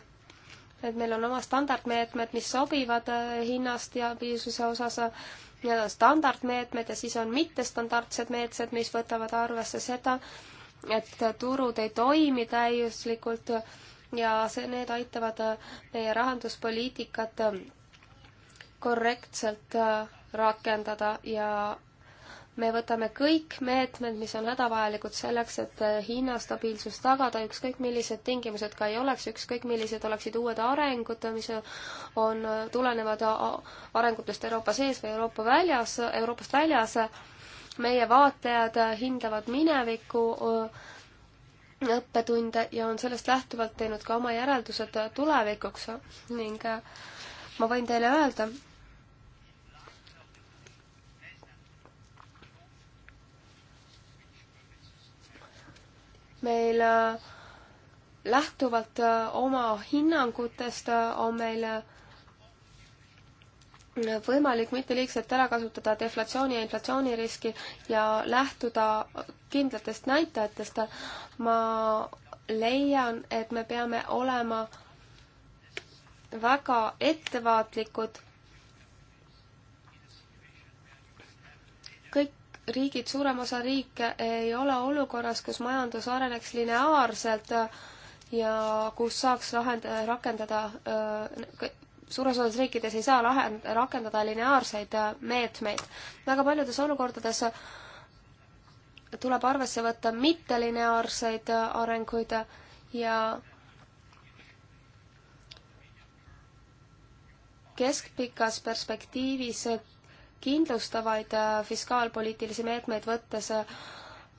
et meil on oma standardmeetmed, mis sobivad hinnast ja piisuse osas need on standardmeetmed ja siis on mittestandardsed meetmed, mis võtavad arvesse seda, et turud ei toimi täiuslikult ja see, need aitavad meie rahanduspoliitikat korrektselt rakendada ja me võtame kõik meetmed, mis on hädavajalikud selleks, et hinnastabiilsus tagada, ükskõik millised tingimused ka ei oleks, ükskõik millised oleksid uued arengud, mis on, tulenevad arengutest Euroopa sees või Euroopa väljas, Euroopast väljas meie vaatlejad hindavad mineviku äh, õppetunde ja on sellest lähtuvalt teinud ka oma järeldused tulevikuks ning äh, ma võin teile öelda, meil äh, lähtuvalt oma hinnangutest on meil võimalik mitte liigselt ära kasutada deflatsiooni ja inflatsiooni riski ja lähtuda kindlatest näitajatest, ma leian, et me peame olema väga ettevaatlikud. kõik riigid, suurem osa riike ei ole olukorras, kus majandus areneks lineaarselt ja kus saaks lahenda, rakendada öö, äh, suures osas riikides ei saa lahend-, rakendada lineaarseid äh, meetmeid. väga paljudes olukordades tuleb arvesse võtta mittelineaarseid äh, arenguid ja keskpikas perspektiivis kindlustavaid äh, fiskaalpoliitilisi meetmeid võttes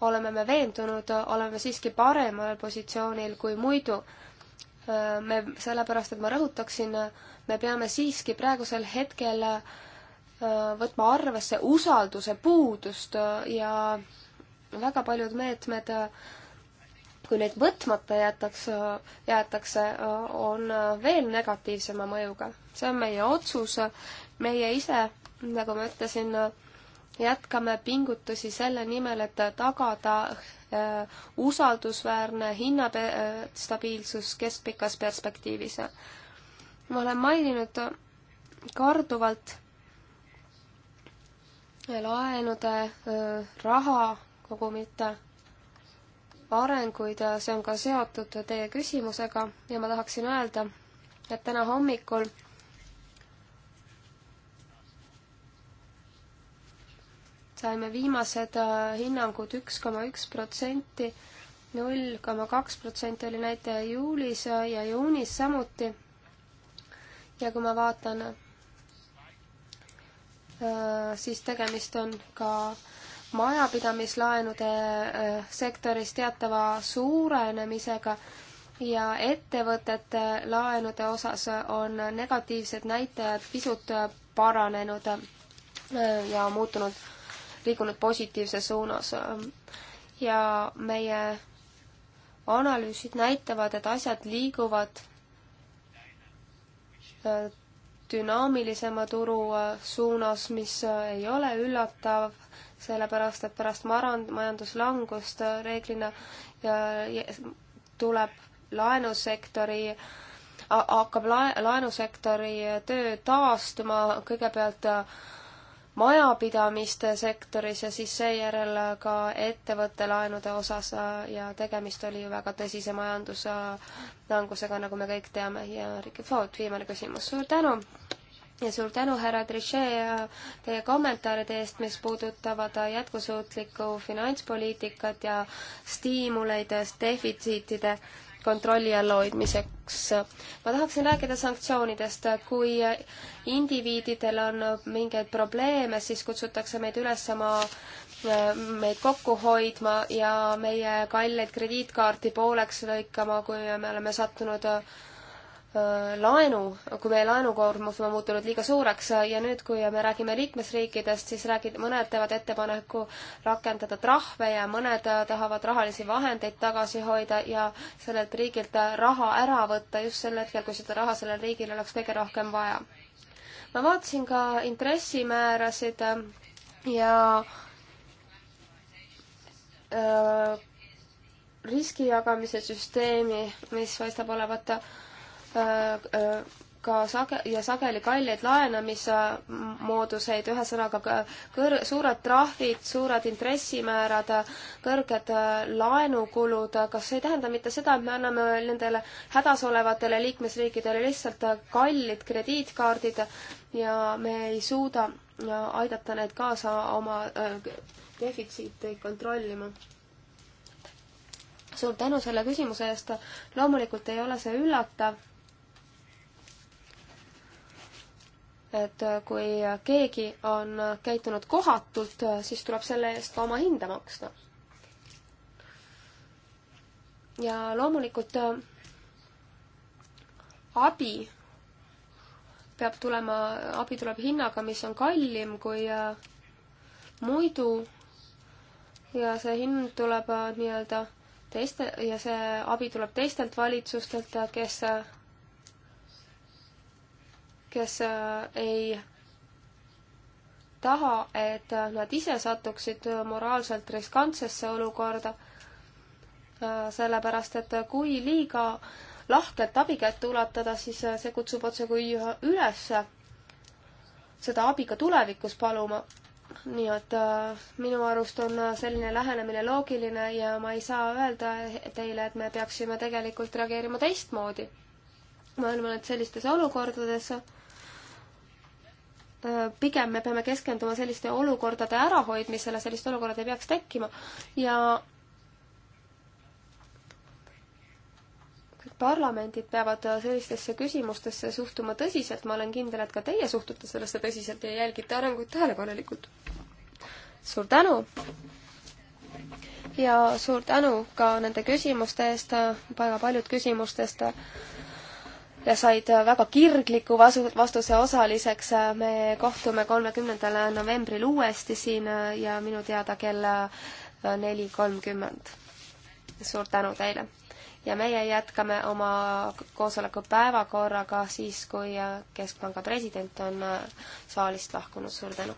oleme me veendunud, oleme siiski paremal positsioonil kui muidu. me, sellepärast et ma rõhutaksin, me peame siiski praegusel hetkel äh, võtma arvesse usalduse puudust äh, ja väga paljud meetmed, äh, kui neid võtmata jätakse, jäetakse, on veel negatiivsema mõjuga. see on meie otsus, meie ise, nagu ma ütlesin, jätkame pingutusi selle nimel, et tagada usaldusväärne hinnastabiilsus keskpikas perspektiivis ma olen maininud korduvalt laenude raha kogumite arenguid ja see on ka seotud teie küsimusega ja ma tahaksin öelda, et täna hommikul saime viimased hinnangud üks koma üks protsenti, null koma kaks protsenti oli näitaja juulis ja juunis samuti ja kui ma vaatan, äh, siis tegemist on ka majapidamislaenude äh, sektoris teatava suurenemisega ja ettevõtete laenude osas on negatiivsed näitajad pisut paranenud äh, ja muutunud, liikunud positiivses suunas. ja meie analüüsid näitavad, et asjad liiguvad dünaamilisema turu äh, suunas, mis äh, ei ole üllatav, sellepärast et pärast marand-, majanduslangust äh, reeglina tuleb laenusektori hakkab lae-, laenusektori töö taastuma, kõigepealt äh, majapidamiste sektoris ja siis seejärel ka ettevõtte laenude osas ja tegemist oli ju väga tõsise majanduslangusega, nagu me kõik teame. ja Ricky Ford, viimane küsimus, suur tänu! ja suur tänu, härra Trichet, teie kommentaaride eest, mis puudutavad jätkusuutlikku finantspoliitikat ja stiimuleid defitsiitide äh, kontrolli all hoidmiseks. ma tahaksin rääkida sanktsioonidest. kui indiviididel on mingeid probleeme, siis kutsutakse meid üles oma meid kokku hoidma ja meie kalleid krediitkaarti pooleks lõikama, kui me oleme sattunud Äh, laenu, kui meie laenukoormus on muutunud liiga suureks äh, ja nüüd, kui me räägime liikmesriikidest, siis räägid, mõned teevad ettepaneku rakendada trahve ja mõned äh, tahavad rahalisi vahendeid tagasi hoida ja sellelt riigilt raha ära võtta just sel hetkel, kui seda raha sellel riigil oleks kõige rohkem vaja. ma vaatasin ka intressimäärasid ja öö, riskijagamise süsteemi, mis paistab olevat Äh, äh, ka sage- ja sageli kalleid laenamismooduseid, ühesõnaga kõr-, suured trahvid, suured intressimäärad, kõrged äh, laenukulud, kas see ei tähenda mitte seda, et me anname nendele hädas olevatele liikmesriikidele lihtsalt kallid krediitkaardid ja me ei suuda aidata neid kaasa oma defitsiiti kontrollima? suur tänu selle küsimuse eest, loomulikult ei ole see üllatav et kui keegi on käitunud kohatult, siis tuleb selle eest ka oma hinda maksta. ja loomulikult äh, abi peab tulema, abi tuleb hinnaga, mis on kallim kui äh, muidu ja see hind tuleb äh, nii-öelda teiste ja see abi tuleb teistelt valitsustelt, kes kes äh, ei taha, et äh, nad ise satuksid moraalselt riskantsesse olukorda, äh, sellepärast et kui liiga lahkelt abikätt ulatada, siis see kutsub otsekui üles seda abi ka tulevikus paluma. nii et äh, minu arust on selline lähenemine loogiline ja ma ei saa öelda eh, teile, et me peaksime tegelikult reageerima teistmoodi. ma arvan, et sellistes olukordades äh, Äh, pigem me peame keskenduma selliste olukordade ärahoidmisele, sellist olukorda ei peaks tekkima ja kõik parlamendid peavad äh, sellistesse küsimustesse suhtuma tõsiselt, ma olen kindel, et ka teie suhtute sellesse tõsiselt ja jälgite arenguid tähelepanelikult. suur tänu! ja suur tänu ka nende küsimuste eest, äh, väga paljud küsimustest ja said väga kirgliku vasu-, vastuse osaliseks. me kohtume kolmekümnendal novembril uuesti siin ja minu teada kell neli kolmkümmend. suur tänu teile! ja meie jätkame oma koosoleku päevakorraga siis, kui Keskpanga president on saalist lahkunud. suur tänu!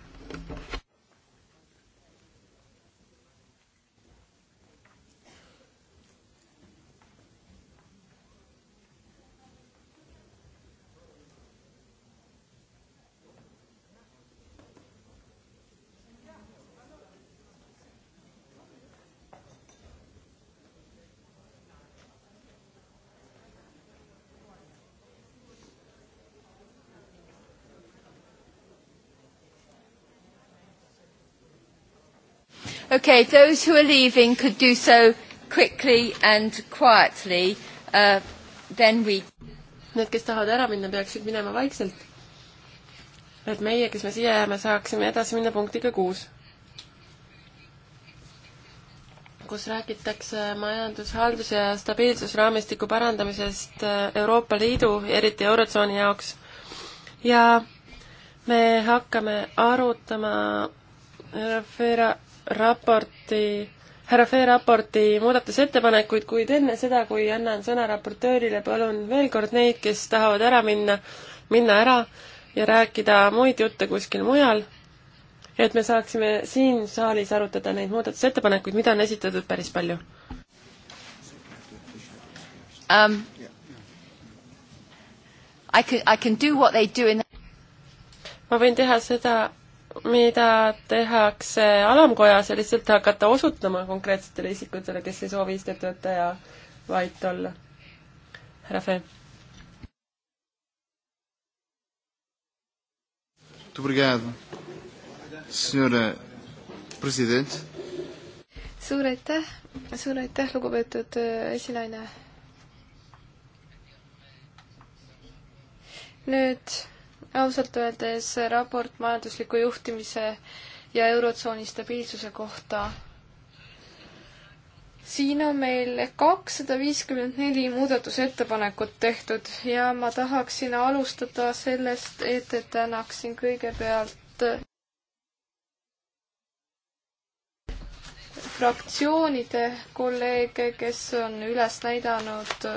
Okay, those who are leaving could do so quickly and quietly uh,, then we. Need, kes tahavad ära minna, peaksid minema vaikselt. et meie, kes me siia jääme, saaksime edasi minna punktiga kuus, kus räägitakse majandushaldus- ja stabiilsusraamistiku parandamisest äh, Euroopa Liidu, eriti Eurotsooni jaoks. ja me hakkame arutama äh, Fera raporti, härra Fee raporti muudatusettepanekuid, kuid enne seda, kui annan sõna raportöörile, palun veel kord neid, kes tahavad ära minna, minna ära ja rääkida muid jutte kuskil mujal, et me saaksime siin saalis arutada neid muudatusettepanekuid, mida on esitatud päris palju um,. I can, I can do what they do in ma võin teha seda, mida tehakse alamkojas ja lihtsalt hakata osutama konkreetsetele isikutele, kes ei soovi istetöötaja vait olla. härra Fe. suur aitäh, suur aitäh, lugupeetud äh, esinaine. nüüd ausalt öeldes raport majandusliku juhtimise ja Eurotsooni stabiilsuse kohta. siin on meil kakssada viiskümmend neli muudatusettepanekut tehtud ja ma tahaksin alustada sellest, et tänaksin kõigepealt fraktsioonide kolleege, kes on üles näidanud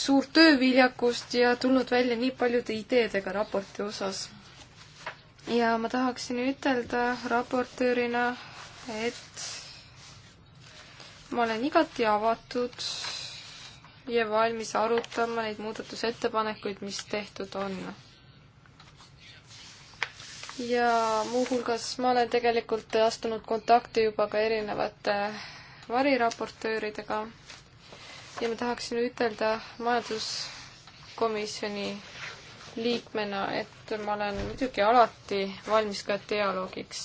suurt tööviljakust ja tulnud välja nii paljude ideedega raporti osas. ja ma tahaksin ütelda raportöörina, et ma olen igati avatud ja valmis arutama neid muudatusettepanekuid, mis tehtud on. ja muuhulgas ma olen tegelikult astunud kontakti juba ka erinevate variraportööridega ja ma tahaksin ütelda majanduskomisjoni liikmena, et ma olen muidugi alati valmis ka dialoogiks.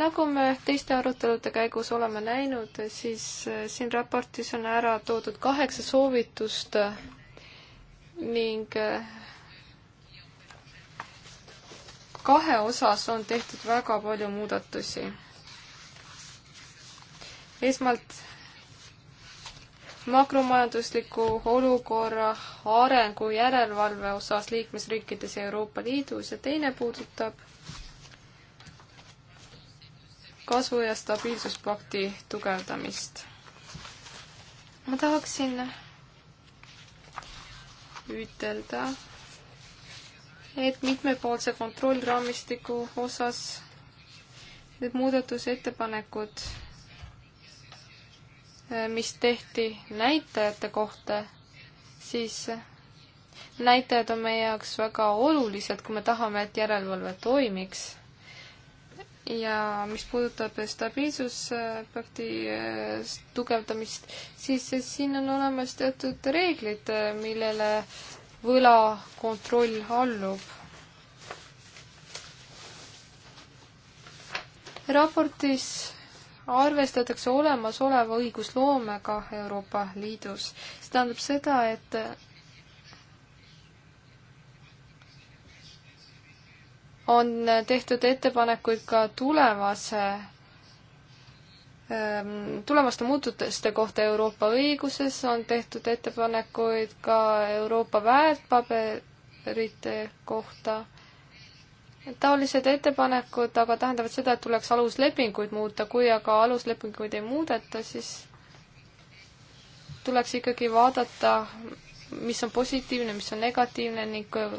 nagu me teiste arutelude käigus oleme näinud, siis äh, siin raportis on ära toodud kaheksa soovitust ning äh, kahe osas on tehtud väga palju muudatusi. esmalt makromajandusliku olukorra arengu järelevalve osas liikmesriikides ja Euroopa Liidus ja teine puudutab kasvu- ja stabiilsuspakti tugevdamist. ma tahaksin ütelda, et mitmepoolse kontrollraamistiku osas need muudatusettepanekud mis tehti näitajate kohta, siis näitajad on meie jaoks väga olulised, kui me tahame, et järelevalve toimiks. ja mis puudutab stabiilsuspakti äh, tugevdamist, siis siin on olemas teatud reeglid, äh, millele võlakontroll allub. raportis arvestatakse olemasoleva õigusloomega Euroopa Liidus. see tähendab seda, et on tehtud ettepanekuid ka tulevase, ähm, tulevaste muutuste kohta Euroopa õiguses, on tehtud ettepanekuid ka Euroopa väärtpaberite kohta taolised ettepanekud aga tähendavad seda, et tuleks aluslepinguid muuta, kui aga aluslepinguid ei muudeta, siis tuleks ikkagi vaadata, mis on positiivne, mis on negatiivne ning äh,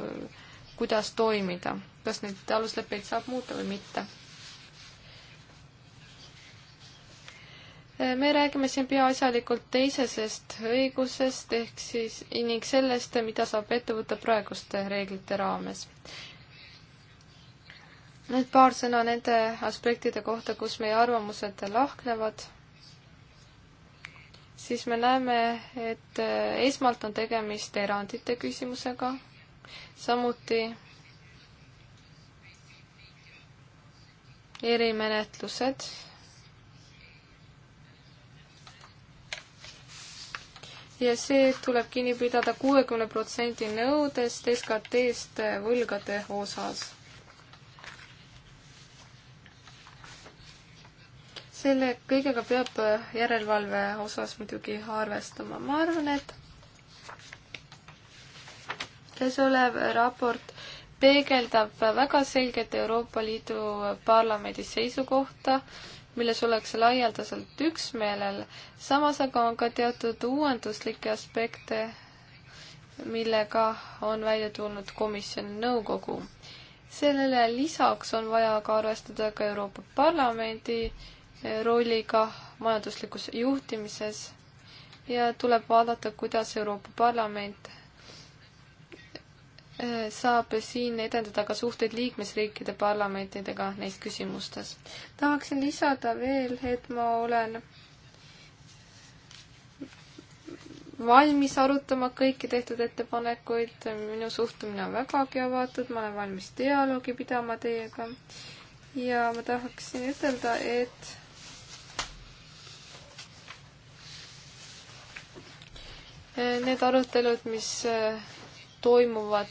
kuidas toimida, kas neid alusleppeid saab muuta või mitte. Äh, me räägime siin peaasjalikult teisesest õigusest ehk siis ning sellest, mida saab ette võtta praeguste reeglite raames nüüd paar sõna nende aspektide kohta, kus meie arvamused lahknevad. siis me näeme, et esmalt on tegemist erandite küsimusega, samuti erimenetlused ja see tuleb kinni pidada kuuekümne protsendi nõudest SKT-st võlgade osas. selle kõigega peab järelevalve osas muidugi arvestama. ma arvan, et käesolev raport peegeldab väga selgelt Euroopa Liidu Parlamendi seisukohta, milles ollakse laialdaselt üksmeelel, samas aga on ka teatud uuenduslikke aspekte, millega on välja tulnud komisjoni nõukogu. sellele lisaks on vaja ka arvestada ka Euroopa Parlamendi äh, rolliga majanduslikus juhtimises ja tuleb vaadata, kuidas Euroopa Parlament äh, saab siin edendada ka suhteid liikmesriikide parlamentidega neis küsimustes. tahaksin lisada veel, et ma olen valmis arutama kõiki tehtud ettepanekuid, minu suhtumine on vägagi avatud, ma olen valmis dialoogi pidama teiega ja ma tahaksin ütelda, et Need arutelud, mis äh, toimuvad,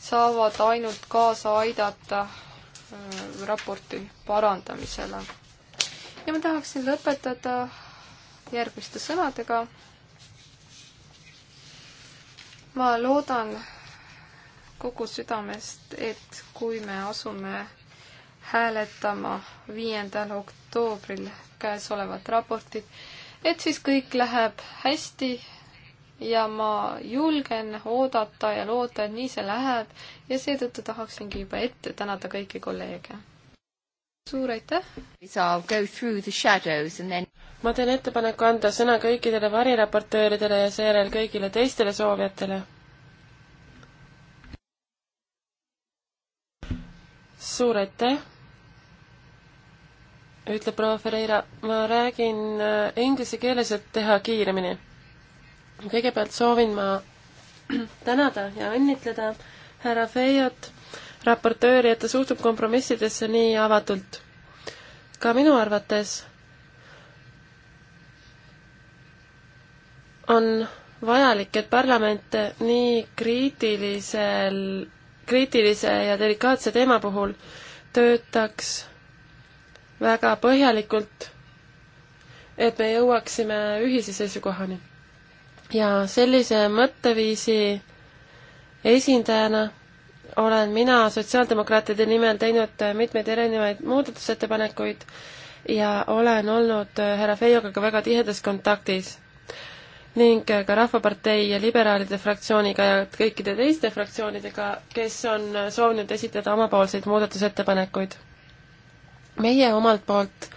saavad ainult kaasa aidata äh, raporti parandamisele. ja ma tahaksin lõpetada järgmiste sõnadega. ma loodan kogu südamest, et kui me asume hääletama viiendal oktoobril käesolevat raportit, et siis kõik läheb hästi ja ma julgen oodata ja loota, et nii see läheb ja seetõttu tahaksingi juba ette tänada kõiki kolleege. suur aitäh! Then... ma teen ettepaneku anda sõna kõikidele variraportööridele ja seejärel kõigile teistele soovijatele. suur aitäh! ütleb proua Ferreira, ma räägin äh, inglise keeles, et teha kiiremini kõigepealt soovin ma tänada ja õnnitleda härra Feiot, raportööri, et ta suhtub kompromissidesse nii avatult. ka minu arvates on vajalik, et parlament nii kriitilisel, kriitilise ja delikaatse teema puhul töötaks väga põhjalikult, et me jõuaksime ühise seisukohani ja sellise mõtteviisi esindajana olen mina sotsiaaldemokraatide nimel teinud mitmeid erinevaid muudatusettepanekuid ja olen olnud härra Feijoga ka väga tihedas kontaktis ning ka Rahvapartei ja liberaalide fraktsiooniga ja kõikide teiste fraktsioonidega, kes on soovinud esitada omapoolseid muudatusettepanekuid. meie omalt poolt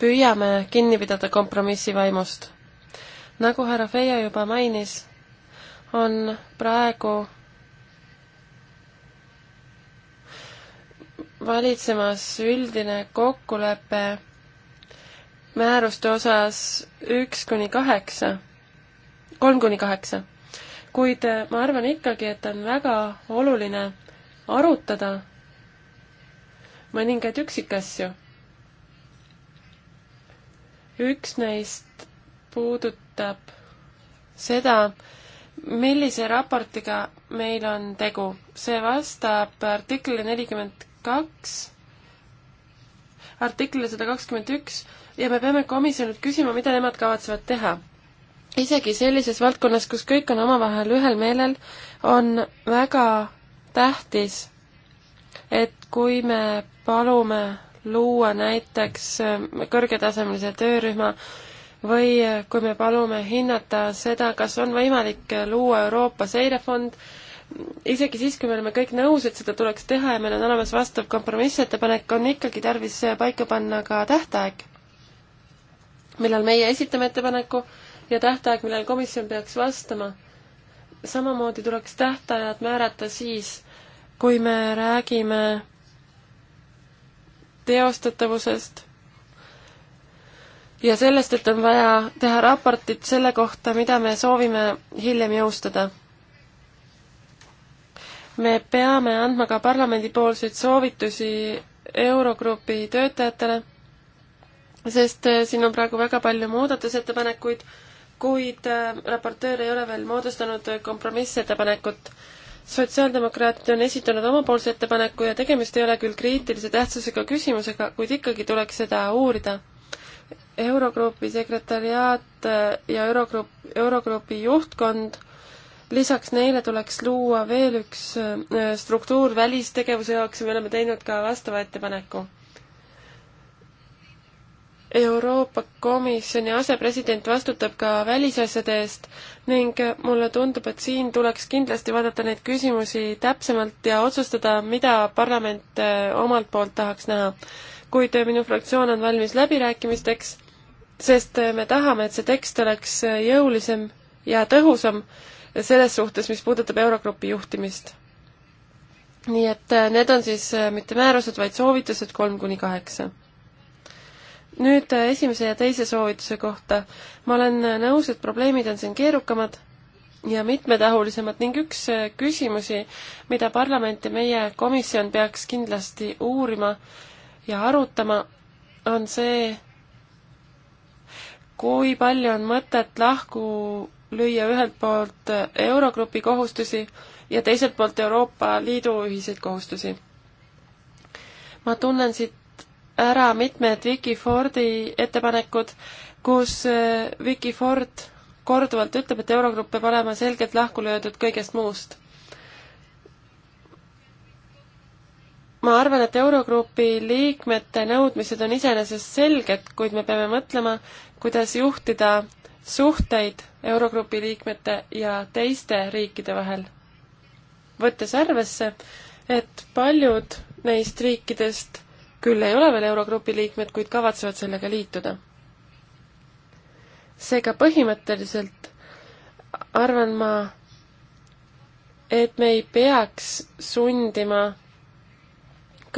püüame kinni pidada kompromissi vaimust nagu härra Feie juba mainis, on praegu valitsemas üldine kokkulepe määruste osas üks kuni kaheksa, kolm kuni kaheksa. kuid ma arvan ikkagi, et on väga oluline arutada mõningaid üksikasju. üks neist puudutab seda, millise raportiga meil on tegu. see vastab artiklile nelikümmend kaks, artiklile sada kakskümmend üks ja me peame komisjonilt küsima, mida nemad kavatsevad teha. isegi sellises valdkonnas, kus kõik on omavahel ühel meelel, on väga tähtis, et kui me palume luua näiteks kõrgetasemelise töörühma, või eh, kui me palume hinnata seda, kas on võimalik eh, luua Euroopa seirefond, isegi siis, kui me oleme kõik nõus, et seda tuleks teha ja meil on olemas vastav kompromissettepanek, on ikkagi tarvis eh, paika panna ka tähtaeg, millal meie esitame ettepaneku ja tähtaeg, millal komisjon peaks vastama. samamoodi tuleks tähtajad määrata siis, kui me räägime teostatavusest ja sellest, et on vaja teha raportit selle kohta, mida me soovime hiljem jõustada. me peame andma ka parlamendipoolseid soovitusi Eurogrupi töötajatele, sest äh, siin on praegu väga palju muudatusettepanekuid, kuid äh, raportöör ei ole veel moodustanud kompromissettepanekut sotsiaaldemokraat on esitanud omapoolse ettepaneku ja tegemist ei ole küll kriitilise tähtsusega küsimusega, kuid ikkagi tuleks seda uurida. Eurogrupi sekretäriaat ja Eurogrupp, Eurogrupi juhtkond, lisaks neile tuleks luua veel üks äh, struktuur välistegevuse jaoks ja me oleme teinud ka vastava ettepaneku. Euroopa Komisjoni asepresident vastutab ka välisasjade eest ning mulle tundub, et siin tuleks kindlasti vaadata neid küsimusi täpsemalt ja otsustada, mida parlament äh, omalt poolt tahaks näha kuid äh, minu fraktsioon on valmis läbirääkimisteks sest me tahame, et see tekst oleks jõulisem ja tõhusam selles suhtes, mis puudutab Eurogrupi juhtimist. nii et äh, need on siis äh, mitte määrused, vaid soovitused kolm kuni kaheksa. nüüd äh, esimese ja teise soovituse kohta. ma olen nõus, et probleemid on siin keerukamad ja mitmetahulisemad ning üks küsimusi, mida parlament ja meie komisjon peaks kindlasti uurima ja arutama, on see, kui palju on mõtet lahku lüüa ühelt poolt Eurogrupi kohustusi ja teiselt poolt Euroopa Liidu ühiseid kohustusi. ma tunnen siit ära mitmed Vicky Fordi ettepanekud, kus eh, Vicky Ford korduvalt ütleb, et Eurogrupp peab olema selgelt lahku löödud kõigest muust. ma arvan, et Eurogrupi liikmete nõudmised on iseenesest selged, kuid me peame mõtlema, kuidas juhtida suhteid Eurogrupi liikmete ja teiste riikide vahel, võttes arvesse, et paljud neist riikidest küll ei ole veel Eurogrupi liikmed, kuid kavatsevad sellega liituda. seega põhimõtteliselt arvan ma, et me ei peaks sundima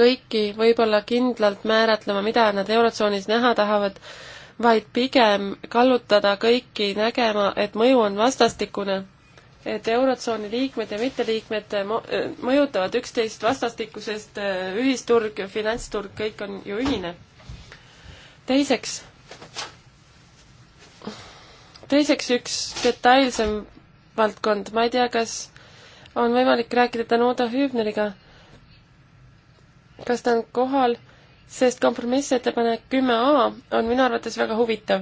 kõiki võib-olla kindlalt määratlema, mida nad Eurotsoonis näha tahavad vaid pigem kallutada kõiki nägema, et mõju on vastastikune. et Eurotsooni liikmed ja mitteliikmed eh, eh, mõjutavad üksteist vastastikusest, eh, ühisturg, finantsturg, kõik on ju ühine. teiseks, teiseks üks detailsem valdkond, ma ei tea, kas on võimalik rääkida Danuta Hübneriga, kas ta on kohal sest kompromissettepanek kümme A on minu arvates väga huvitav.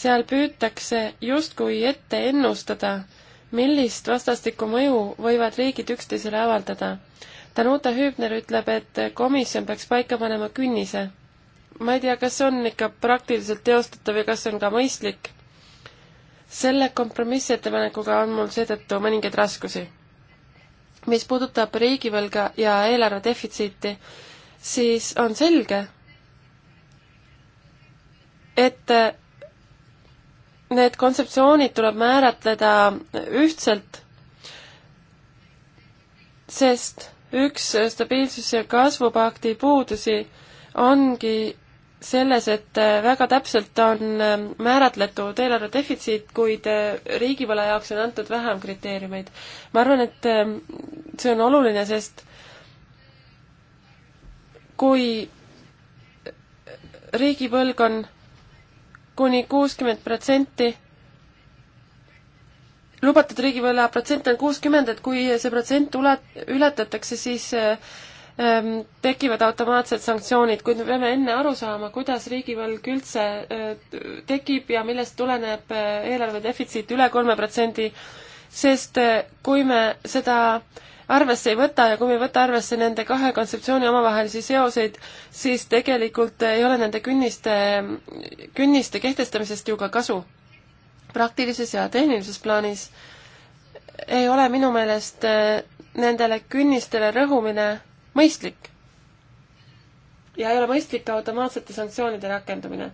seal püütakse justkui ette ennustada, millist vastastikku mõju võivad riigid üksteisele avaldada. Danuta Hübner ütleb, et komisjon peaks paika panema künnise. ma ei tea, kas see on ikka praktiliselt teostatav ja kas see on ka mõistlik. selle kompromissettepanekuga on mul seetõttu mõningaid raskusi. mis puudutab riigivõlga ja eelarve defitsiiti, siis on selge, et need kontseptsioonid tuleb määratleda ühtselt, sest üks stabiilsus- ja kasvupakti puudusi ongi selles, et väga täpselt on määratletud eelarve defitsiit, kuid riigivõla jaoks on antud vähem kriteeriumeid. ma arvan, et see on oluline, sest kui riigivõlg on kuni kuuskümmend protsenti, lubatud riigivõla protsent on kuuskümmend, et kui see protsent ule-, ületatakse, siis ähm, tekivad automaatsed sanktsioonid, kuid me peame enne aru saama, kuidas riigivõlg üldse äh, tekib ja millest tuleneb äh, eelarve defitsiit üle kolme protsendi, sest äh, kui me seda äh, arvesse ei võta ja kui me ei võta arvesse nende kahe kontseptsiooni omavahelisi seoseid, siis tegelikult ei ole nende künniste, künniste kehtestamisest ju ka kasu. praktilises ja tehnilises plaanis ei ole minu meelest eh, nendele künnistele rõhumine mõistlik. ja ei ole mõistlik ka automaatsete sanktsioonide rakendamine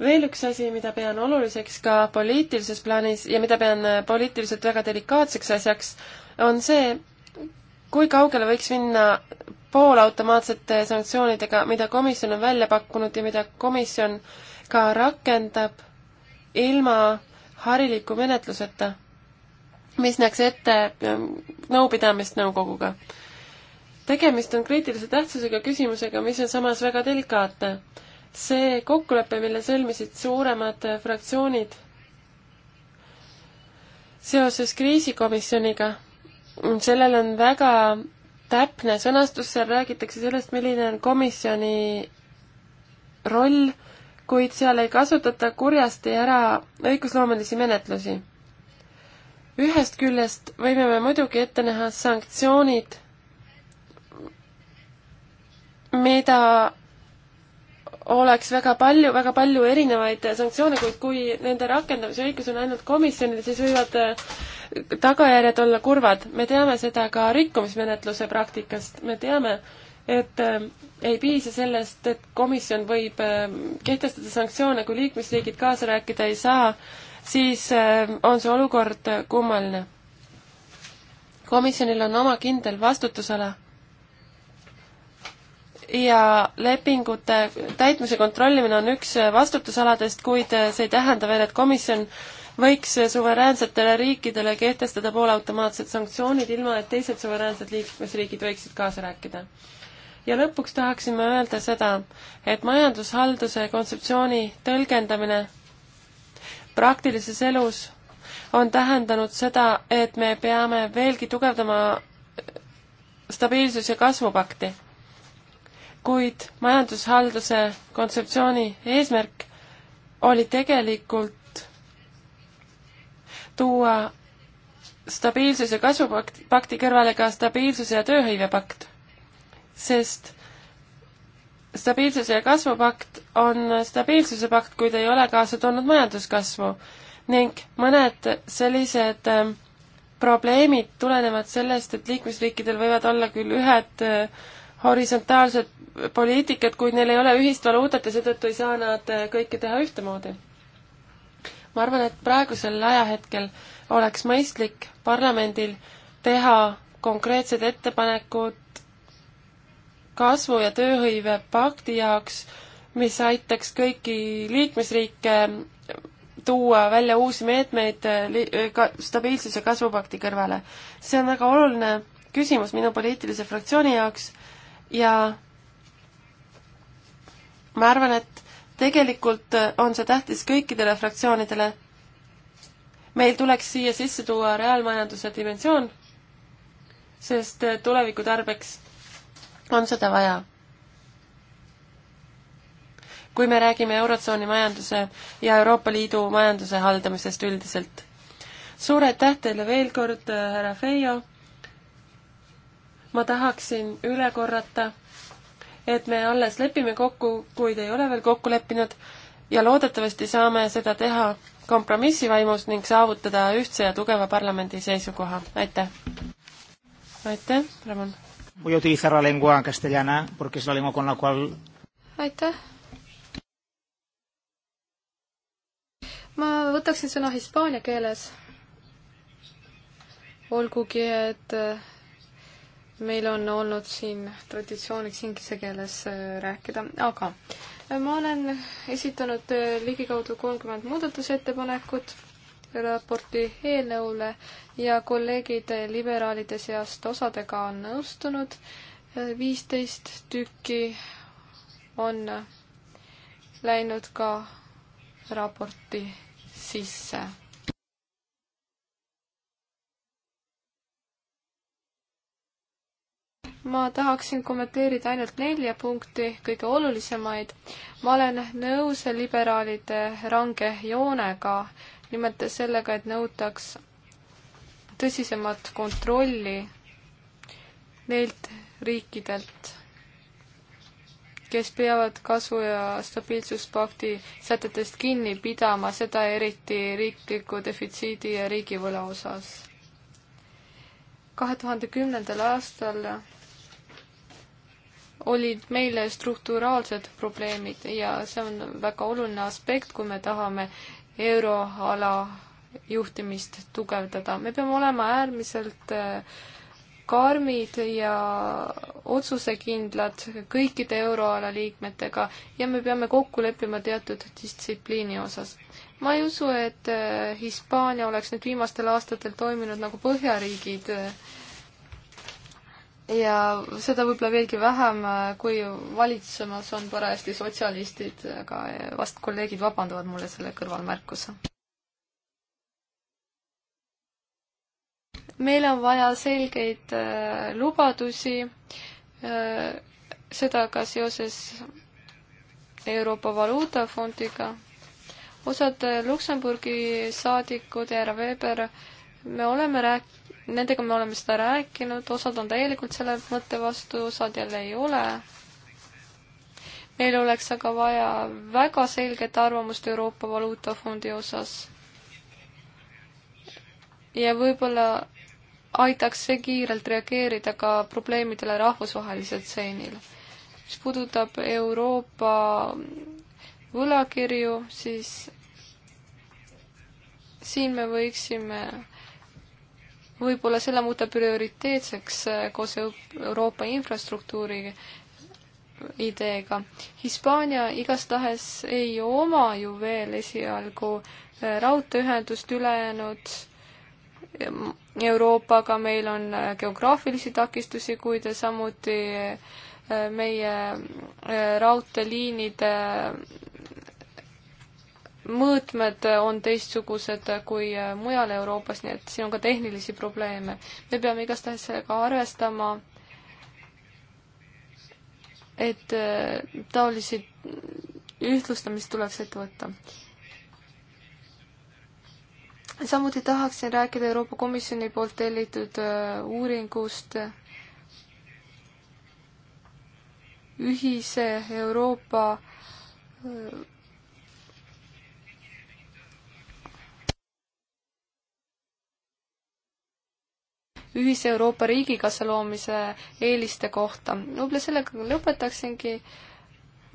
veel üks asi, mida pean oluliseks ka poliitilises plaanis ja mida pean eh, poliitiliselt väga delikaatseks asjaks, on see, kui kaugele võiks minna poolautomaatsete sanktsioonidega, mida komisjon on välja pakkunud ja mida komisjon ka rakendab ilma hariliku menetluseta, mis näeks ette nõupidamist nõukoguga. tegemist on kriitilise tähtsusega küsimusega, mis on samas väga delikaatne. see kokkulepe, mille sõlmisid suuremad fraktsioonid seoses kriisikomisjoniga sellel on väga täpne sõnastus, seal räägitakse sellest, milline on komisjoni roll, kuid seal ei kasutata kurjasti ära õigusloomelisi menetlusi. ühest küljest võime me muidugi ette näha sanktsioonid, mida oleks väga palju, väga palju erinevaid sanktsioone, kuid kui nende rakendamise õigus on ainult komisjonil, siis võivad äh, tagajärjed olla kurvad. me teame seda ka rikkumismenetluse praktikast, me teame, et äh, ei piisa sellest, et komisjon võib äh, kehtestada sanktsioone, kui liikmesriigid kaasa rääkida ei saa, siis äh, on see olukord kummaline. komisjonil on oma kindel vastutusala ja lepingute täitmise kontrollimine on üks vastutusaladest, kuid see ei tähenda veel, et komisjon võiks suveräänsetele riikidele kehtestada poolautomaatsed sanktsioonid, ilma et teised suveräänsed liikmesriigid võiksid kaasa rääkida. ja lõpuks tahaksin ma öelda seda, et majandushalduse kontseptsiooni tõlgendamine praktilises elus on tähendanud seda, et me peame veelgi tugevdama stabiilsus- ja kasvupakti kuid majandushalduse kontseptsiooni eesmärk oli tegelikult tuua stabiilsuse kasvupakti kõrvale ka stabiilsuse ja tööhõivepakt, sest stabiilsuse ja kasvupakt on stabiilsuse pakt, kuid ei ole kaasa toonud majanduskasvu ning mõned sellised ähm, probleemid tulenevad sellest, et liikmesriikidel võivad olla küll ühed äh, horisontaalsed poliitikat, kuid neil ei ole ühist valuutat ja seetõttu ei saa nad eh, kõike teha ühtemoodi. ma arvan, et praegusel ajahetkel oleks mõistlik parlamendil teha konkreetsed ettepanekud kasvu- ja tööhõive pakti jaoks, mis aitaks kõiki liikmesriike tuua välja uusi meetmeid eh, eh, ka stabiilsuse kasvupakti kõrvale. see on väga oluline küsimus minu poliitilise fraktsiooni jaoks ja ma arvan, et tegelikult äh, on see tähtis kõikidele fraktsioonidele. meil tuleks siia sisse tuua reaalmajanduse dimensioon, sest äh, tuleviku tarbeks on seda vaja. kui me räägime Eurotsooni majanduse ja Euroopa Liidu majanduse haldamisest üldiselt. suur aitäh teile veel kord, äh, härra Feio. ma tahaksin üle korrata et me alles lepime kokku, kuid ei ole veel kokku leppinud ja loodetavasti saame seda teha kompromissi vaimus ning saavutada ühtse ja tugeva parlamendi seisukoha. aitäh! aitäh, Ramon! Voy a utilizar la lengua castellana porque es la lengua con la cual... Aitäh! ma võtaksin sõna hispaania keeles, olgugi et meil on olnud siin traditsiooniks inglise keeles äh, rääkida, aga äh, ma olen esitanud äh, ligikaudu kolmkümmend muudatusettepanekut raporti eelnõule ja kolleegid liberaalide seast osadega on nõustunud. viisteist tükki on läinud ka raporti sisse ma tahaksin kommenteerida ainult nelja punkti, kõige olulisemaid. ma olen nõus liberaalide range joonega, nimelt sellega, et nõutaks tõsisemat kontrolli neilt riikidelt, kes peavad kasu- ja stabiilsuspakti sätetest kinni pidama, seda eriti riikliku defitsiidi ja riigivõla osas. kahe tuhande kümnendal aastal olid meile strukturaalsed probleemid ja see on väga oluline aspekt, kui me tahame euroala juhtimist tugevdada. me peame olema äärmiselt äh, karmid ja otsusekindlad kõikide euroala liikmetega ja me peame kokku leppima teatud distsipliini osas. ma ei usu, et äh, Hispaania oleks nüüd viimastel aastatel toiminud nagu põhjariigid äh, ja seda võib-olla veelgi vähem, äh, kui valitsemas on parajasti sotsialistid, aga äh, vast kolleegid vabandavad mulle selle kõrvalmärkuse. meil on vaja selgeid äh, lubadusi äh,, seda ka seoses Euroopa Valuutafondiga. osad äh, Luksemburgi saadikud ja härra Weber, me oleme rääk-, nendega me oleme seda rääkinud, osad on täielikult selle mõtte vastu, osad jälle ei ole. meil oleks aga vaja väga selget arvamust Euroopa Valuutafondi osas. ja võib-olla aitaks see kiirelt reageerida ka probleemidele rahvusvahelisel stseenil. mis puudutab Euroopa võlakirju, siis siin me võiksime võib-olla selle muuta prioriteetseks äh, koos Euroopa infrastruktuuri ideega. Hispaania igastahes ei oma ju veel esialgu äh, raudteeühendust ülejäänud äh, Euroopaga, meil on geograafilisi takistusi, kuid samuti meie raudteeliinide mõõtmed on teistsugused kui mujal Euroopas, nii et siin on ka tehnilisi probleeme. me peame igastahes sellega arvestama, et äh, taolisi ühtlustamist tuleks ette võtta. samuti tahaksin rääkida Euroopa Komisjoni poolt tellitud äh, uuringust ühise Euroopa äh, ühise Euroopa riigikassa loomise eeliste kohta. võib-olla sellega lõpetaksingi.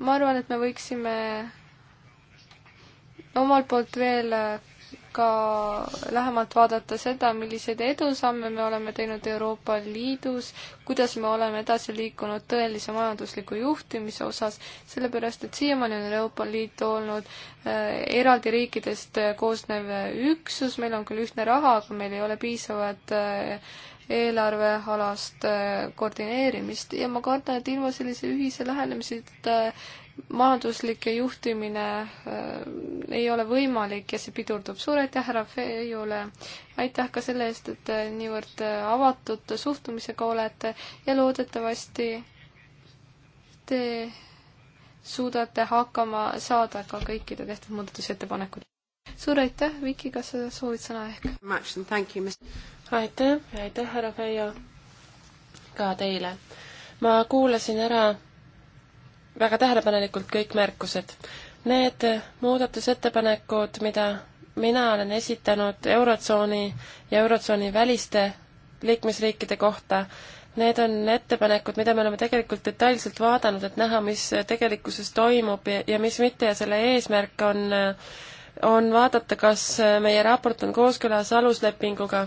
ma arvan, et me võiksime omalt poolt veel ka lähemalt vaadata seda, milliseid edusamme me oleme teinud Euroopa Liidus, kuidas me oleme edasi liikunud tõelise majandusliku juhtimise osas, sellepärast et siiamaani on Euroopa Liit olnud äh, eraldi riikidest äh, koosnev äh, üksus, meil on küll ühtne raha, aga meil ei ole piisavat eelarvealast koordineerimist ja ma kardan, et ilma sellise ühise lähenemiseta majanduslik juhtimine äh, ei ole võimalik ja see pidurdub. suur aitäh härra Feiule, aitäh ka selle eest, et niivõrd äh, avatud suhtumisega olete ja loodetavasti te suudate hakkama saada ka kõikide tehtud muudatusettepanekud. suur aitäh, Viki, kas sa soovid sõna ehk? aitäh ja aitäh, härra Feio, ka teile. ma kuulasin ära väga tähelepanelikult kõik märkused. Need muudatusettepanekud, mida mina olen esitanud Eurotsooni ja Eurotsooni väliste liikmesriikide kohta, need on ettepanekud, mida me oleme tegelikult detailselt vaadanud, et näha, mis tegelikkuses toimub ja, ja mis mitte ja selle eesmärk on, on vaadata, kas meie raport on kooskõlas aluslepinguga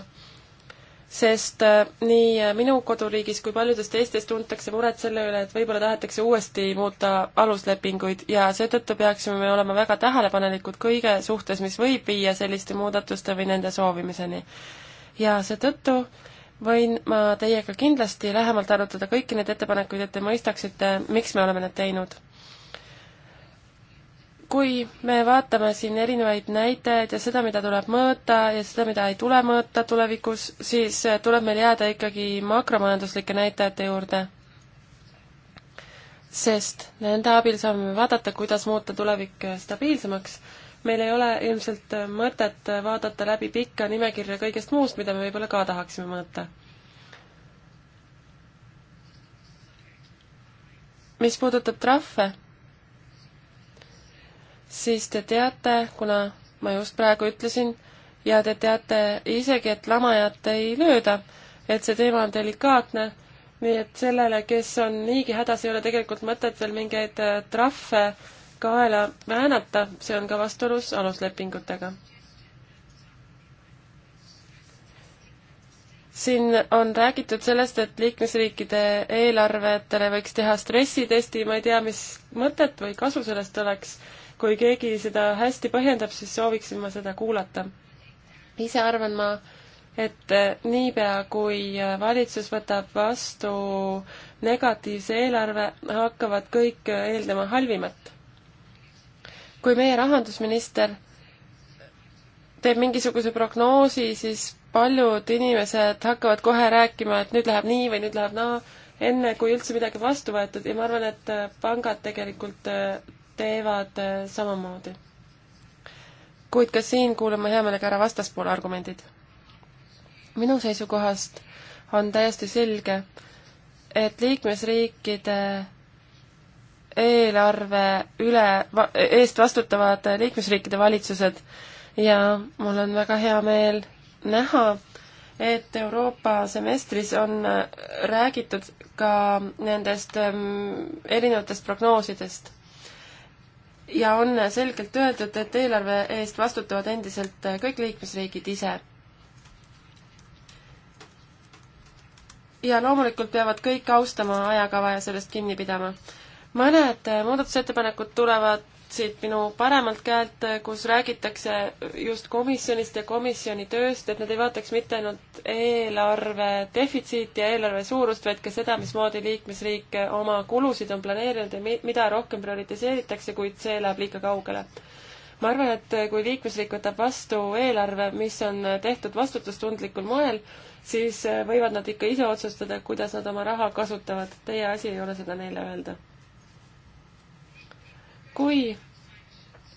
sest äh, nii äh, minu koduriigis kui paljudes teistes tuntakse muret selle üle, et võib-olla tahetakse uuesti muuta aluslepinguid ja seetõttu peaksime me olema väga tähelepanelikud kõige suhtes, mis võib viia selliste muudatuste või nende soovimiseni. ja seetõttu võin ma teiega kindlasti lähemalt arutada kõiki neid ettepanekuid, et te mõistaksite, miks me oleme need teinud kui me vaatame siin erinevaid näitajaid ja seda, mida tuleb mõõta ja seda, mida ei tule mõõta tulevikus, siis eh, tuleb meil jääda ikkagi makromajanduslike näitajate juurde. sest nende abil saame vaadata, kuidas muuta tulevik eh, stabiilsemaks. meil ei ole ilmselt eh, mõtet vaadata läbi pikka nimekirja kõigest muust, mida me võib-olla ka tahaksime mõõta mis puudutab trahve, siis te teate, kuna ma just praegu ütlesin, ja te teate isegi, et lamajat ei lööda, et see teema on delikaatne, nii et sellele, kes on niigi hädas, ei ole tegelikult mõtet veel mingeid äh, trahve kaela väänata, see on ka vastuolus aluslepingutega. siin on räägitud sellest, et liikmesriikide eelarvetele võiks teha stressitesti, ma ei tea, mis mõtet või kasu sellest oleks kui keegi seda hästi põhjendab, siis sooviksin ma seda kuulata. ise arvan ma, et eh, niipea, kui eh, valitsus võtab vastu negatiivse eelarve, hakkavad kõik eh, eeldama halvimat. kui meie rahandusminister teeb mingisuguse prognoosi, siis paljud inimesed hakkavad kohe rääkima, et nüüd läheb nii või nüüd läheb naa, enne kui üldse midagi vastu võetud ja ma arvan, et pangad tegelikult teevad äh, samamoodi. kuid ka siin kuulame hea meelega ära vastaspoole argumendid. minu seisukohast on täiesti selge, et liikmesriikide eelarve üle, eest vastutavad liikmesriikide valitsused ja mul on väga hea meel näha, et Euroopa semestris on äh, räägitud ka nendest ähm, erinevatest prognoosidest ja on selgelt öeldud, et eelarve eest vastutavad endiselt kõik liikmesriigid ise. ja loomulikult peavad kõik austama ajakava ja sellest kinni pidama. mõned muudatusettepanekud tulevad siit minu paremalt käelt, kus räägitakse just komisjonist ja komisjoni tööst, et nad ei vaataks mitte ainult eelarve defitsiiti ja eelarve suurust, vaid ka seda, mismoodi liikmesriik oma kulusid on planeerinud ja mida rohkem prioritiseeritakse, kuid see läheb liiga kaugele. ma arvan, et kui liikmesriik võtab vastu eelarve, mis on tehtud vastutustundlikul moel, siis võivad nad ikka ise otsustada, kuidas nad oma raha kasutavad. Teie asi ei ole seda neile öelda kui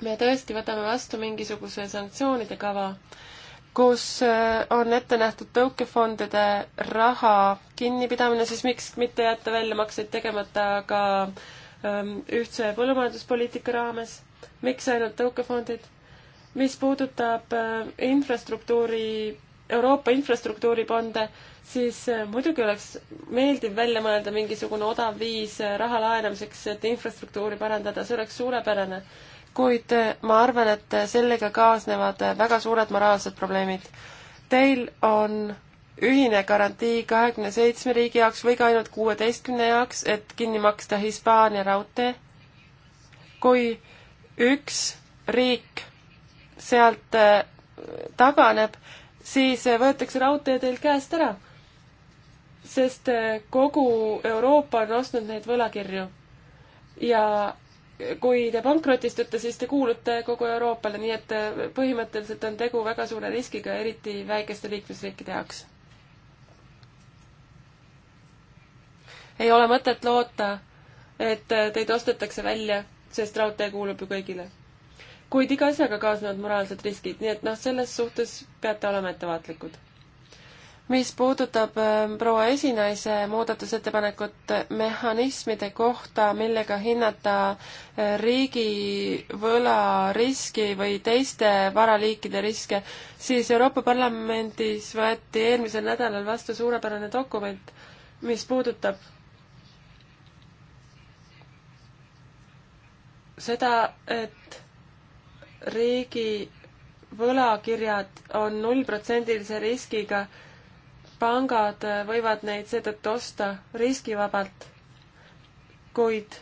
me tõesti võtame vastu mingisuguse sanktsioonide kava, kus äh, on ette nähtud tõukefondide raha kinnipidamine, siis miks mitte jätta väljamakseid tegemata ka ähm, ühtse põllumajanduspoliitika raames, miks ainult tõukefondid? mis puudutab äh, infrastruktuuri Euroopa infrastruktuurifonde, siis äh, muidugi oleks meeldiv välja mõelda mingisugune odav viis äh, raha laenamiseks, et infrastruktuuri parandada, see oleks suurepärane. kuid äh, ma arvan, et sellega kaasnevad väga suured moraalsed probleemid. Teil on ühine garantii kahekümne seitsme riigi jaoks või ka ainult kuueteistkümne jaoks, et kinni maksta Hispaania raudtee. kui üks riik sealt taganeb, siis võetakse raudtee teilt käest ära. sest eh, kogu Euroopa on ostnud neid võlakirju. ja kui te pankrotistute, siis te kuulute kogu Euroopale, nii et eh, põhimõtteliselt on tegu väga suure riskiga, eriti väikeste liikmesriikide jaoks. ei ole mõtet loota, et eh, teid ostetakse välja, sest raudtee kuulub ju kõigile kuid iga asjaga kaasnevad moraalsed riskid, nii et noh, selles suhtes peate olema ettevaatlikud. mis puudutab ähm, proua esinaise muudatusettepanekut mehhanismide kohta, millega hinnata äh, riigivõla riski või teiste varaliikide riske, siis Euroopa Parlamendis võeti eelmisel nädalal vastu suurepärane dokument, mis puudutab seda, et riigi võlakirjad on nullprotsendilise riskiga, pangad võivad neid seetõttu osta riskivabalt, kuid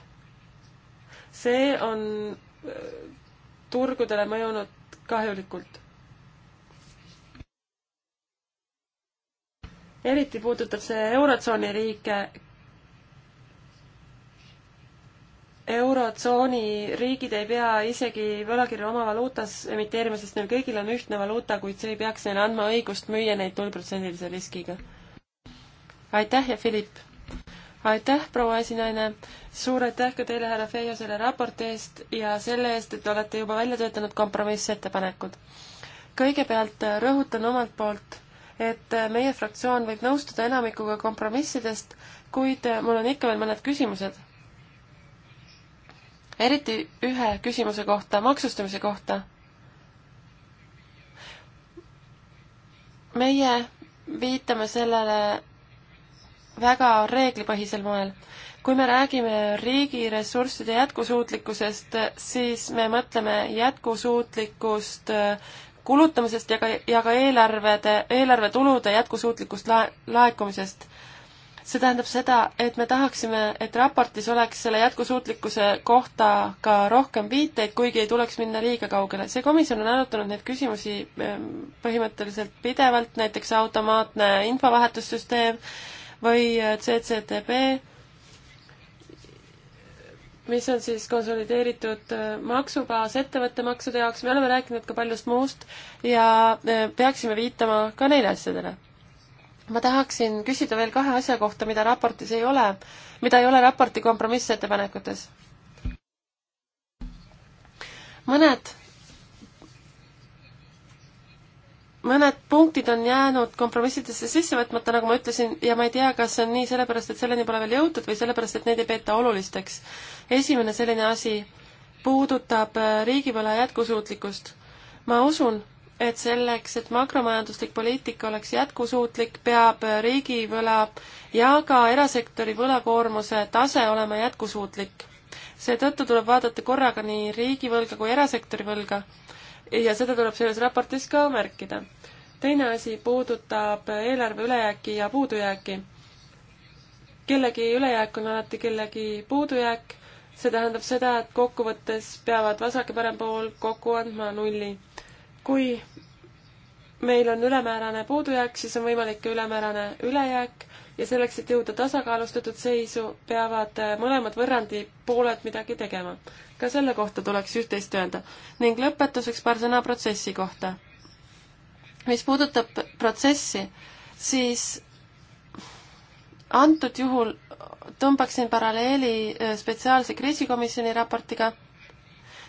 see on äh, turgudele mõjunud kahjulikult. eriti puudutab see Eurotsooni riike, eurotsooni riigid ei pea isegi võlakirju oma valuutas emiteerima, sest neil kõigil on ühtne valuuta, kuid see ei peaks neile andma õigust müüa neid nullprotsendilise riskiga. aitäh ja Philipp! aitäh, proua esinaine! suur aitäh ka teile, härra Feijo, selle raporti eest ja selle eest, et olete juba välja töötanud kompromissettepanekud. kõigepealt rõhutan omalt poolt, et meie fraktsioon võib nõustuda enamikuga kompromissidest, kuid mul on ikka veel mõned küsimused eriti ühe küsimuse kohta, maksustamise kohta. meie viitame sellele väga reeglipõhisel moel. kui me räägime riigi ressursside jätkusuutlikkusest, siis me mõtleme jätkusuutlikust kulutamisest ja ka, ja ka eelarvede, eelarvetulude jätkusuutlikust lae-, laekumisest see tähendab seda, et me tahaksime, et raportis oleks selle jätkusuutlikkuse kohta ka rohkem viiteid, kuigi ei tuleks minna liiga kaugele. see komisjon on arutanud neid küsimusi ehm, põhimõtteliselt pidevalt, näiteks automaatne infovahetussüsteem või äh, CCTB, mis on siis konsolideeritud äh, maksubaas ettevõtte maksude jaoks, me oleme rääkinud ka paljust muust ja äh, peaksime viitama ka neile asjadele ma tahaksin küsida veel kahe asja kohta, mida raportis ei ole, mida ei ole raporti kompromissettepanekutes. mõned, mõned punktid on jäänud kompromissidesse sisse võtmata, nagu ma ütlesin, ja ma ei tea, kas see on nii sellepärast, et selleni pole veel jõutud või sellepärast, et neid ei peeta olulisteks. esimene selline asi puudutab riigivõla jätkusuutlikkust. ma usun, et selleks, et makromajanduslik poliitika oleks jätkusuutlik, peab riigivõla ja ka erasektori võlakoormuse tase olema jätkusuutlik. seetõttu tuleb vaadata korraga nii riigivõlga kui erasektori võlga ja seda tuleb selles raportis ka märkida. teine asi puudutab eelarve ülejääki ja puudujääki. kellegi ülejääk on alati kellegi puudujääk, see tähendab seda, et kokkuvõttes peavad vasak ja parem pool kokku andma nulli kui meil on ülemäärane puudujääk, siis on võimalik ka ülemäärane ülejääk ja selleks, et jõuda tasakaalustatud seisu, peavad äh, mõlemad võrrandi pooled midagi tegema. ka selle kohta tuleks üht-teist öelda. ning lõpetuseks paar sõna protsessi kohta. mis puudutab protsessi, siis antud juhul tõmbaksin paralleeli äh, spetsiaalse kriisikomisjoni raportiga,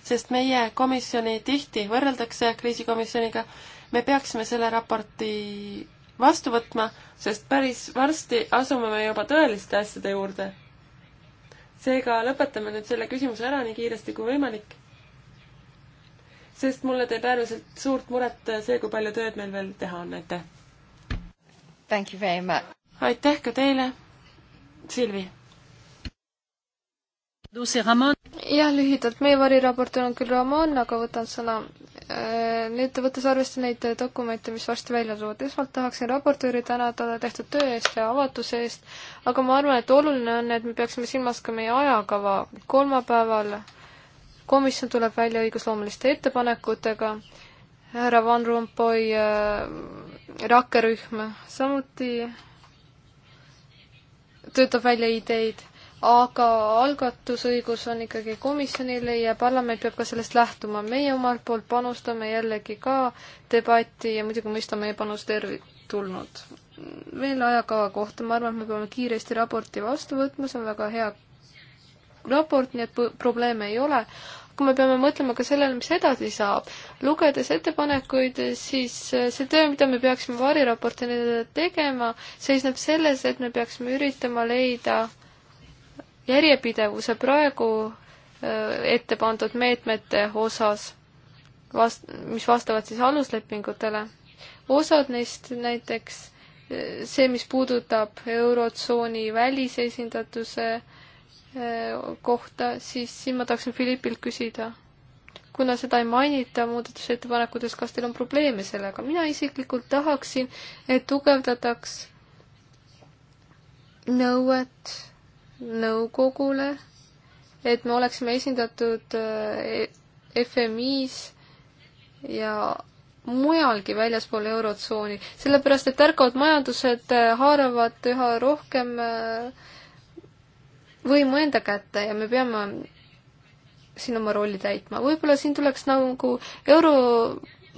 sest meie komisjoni tihti võrreldakse kriisikomisjoniga me peaksime selle raporti vastu võtma, sest päris varsti asume me juba tõeliste asjade juurde. seega lõpetame nüüd selle küsimuse ära nii kiiresti kui võimalik. sest mulle teeb äärmiselt suurt muret see, kui palju tööd meil veel teha on, aitäh! Thank you very much! aitäh ka teile, Silvi! jah, lühidalt, meie variraportöör on küll Roman, aga võtan sõna Äh, nüüd võttes arvesse neid äh, dokumente, mis varsti välja tulevad, esmalt tahaksin raportööri tänada tehtud töö eest ja avatuse eest, aga ma arvan, et oluline on, et me peaksime silmas ka meie ajakava. kolmapäeval komisjon tuleb välja õigusloomuliste ettepanekutega, härra Van Rompuy äh, rakkerühm samuti töötab välja ideid aga algatusõigus on ikkagi komisjonile ja parlament peab ka sellest lähtuma. meie omalt poolt panustame jällegi ka debatti ja muidugi mõistame meie panus tervitulnud. veel ajakava kohta, ma arvan, et me peame kiiresti raporti vastu võtma, see on väga hea raport, nii et probleeme ei ole, aga me peame mõtlema ka sellele, mis edasi saab. lugedes ettepanekuid, siis see töö, mida me peaksime variraportina tegema, seisneb selles, et me peaksime üritama leida järjepidevuse praegu äh, ette pandud meetmete osas, vast-, mis vastavad siis aluslepingutele. osad neist näiteks äh, see, mis puudutab Eurotsooni välisesindatuse äh, kohta, siis siin ma tahaksin Philippilt küsida. kuna seda ei mainita muudatusettepanekutes, kas teil on probleeme sellega? mina isiklikult tahaksin, et tugevdataks nõuet nõukogule, et me oleksime esindatud äh, FMI-s ja mujalgi väljaspool Eurotsooni, sellepärast et ärkavad majandused äh, haaravad üha rohkem äh, võimu enda kätte ja me peame siin oma rolli täitma. võib-olla siin tuleks nagu euro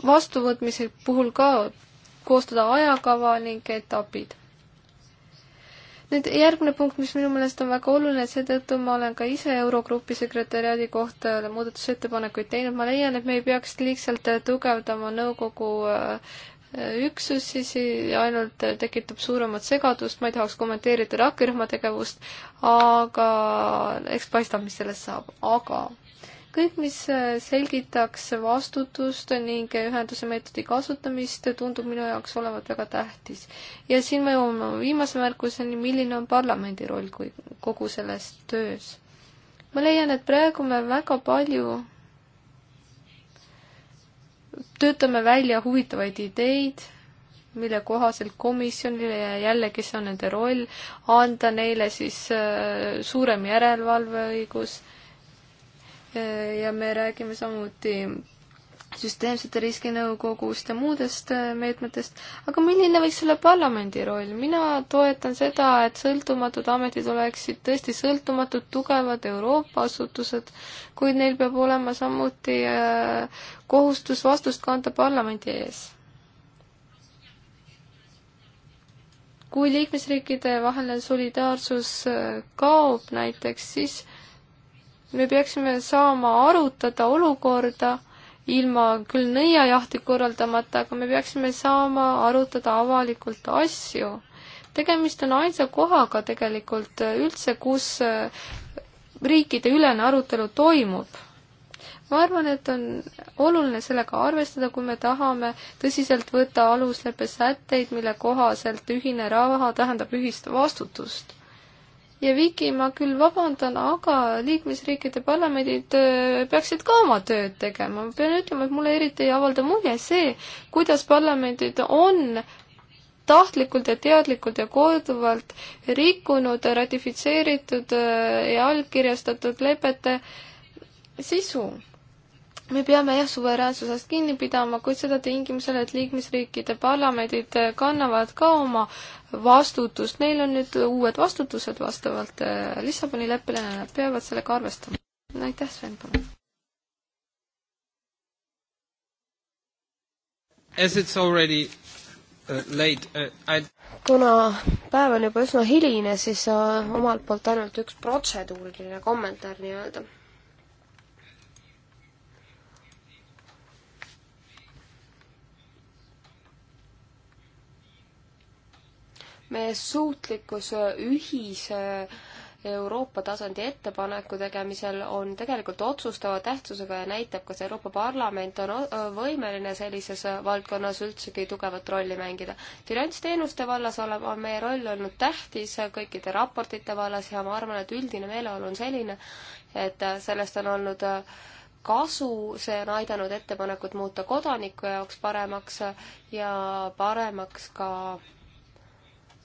vastuvõtmise puhul ka koostada ajakava ning etapid nüüd järgmine punkt, mis minu meelest on väga oluline, seetõttu ma olen ka ise Eurogrupi sekretäriaadi kohta muudatusettepanekuid teinud, ma leian, et me ei peaks liigselt tugevdama nõukogu äh, üksusi ja ainult tekitab suuremat segadust, ma ei tahaks kommenteerida rakkerühma tegevust, aga eks paistab, mis sellest saab, aga kõik, mis äh, selgitaks vastutust ning ühenduse meetodi kasutamist, tundub minu jaoks olevat väga tähtis. ja siin me jõuame viimase märkuseni, milline on parlamendi roll kui kogu selles töös. ma leian, et praegu me väga palju töötame välja huvitavaid ideid, mille kohaselt komisjonile ja jällegi see on nende roll, anda neile siis äh, suurem järelevalveõigus Äh, ja me räägime samuti süsteemsete riskinõukogust ja muudest äh, meetmetest, aga milline võiks olla parlamendi roll? mina toetan seda, et sõltumatud ametid oleksid tõesti sõltumatud, tugevad Euroopa asutused, kuid neil peab olema samuti äh, kohustus vastust kanda parlamendi ees. kui liikmesriikide vaheline solidaarsus kaob näiteks, siis me peaksime saama arutada olukorda ilma küll nõiajahti korraldamata, aga me peaksime saama arutada avalikult asju. tegemist on ainsa kohaga tegelikult üldse, kus äh, riikide ülene arutelu toimub. ma arvan, et on oluline sellega arvestada, kui me tahame tõsiselt võtta alusleppe sätteid, mille kohaselt ühine raha tähendab ühist vastutust ja Viki, ma küll vabandan, aga liikmesriikide parlamendid äh, peaksid ka oma tööd tegema. ma pean ütlema, et mulle eriti ei avalda mulje see, kuidas parlamendid on tahtlikult ja teadlikult ja korduvalt rikkunud ratifitseeritud äh, ja allkirjastatud lepete sisu me peame jah, suveräänsusest kinni pidama, kuid seda tingimusel, et liikmesriikide parlamendid kannavad ka oma vastutust, neil on nüüd uued vastutused vastavalt äh, Lissaboni leppele, nad peavad sellega arvestama. aitäh, Sven, palun! As it's already uh, late uh,, I kuna päev on juba üsna hiline, siis uh, omalt poolt ainult üks protseduuriline kommentaar nii-öelda meie suutlikkus ühise Euroopa tasandi ettepaneku tegemisel on tegelikult otsustava tähtsusega ja näitab, kas Euroopa Parlament on võimeline sellises valdkonnas üldsegi tugevat rolli mängida. finantsteenuste vallas ole, on meie roll olnud tähtis kõikide raportite vallas ja ma arvan, et üldine meeleolu on selline, et sellest on olnud kasu, see on aidanud ettepanekut muuta kodaniku jaoks paremaks ja paremaks ka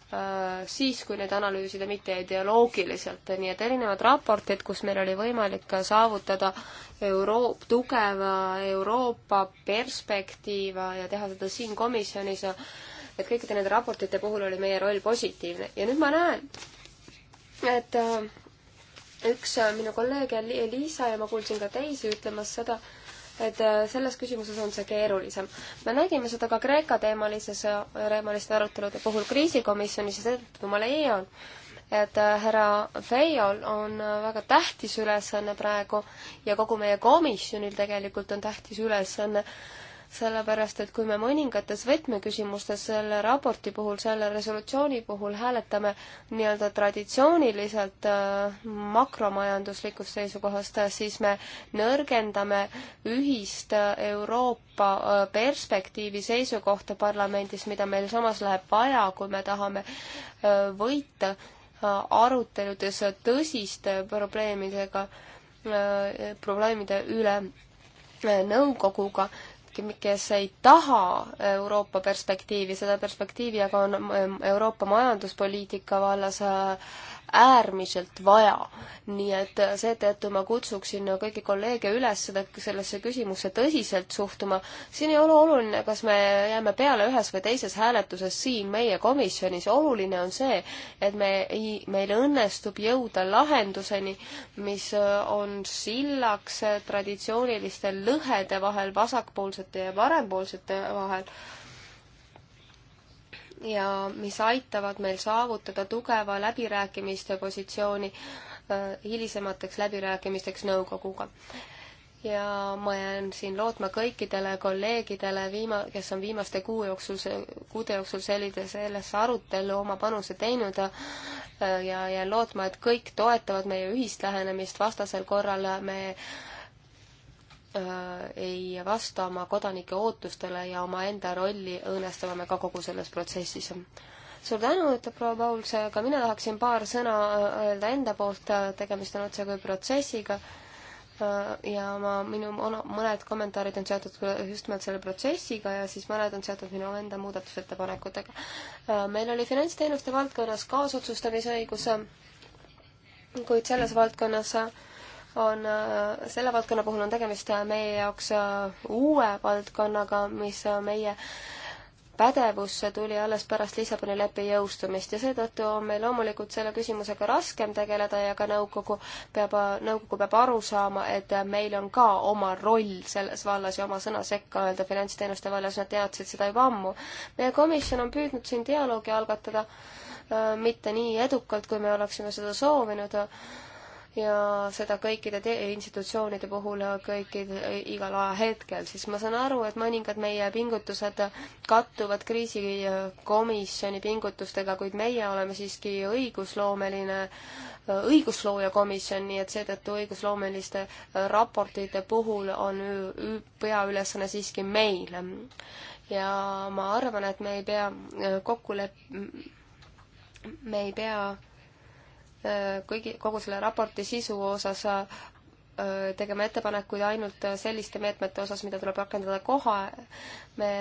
Äh, siis, kui neid analüüsida mitte ideoloogiliselt, nii et erinevad raportid, kus meil oli võimalik saavutada Euroop-, tugeva Euroopa perspektiiva ja teha seda siin komisjonis, et kõikide nende raportite puhul oli meie roll positiivne ja nüüd ma näen, et äh, üks äh, minu kolleeg Liisa ja ma kuulsin ka teisi ütlemas seda, et äh, selles küsimuses on see keerulisem. me nägime seda ka Kreeka teemalises, äh, teemaliste arutelude puhul kriisikomisjonis ja seetõttu ma leian, et äh, härra Feiol on väga tähtis ülesanne praegu ja kogu meie komisjonil tegelikult on tähtis ülesanne sellepärast et kui me mõningates võtmeküsimustes selle raporti puhul, selle resolutsiooni puhul hääletame nii-öelda traditsiooniliselt äh, makromajanduslikust seisukohast, siis me nõrgendame ühist äh, Euroopa äh, perspektiivi seisukohta parlamendis, mida meil samas läheb vaja, kui me tahame äh, võita äh, aruteludes tõsiste probleemidega, äh, probleemide üle nõukoguga riiki, kes ei taha Euroopa perspektiivi, seda perspektiivi aga on mm, Euroopa majanduspoliitika vallas äh, äärmiselt vaja. nii et seetõttu ma kutsuksin kõiki kolleege üles seda, sellesse küsimusse tõsiselt suhtuma. siin ei ole oluline, kas me jääme peale ühes või teises hääletuses siin meie komisjonis, oluline on see, et me ei, meil õnnestub jõuda lahenduseni, mis on sillaks traditsiooniliste lõhede vahel, vasakpoolsete ja parempoolsete vahel ja mis aitavad meil saavutada tugeva läbirääkimiste positsiooni äh, hilisemateks läbirääkimisteks nõukoguga. ja ma jään siin lootma kõikidele kolleegidele, viima-, kes on viimaste kuu jooksul, kuude jooksul sellise, sellesse arutellu oma panuse teinud äh, ja jään lootma, et kõik toetavad meie ühist lähenemist, vastasel korral me Äh, ei vasta oma kodanike ootustele ja omaenda rolli õõnestame me ka kogu selles protsessis. suur tänu, ütleb proua Pauls, ka mina tahaksin paar sõna äh, öelda enda poolt, äh, tegemist on otsekui protsessiga ja ma, minu mõned kommentaarid on seotud just nimelt selle protsessiga ja siis mõned on seotud minu enda muudatusettepanekutega. meil oli finantsteenuste valdkonnas kaasotsustamisõigus, kuid selles valdkonnas on, äh, selle valdkonna puhul on tegemist äh, meie jaoks äh, uue valdkonnaga, mis meie pädevusse tuli alles pärast Lissaboni leppe jõustumist ja seetõttu on meil loomulikult selle küsimusega raskem tegeleda ja ka nõukogu peab, nõukogu peab aru saama, et meil on ka oma roll selles vallas ja oma sõna sekka öelda finantsteenuste vallas, nad teadsid seda juba ammu. meie komisjon on püüdnud siin dialoogi algatada, mitte nii edukalt, kui me oleksime seda soovinud ja seda kõikide institutsioonide puhul kõikide, igal ajahetkel, siis ma saan aru, et mõningad meie pingutused kattuvad kriisikomisjoni pingutustega, kuid meie oleme siiski õigusloomeline, õiguslooja komisjon, nii et seetõttu õigusloomeliste raportite puhul on peaülesanne siiski meil. ja ma arvan, et me ei pea kokku lepp-, me ei pea kõigi, kogu selle raporti sisu osas äh, tegema ettepanekuid ainult selliste meetmete osas, mida tuleb rakendada kohe. me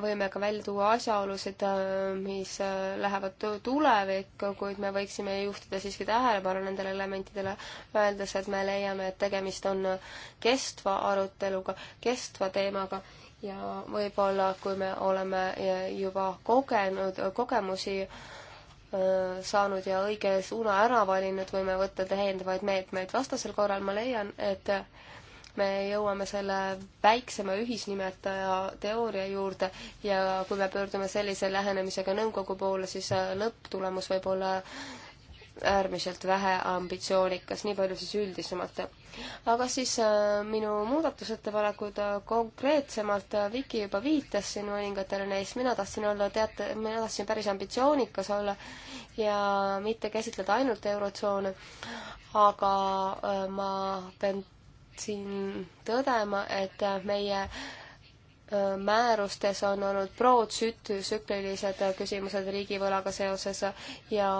võime ka välja tuua asjaolusid, äh, mis äh, lähevad tulevikku, kuid me võiksime juhtida siiski tähelepanu nendele elementidele, öeldes, et me leiame, et tegemist on kestva aruteluga, kestva teemaga ja võib-olla, kui me oleme juba kogenud, kogemusi äh, Äh, saanud ja õige suuna ära valinud, võime võtta täiendavaid meetmeid. vastasel korral ma leian, et me jõuame selle väiksema ühisnimetaja teooria juurde ja kui me pöördume sellise lähenemisega nõukogu poole, siis äh, lõpptulemus võib olla äärmiselt väheambitsioonikas, nii palju siis üldisemalt. aga siis äh, minu muudatusettepanekud äh, konkreetsemalt, äh, Viki juba viitas siin mõningatele neist, mina tahtsin olla, teate, mina tahtsin päris ambitsioonikas olla ja mitte käsitleda ainult Eurotsoone, aga ma pean siin tõdema, et meie määrustes on olnud prootsüt-, tsüklilised küsimused riigivõlaga seoses ja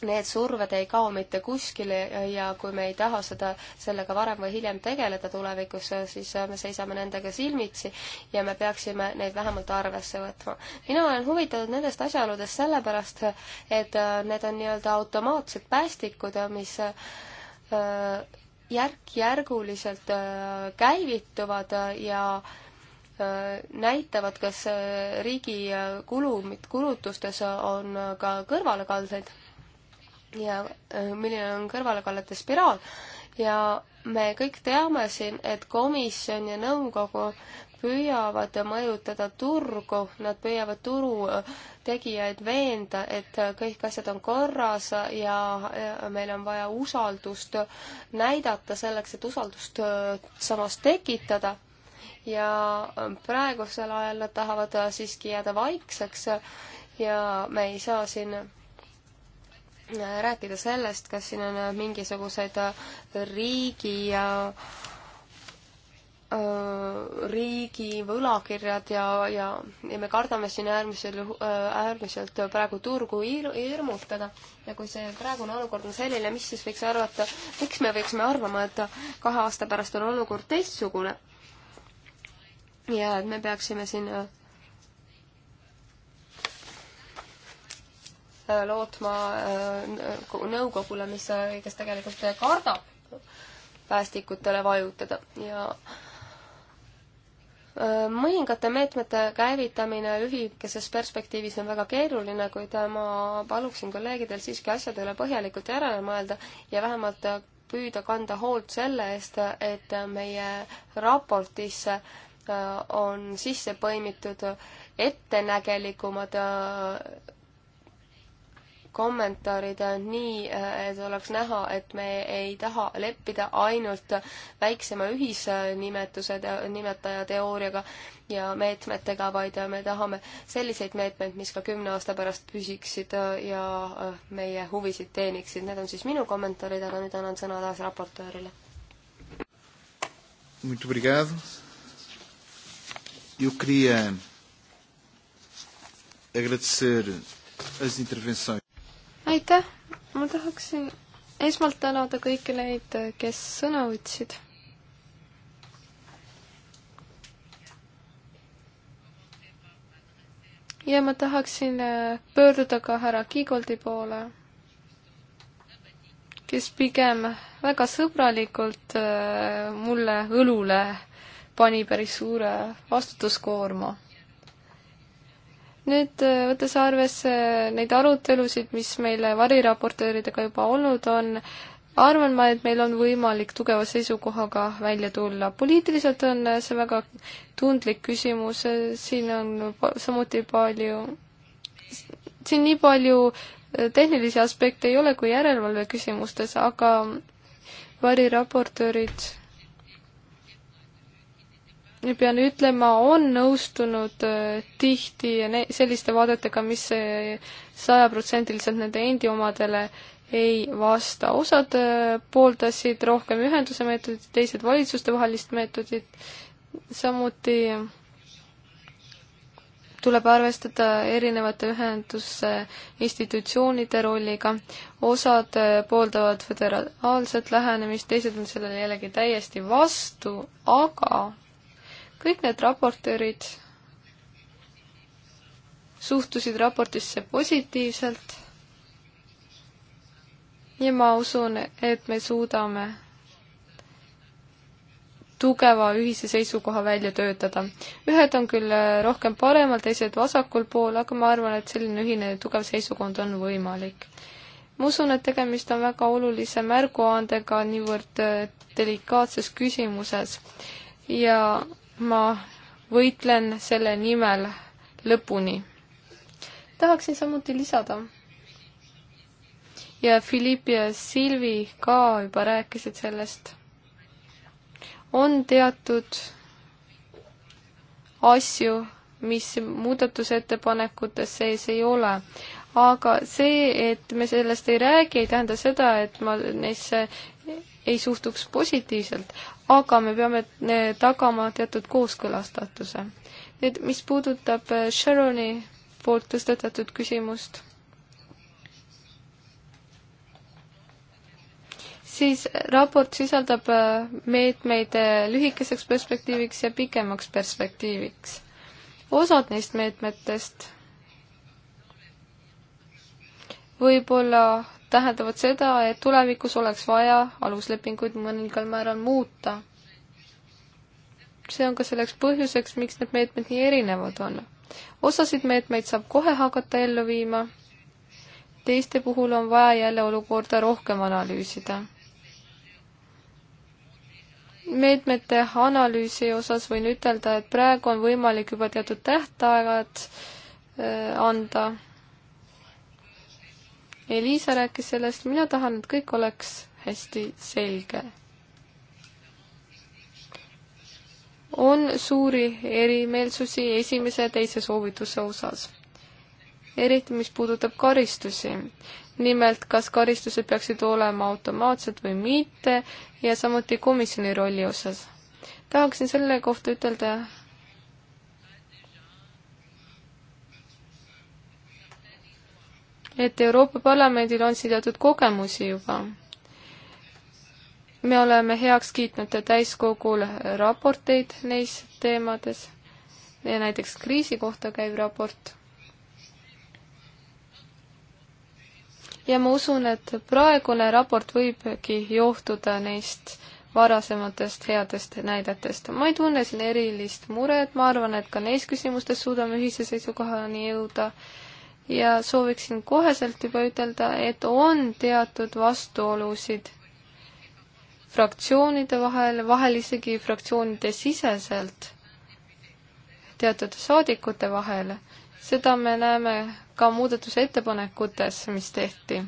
need surved ei kao mitte kuskile ja kui me ei taha seda, sellega varem või hiljem tegeleda tulevikus, siis me seisame nendega silmitsi ja me peaksime neid vähemalt arvesse võtma. mina olen huvitatud nendest asjaoludest sellepärast, et äh, need on nii-öelda automaatsed päästikud, mis äh, järk-järguliselt äh, käivituvad ja näitavad, kas riigi kulumid, kulutustes on ka kõrvalekaldeid ja äh, milline on kõrvalekallete spiraal ja me kõik teame siin, et komisjon ja nõukogu püüavad mõjutada turgu, nad püüavad turu äh, tegijaid veenda, et äh, kõik asjad on korras ja meil on vaja usaldust näidata selleks, et usaldust samas tekitada. ja praegusel ajal nad tahavad siiski jääda vaikseks ja me ei saa siin rääkida sellest, kas siin on mingisuguseid riigi ja riigi võlakirjad ja, ja, ja me kardame siin äärmisel, äärmiselt praegu turgu hirmutada. ja kui see praegune olukord on selline, mis siis võiks arvata, miks me võiksime arvama, et kahe aasta pärast on olukord teistsugune? ja et me peaksime siin Äh, lootma äh, nõukogule, mis, äh, kes tegelikult kardab päästikutele vajutada ja mõningate meetmete käivitamine lühikeses perspektiivis on väga keeruline, kuid ma paluksin kolleegidel siiski asjadele põhjalikult järele mõelda ja vähemalt püüda kanda hoolt selle eest, et meie raportisse on sisse põimitud ettenägelikumad kommentaarid nii, et oleks näha, et me ei taha leppida ainult väiksema ühisnimetuse, nimetaja teooriaga ja meetmetega, vaid me tahame selliseid meetmeid, mis ka kümne aasta pärast püsiksid ja meie huvisid teeniksid. Need on siis minu kommentaarid, aga nüüd annan sõna taas raportöörile. Muito obrigado. Eu queria agradecer as intervenções aitäh, ma tahaksin esmalt tänada kõiki neid, kes sõna võtsid. ja ma tahaksin äh, pöörduda ka härra Kiigoldi poole, kes pigem väga sõbralikult äh, mulle õlule pani päris suure vastutuskoorma nüüd äh, võttes arvesse neid arutelusid, mis meil variraportööridega juba olnud on, arvan ma, et meil on võimalik tugeva seisukohaga välja tulla. poliitiliselt on äh, see väga tundlik küsimus, äh, siin on samuti palju, siin nii palju tehnilisi aspekte ei ole kui järelevalve küsimustes, aga variraportöörid pean ütlema, on nõustunud äh, tihti selliste vaadetega mis, mis äh, sajaprotsendiliselt nende endi omadele ei vasta. osad äh, pooldasid rohkem ühenduse meetodit, teised valitsustevahelist meetodit, samuti tuleb arvestada erinevate ühenduse institutsioonide rolliga, osad pooldavad föderaalset lähenemist, teised on sellele jällegi täiesti vastu, aga kõik need raportöörid suhtusid raportisse positiivselt ja ma usun, et me suudame tugeva ühise seisukoha välja töötada. ühed on küll rohkem paremal, teised vasakul pool, aga ma arvan, et selline ühine tugev seisukond on võimalik. ma usun, et tegemist on väga olulise märguandega niivõrd delikaatses küsimuses ja ma võitlen selle nimel lõpuni. tahaksin samuti lisada ja Philipp ja Silvi ka juba rääkisid sellest, on teatud asju, mis muudatusettepanekutes sees ei ole. aga see, et me sellest ei räägi, ei tähenda seda, et ma neisse ei suhtuks positiivselt, aga me peame eh, tagama teatud kooskõlastatuse. nüüd, mis puudutab eh, Sharoni poolt tõstatatud küsimust, siis raport sisaldab eh, meetmeid lühikeseks perspektiiviks ja pikemaks perspektiiviks. osad neist meetmetest võib-olla tähendavad seda, et tulevikus oleks vaja aluslepinguid mõningal määral muuta. see on ka selleks põhjuseks, miks need meetmed nii erinevad on. osasid meetmeid saab kohe hakata ellu viima, teiste puhul on vaja jälle olukorda rohkem analüüsida. meetmete analüüsi osas võin ütelda, et praegu on võimalik juba teatud tähtaegad äh, anda Elisa rääkis sellest, mina tahan, et kõik oleks hästi selge. on suuri erimeelsusi esimese ja teise soovituse osas, eriti mis puudutab karistusi. nimelt, kas karistused peaksid olema automaatsed või mitte ja samuti komisjoni rolli osas. tahaksin selle kohta ütelda et Euroopa Parlamendil on siin teatud kogemusi juba. me oleme heaks kiitnud täiskogul raporteid neis teemades, näiteks kriisi kohta käiv raport. ja ma usun, et praegune raport võibki johtuda neist varasematest headest näidetest. ma ei tunne siin erilist muret, ma arvan, et ka neis küsimustes suudame ühise seisukohani jõuda ja sooviksin koheselt juba ütelda, et on teatud vastuolusid fraktsioonide vahel, vahel isegi fraktsioonide siseselt, teatud saadikute vahel. seda me näeme ka muudatusettepanekutes, mis tehti.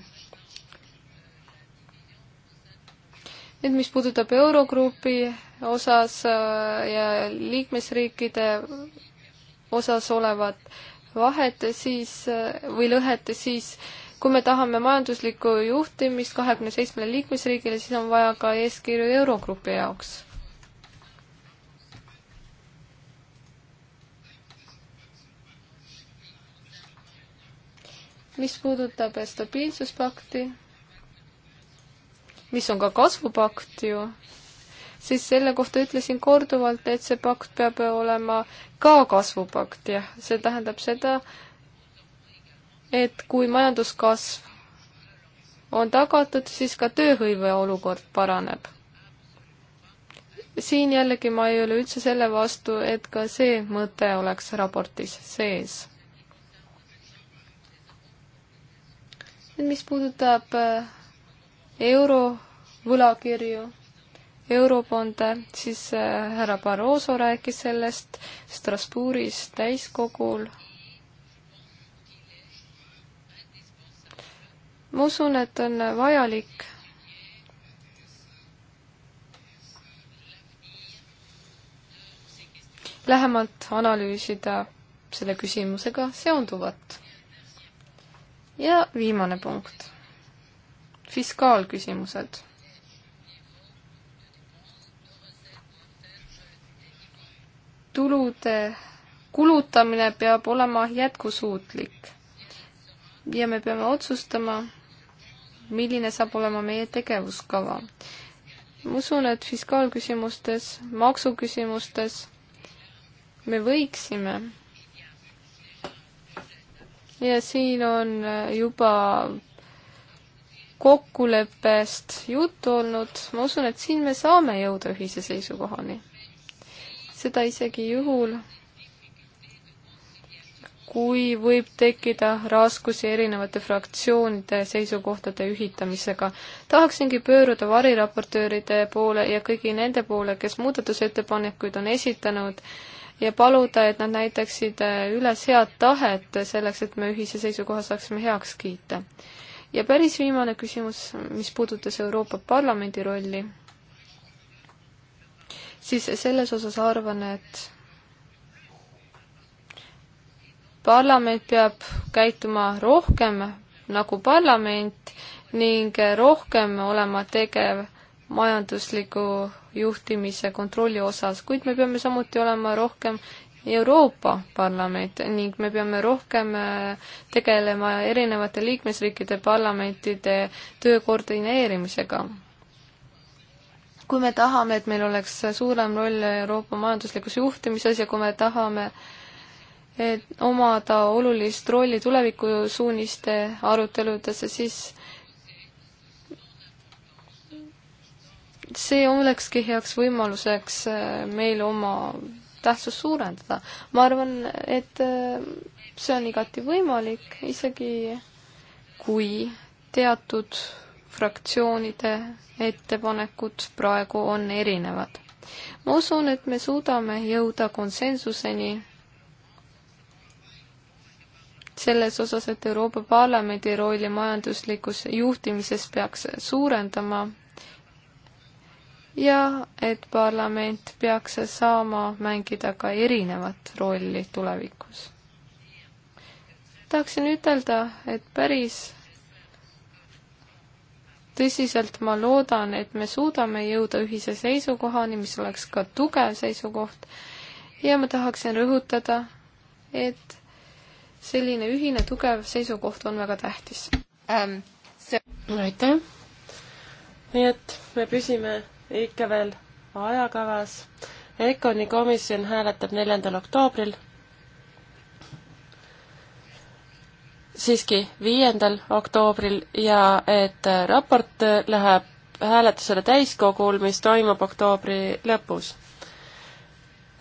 nüüd, mis puudutab Eurogrupi osas äh, ja liikmesriikide osas olevat äh, vahet siis või lõhet, siis kui me tahame majanduslikku juhtimist kahekümne seitsmele liikmesriigile, siis on vaja ka eeskirju Eurogrupi jaoks mis puudutab stabiilsuspakti, mis on ka kasvupakt ju, siis selle kohta ütlesin korduvalt, et see pakt peab olema ka kasvupakt, jah. see tähendab seda, et kui majanduskasv on tagatud, siis ka tööhõive olukord paraneb. siin jällegi ma ei ole üldse selle vastu, et ka see mõte oleks raportis sees. mis puudutab äh, euro võlakirju eurobonde, siis äh, härra Barroso rääkis sellest Strasbourgis täiskogul. ma usun, et on vajalik lähemalt analüüsida selle küsimusega seonduvat. ja viimane punkt, fiskaalküsimused tulude kulutamine peab olema jätkusuutlik. ja me peame otsustama, milline saab olema meie tegevuskava. ma usun, et fiskaalküsimustes, maksuküsimustes me võiksime ja siin on juba kokkuleppest juttu olnud, ma usun, et siin me saame jõuda ühise seisukohani seda isegi juhul, kui võib tekkida raskusi erinevate fraktsioonide seisukohtade ühitamisega. tahaksingi pööruda variraportööride poole ja kõigi nende poole, kes muudatusettepanekuid on esitanud ja paluda, et nad näitaksid üles head tahet selleks, et me ühise seisukoha saaksime heaks kiita. ja päris viimane küsimus, mis puudutas Euroopa Parlamendi rolli siis selles osas arvan, et parlament peab käituma rohkem nagu parlament ning rohkem olema tegev majandusliku juhtimise kontrolli osas, kuid me peame samuti olema rohkem Euroopa Parlament ning me peame rohkem äh, tegelema erinevate liikmesriikide parlamentide töö koordineerimisega kui me tahame, et meil oleks suurem roll Euroopa majanduslikus juhtimises ja kui me tahame et omada olulist rolli tulevikusuuniste aruteludesse, siis see olekski heaks võimaluseks äh, meil oma tähtsust suurendada. ma arvan, et äh, see on igati võimalik, isegi kui teatud fraktsioonide ettepanekud praegu on erinevad. ma usun, et me suudame jõuda konsensuseni selles osas, et Euroopa Parlamendi rolli majanduslikus juhtimises peaks suurendama ja et parlament peaks saama mängida ka erinevat rolli tulevikus. tahaksin ütelda, et päris tõsiselt ma loodan, et me suudame jõuda ühise seisukohani, mis oleks ka tugev seisukoht ja ma tahaksin rõhutada, et selline ühine tugev seisukoht on väga tähtis um,. See... aitäh! nii et me püsime ikka veel ajakavas. EKONi komisjon hääletab neljandal oktoobril siiski viiendal oktoobril ja et raport läheb hääletusele täiskogul, mis toimub oktoobri lõpus.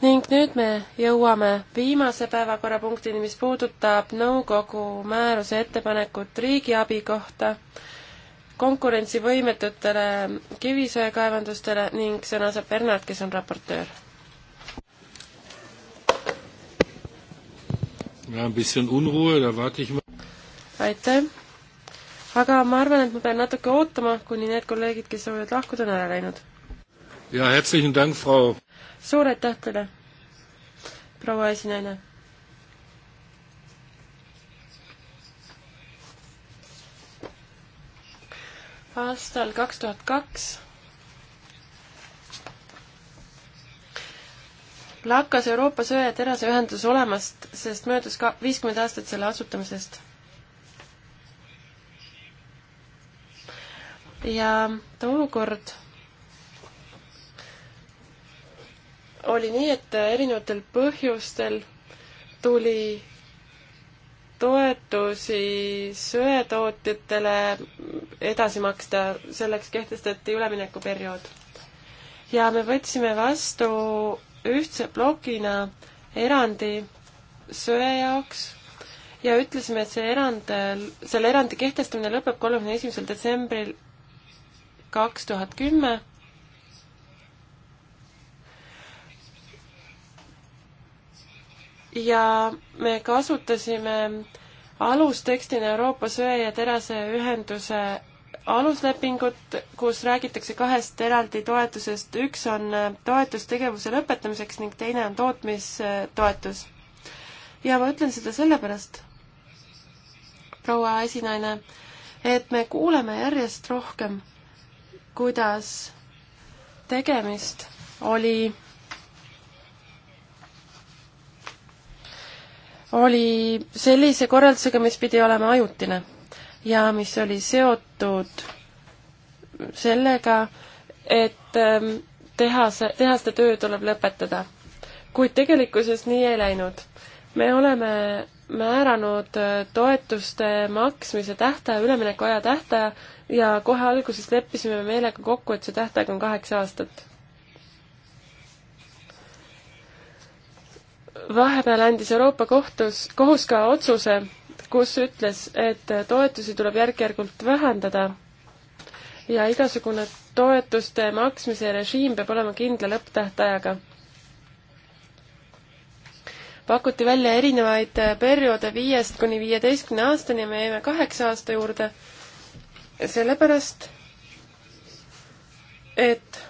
ning nüüd me jõuame viimase päevakorrapunktini, mis puudutab nõukogu määruse ettepanekut riigiabi kohta konkurentsivõimetutele kivisöekaevandustele ning sõna saab Bernard, kes on raportöör. Ja, ein bisschen Unruhe, da warte ich mal aitäh! aga ma arvan, et ma pean natuke ootama, kuni need kolleegid, kes soovivad lahkuda, on ära läinud. ja, herzlichen Dank, Frau! suur aitäh teile, proua esinaine! aastal kaks tuhat kaks lakkas Euroopa söe- ja teraseühendus olemast, sest möödus ka viiskümmend aastat selle asutamisest ja tookord oli nii, et erinevatel põhjustel tuli toetusi söetootjatele edasi maksta, selleks kehtestati üleminekuperiood. ja me võtsime vastu ühtse plokina erandi söe jaoks ja ütlesime, et see erand, selle erandi kehtestamine lõpeb kolmekümne esimesel detsembril kaks tuhat kümme ja me kasutasime alustekstina Euroopa söe- ja teraseühenduse aluslepingut, kus räägitakse kahest eraldi toetusest, üks on toetus tegevuse lõpetamiseks ning teine on tootmistoetus. ja ma ütlen seda sellepärast, proua esinaine, et me kuuleme järjest rohkem kuidas tegemist oli, oli sellise korraldusega, mis pidi olema ajutine ja mis oli seotud sellega, et ähm, tehase, tehaste töö tuleb lõpetada. kuid tegelikkuses nii ei läinud. me oleme määranud äh, toetuste maksmise tähtaja, üleminekuaja tähtaja ja kohe alguses leppisime meelega kokku, et see tähtaeg on kaheksa aastat. vahepeal andis Euroopa kohtus, kohus ka otsuse, kus ütles, et toetusi tuleb järk-järgult vähendada ja igasugune toetuste maksmise režiim peab olema kindla lõpptähtajaga pakuti välja erinevaid äh, perioode viiest kuni viieteistkümne aastani ja me jäime kaheksa aasta juurde, sellepärast et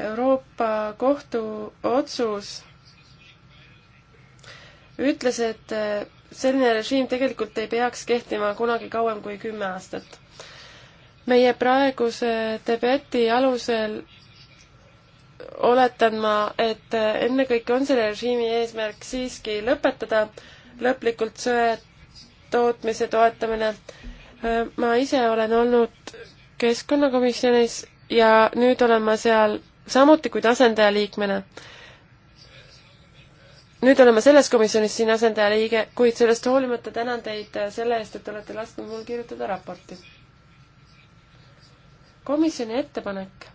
Euroopa Kohtu otsus ütles, et äh, selline režiim tegelikult ei peaks kehtima kunagi kauem kui kümme aastat. meie praeguse debati alusel oletan ma, et ennekõike on selle režiimi eesmärk siiski lõpetada lõplikult söe tootmise toetamine. ma ise olen olnud keskkonnakomisjonis ja nüüd olen ma seal samuti kuid asendajaliikmena. nüüd olen ma selles komisjonis siin asendajaliige, kuid sellest hoolimata tänan teid selle eest, et olete lasknud mul kirjutada raporti. komisjoni ettepanek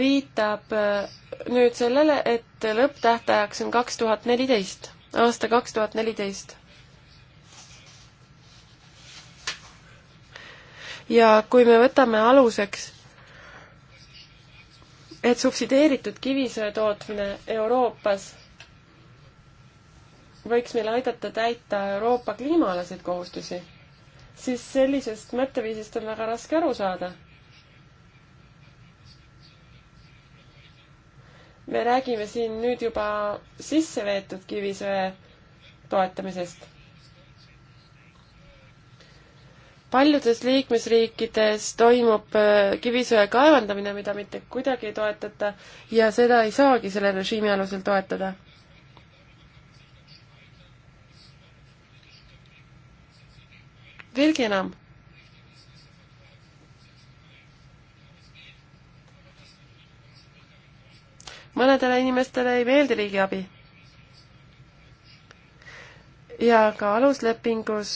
viitab äh, nüüd sellele, et lõpptähtajaks on kaks tuhat neliteist, aasta kaks tuhat neliteist. ja kui me võtame aluseks, et subsideeritud kivisöe tootmine Euroopas võiks meil aidata täita Euroopa kliimaalaseid kohustusi, siis sellisest mõtteviisist on väga raske aru saada me räägime siin nüüd juba sisse veetud kivisöe toetamisest. paljudes liikmesriikides toimub äh, kivisöe kaevandamine, mida mitte kuidagi ei toetata ja seda ei saagi selle režiimi alusel toetada veelgi enam, mõnedele inimestele ei meeldi riigiabi. ja ka aluslepingus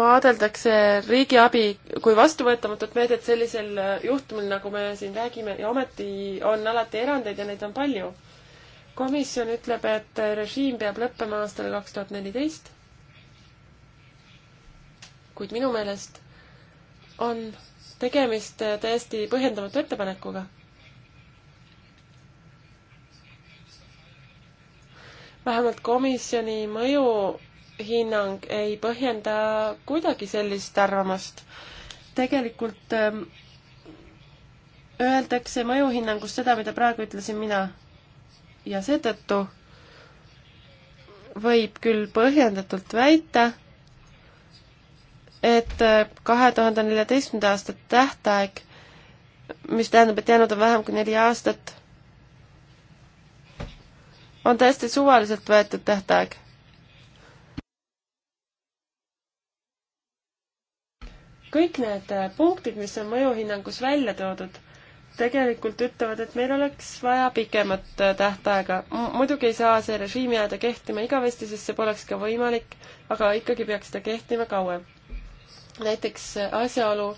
vaadeldakse riigiabi kui vastuvõetamatut meedet sellisel äh, juhtumil, nagu me siin räägime ja ometi on alati erandeid ja neid on palju. komisjon ütleb, et äh, režiim peab lõppema aastal kaks tuhat neliteist. kuid minu meelest on tegemist äh, täiesti põhjendamatu ettepanekuga vähemalt komisjoni mõjuhinnang ei põhjenda kuidagi sellist arvamust. tegelikult ähm, öeldakse mõjuhinnangus seda, mida praegu ütlesin mina. ja seetõttu võib küll põhjendatult väita, et äh, kahe tuhande neljateistkümnenda aasta tähtaeg, mis tähendab, et jäänud on vähem kui neli aastat, on täiesti suvaliselt võetud tähtaeg. kõik need äh, punktid, mis on mõjuhinnangus välja toodud, tegelikult ütlevad, et meil oleks vaja pikemat äh, tähtaega. muidugi ei saa see režiim jääda kehtima igavesti, sest see poleks ka võimalik, aga ikkagi peaks ta kehtima kauem. näiteks äh, asjaolu,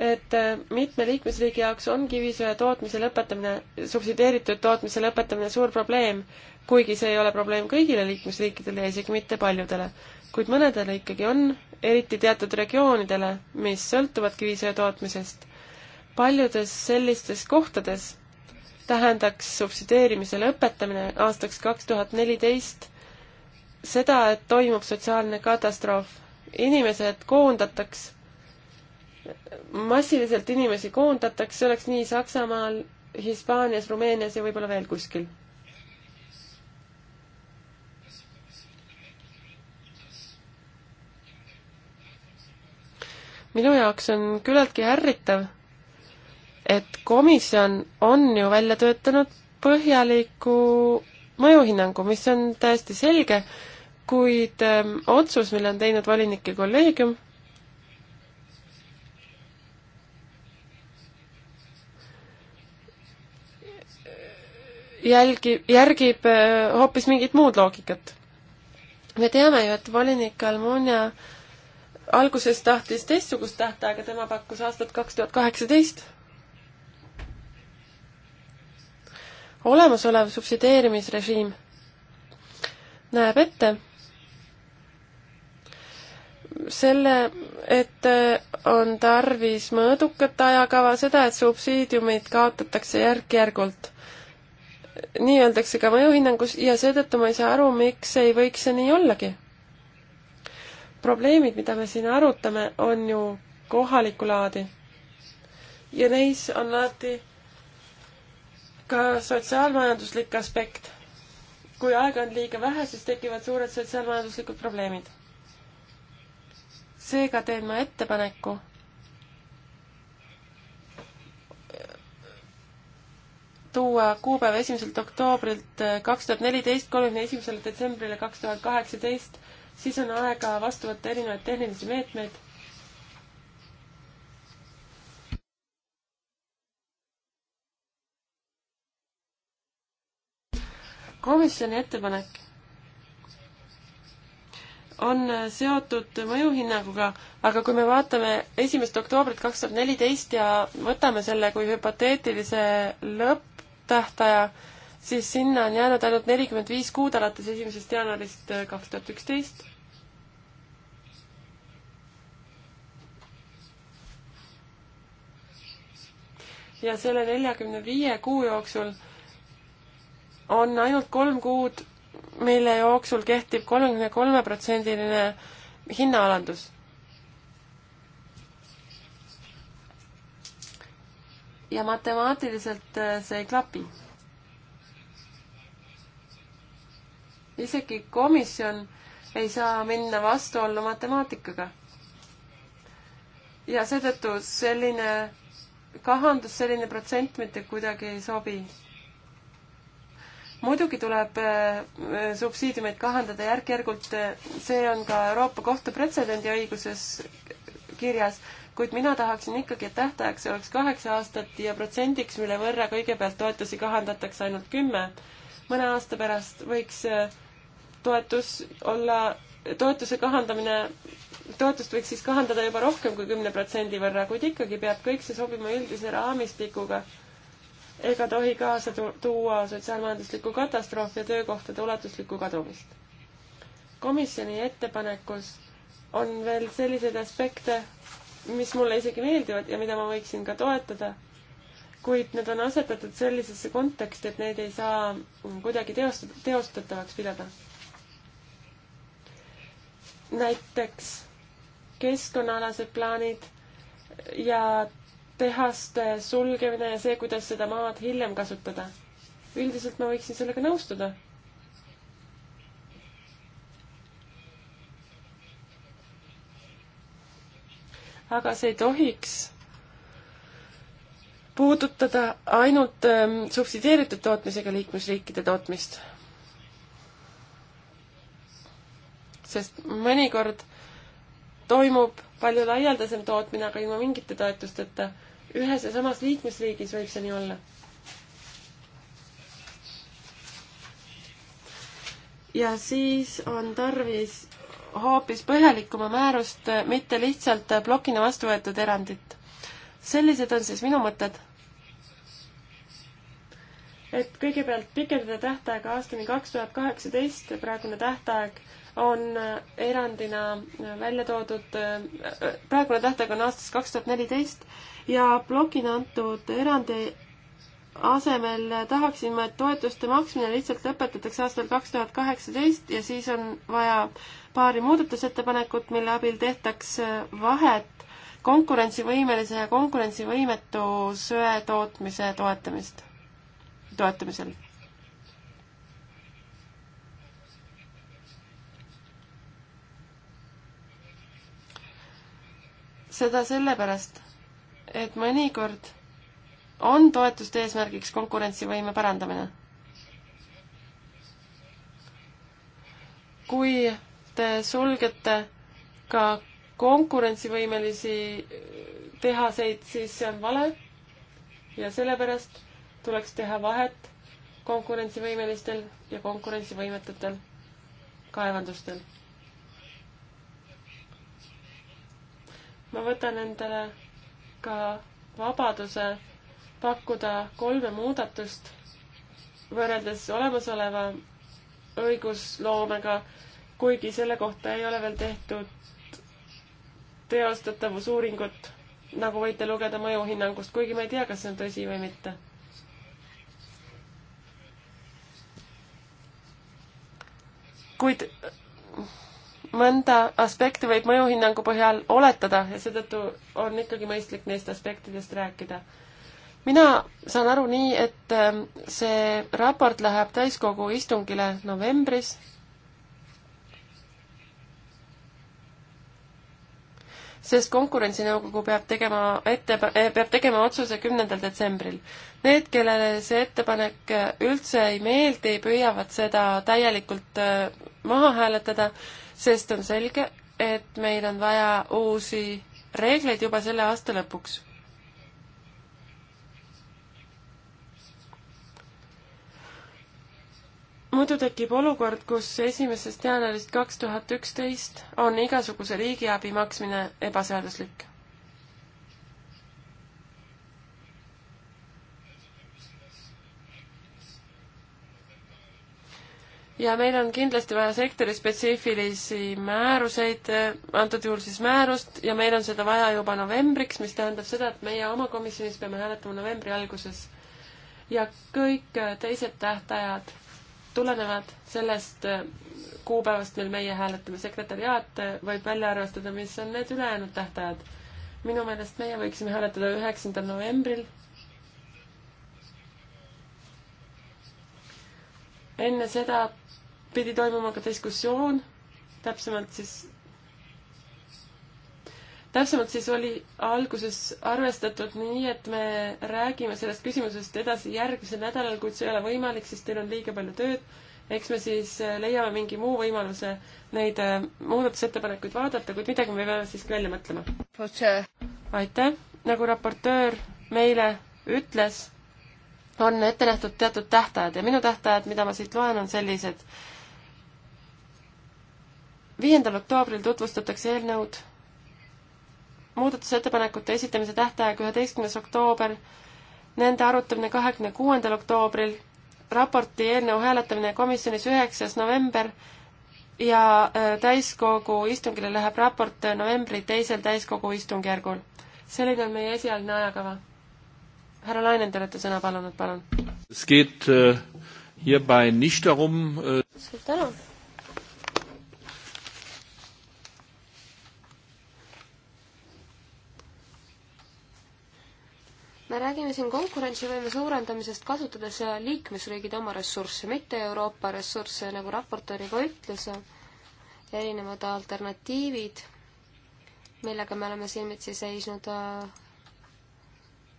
et äh, mitme liikmesriigi jaoks on kivisöe tootmise lõpetamine, subsideeritud tootmise lõpetamine suur probleem, kuigi see ei ole probleem kõigile liikmesriikidele ja isegi mitte paljudele. kuid mõnedele ikkagi on, eriti teatud regioonidele, mis sõltuvad kivisöe tootmisest. paljudes sellistes kohtades tähendaks subsideerimise lõpetamine aastaks kaks tuhat neliteist seda, et toimub sotsiaalne katastroof. inimesed koondataks massiliselt inimesi koondatakse, oleks nii Saksamaal, Hispaanias, Rumeenias ja võib-olla veel kuskil. minu jaoks on küllaltki ärritav, et komisjon on ju välja töötanud põhjaliku mõjuhinnangu, mis on täiesti selge, kuid öö, ähm, otsus, mille on teinud volinike kolleegium, jälgi, järgib äh, hoopis mingit muud loogikat. me teame ju, et volinik Almunia alguses tahtis teistsugust tähtaega, tema pakkus aastat kaks tuhat kaheksateist. olemasolev subsideerimisrežiim näeb ette selle, et äh, on tarvis mõõdukat ajakava, seda, et subsiidiumid kaotatakse järk-järgult nii öeldakse ka mõjuhinnangus ja seetõttu ma ei saa aru, miks ei võiks see nii ollagi. probleemid, mida me siin arutame, on ju kohalikku laadi. ja neis on alati ka sotsiaalmajanduslik aspekt. kui aega on liiga vähe, siis tekivad suured sotsiaalmajanduslikud probleemid. seega teen ma ettepaneku tuua kuupäev esimeselt oktoobrilt äh, kaks tuhat neliteist kolmekümne esimesele detsembrile kaks tuhat kaheksateist, siis on aega vastu võtta erinevaid tehnilisi meetmeid. komisjoni ettepanek on äh, seotud mõjuhinnanguga, aga kui me vaatame esimest oktoobrit kaks tuhat neliteist ja võtame selle kui hüpoteetilise lõpp, tähtaja, siis sinna on jäänud ainult nelikümmend viis kuud alates esimesest jaanuarist äh, kaks tuhat üksteist. ja selle neljakümne viie kuu jooksul on ainult kolm kuud, mille jooksul kehtib kolmekümne kolme protsendiline hinnaalandus ja matemaatiliselt äh, see ei klapi. isegi komisjon ei saa minna vastuollu matemaatikaga. ja seetõttu selline kahandus, selline protsent mitte kuidagi ei sobi. muidugi tuleb äh, subsiidiumeid kahandada järk-järgult, äh, see on ka Euroopa Kohtu pretsedendi õiguses kirjas kuid mina tahaksin ikkagi, et tähtajaks oleks kaheksa aastat ja protsendiks, mille võrra kõigepealt toetusi kahandatakse ainult kümme. mõne aasta pärast võiks äh, toetus olla, toetuse kahandamine, toetust võiks siis kahandada juba rohkem kui kümne protsendi võrra, kuid ikkagi peab kõik see sobima üldise raamistikuga ega tohi kaasa tuua sotsiaalmajanduslikku katastroofi ja töökohtade ulatuslikku kadumist. komisjoni ettepanekus on veel selliseid aspekte, mis mulle isegi meeldivad ja mida ma võiksin ka toetada, kuid need on asetatud sellisesse konteksti, et neid ei saa kuidagi teostada, teostatavaks pidada. näiteks keskkonnaalased plaanid ja tehaste sulgemine ja see, kuidas seda maad hiljem kasutada. üldiselt ma võiksin sellega nõustuda aga see ei tohiks puudutada ainult ähm, subsideeritud tootmisega liikmesriikide tootmist. sest mõnikord toimub palju laialdasem tootmine, aga ilma mingite toetusteta. ühes ja samas liikmesriigis võib see nii olla. ja siis on tarvis hoopis põhjalikuma määrust, mitte lihtsalt plokina vastu võetud erandit. sellised on siis minu mõtted. et kõigepealt pikendada tähtaega aastani kaks tuhat kaheksateist, praegune tähtaeg on erandina välja toodud, praegune tähtaeg on aastast kaks tuhat neliteist ja plokina antud erandi asemel tahaksime, et toetuste maksmine lihtsalt lõpetatakse aastal kaks tuhat kaheksateist ja siis on vaja paari muudatusettepanekut, mille abil tehtaks vahet konkurentsivõimelise ja konkurentsivõimetu söe tootmise toetamist, toetamisel. seda sellepärast, et mõnikord on toetuste eesmärgiks konkurentsivõime parandamine. kui te sulgete ka konkurentsivõimelisi tehaseid, siis see on vale. ja sellepärast tuleks teha vahet konkurentsivõimelistel ja konkurentsivõimetutel kaevandustel. ma võtan endale ka vabaduse pakkuda kolme muudatust võrreldes olemasoleva õigusloomega kuigi selle kohta ei ole veel tehtud teostatavusuuringut, nagu võite lugeda mõjuhinnangust, kuigi ma ei tea, kas see on tõsi või mitte. kuid mõnda aspekti võib mõjuhinnangu põhjal oletada ja seetõttu on ikkagi mõistlik neist aspektidest rääkida. mina saan aru nii, et ähm, see raport läheb täiskogu istungile novembris sest Konkurentsinõukogu peab tegema ette, peab tegema otsuse kümnendal detsembril. Need, kellele see ettepanek äh, üldse ei meeldi, püüavad seda täielikult äh, maha hääletada, sest on selge, et meil on vaja uusi reegleid juba selle aasta lõpuks muidu tekib olukord, kus esimesest jaanuarist kaks tuhat üksteist on igasuguse riigiabi maksmine ebaseaduslik. ja meil on kindlasti vaja sektori spetsiifilisi määruseid, antud juhul siis määrust, ja meil on seda vaja juba novembriks, mis tähendab seda, et meie oma komisjonis peame hääletama novembri alguses. ja kõik teised tähtajad tulenevad sellest äh, kuupäevast, mil meie hääletame, sekretäriaat äh, võib välja arvestada, mis on need ülejäänud tähtajad. minu meelest meie võiksime hääletada üheksandal novembril. enne seda pidi toimuma ka diskussioon, täpsemalt siis täpsemalt siis oli alguses arvestatud nii, et me räägime sellest küsimusest edasi järgmisel nädalal, kuid see ei ole võimalik, sest teil on liiga palju tööd. eks me siis äh, leiame mingi muu võimaluse neid äh, muudatusettepanekuid vaadata, kuid midagi me peame siiski välja mõtlema. aitäh, nagu raportöör meile ütles, on ette nähtud teatud tähtajad ja minu tähtajad, mida ma siit loen, on sellised. viiendal oktoobril tutvustatakse eelnõud muudatusettepanekute esitamise tähtaeg üheteistkümnes oktoober, nende arutamine kahekümne kuuendal oktoobril, raporti eelnõu hääletamine komisjonis üheksas november ja äh, täiskogu istungile läheb raport äh, novembri teisel täiskogu istungjärgul. selline on meie esialgne ajakava. härra Lainen, te olete sõna palunud, palun. Äh, suur tänu me räägime siin konkurentsivõime suurendamisest, kasutades liikmesriigid oma ressursse, mitte Euroopa ressursse, nagu raportöör juba ütles, erinevad alternatiivid, millega me oleme silmitsi seisnud,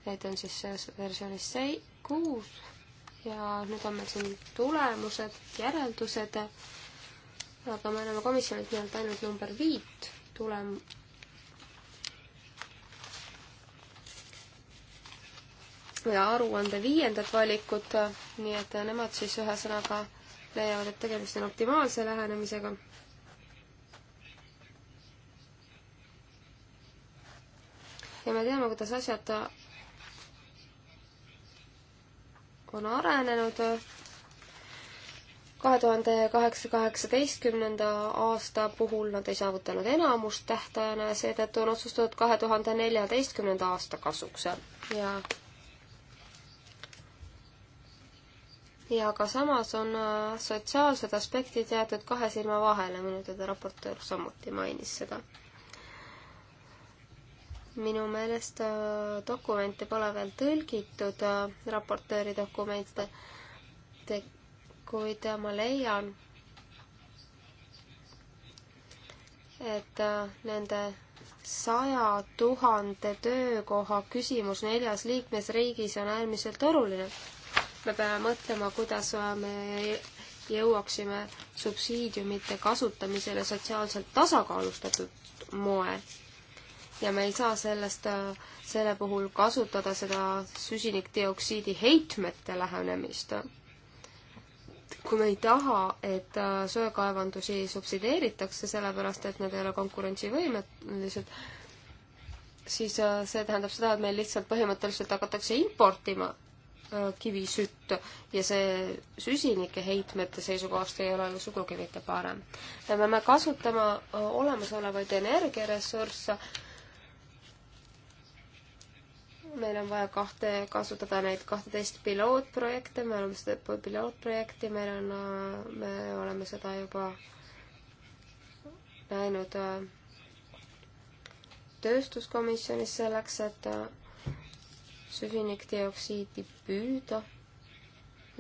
need on siis versioonis sei-, kuus ja nüüd on meil siin tulemused, järeldused, aga me oleme komisjonilt nii-öelda ainult number viit tulem-, seitsme aruande viiendat valikut, nii et nemad siis ühesõnaga leiavad, et tegemist on optimaalse lähenemisega ja me teame, kuidas asjad on arenenud. kahe tuhande kaheksa, kaheksateistkümnenda aasta puhul nad ei saavutanud enamust tähtajana ja seetõttu on otsustatud kahe tuhande neljateistkümnenda aasta kasuks ja ja aga samas on äh, sotsiaalsed aspektid jäetud kahe silma vahele, minu teada raportöör samuti mainis seda. minu meelest äh, dokumente pole veel tõlgitud, äh, raportööri dokumente, kuid ma leian, et nende saja tuhande töökoha küsimus neljas liikmesriigis on äärmiselt oluline me peame mõtlema, kuidas me jõuaksime subsiidiumite kasutamisele sotsiaalselt tasakaalustatud moel. ja me ei saa sellest, selle puhul kasutada seda süsinikdioksiidi heitmete lähenemist. kui me ei taha, et äh, söekaevandusi subsideeritakse, sellepärast et nad ei ole konkurentsivõimelised, siis äh, see tähendab seda, et meil lihtsalt põhimõtteliselt hakatakse importima kivisütt ja see süsinike heitmete seisukohast ei ole ju sugugi mitte parem. me peame kasutama äh, olemasolevaid energiaressursse. meil on vaja kahte, kasutada neid kahteteist pilootprojekte, me oleme seda pilootprojekti, meil on, äh, me oleme seda juba näinud äh, tööstuskomisjonis selleks, et süsinikdioksiidi püüda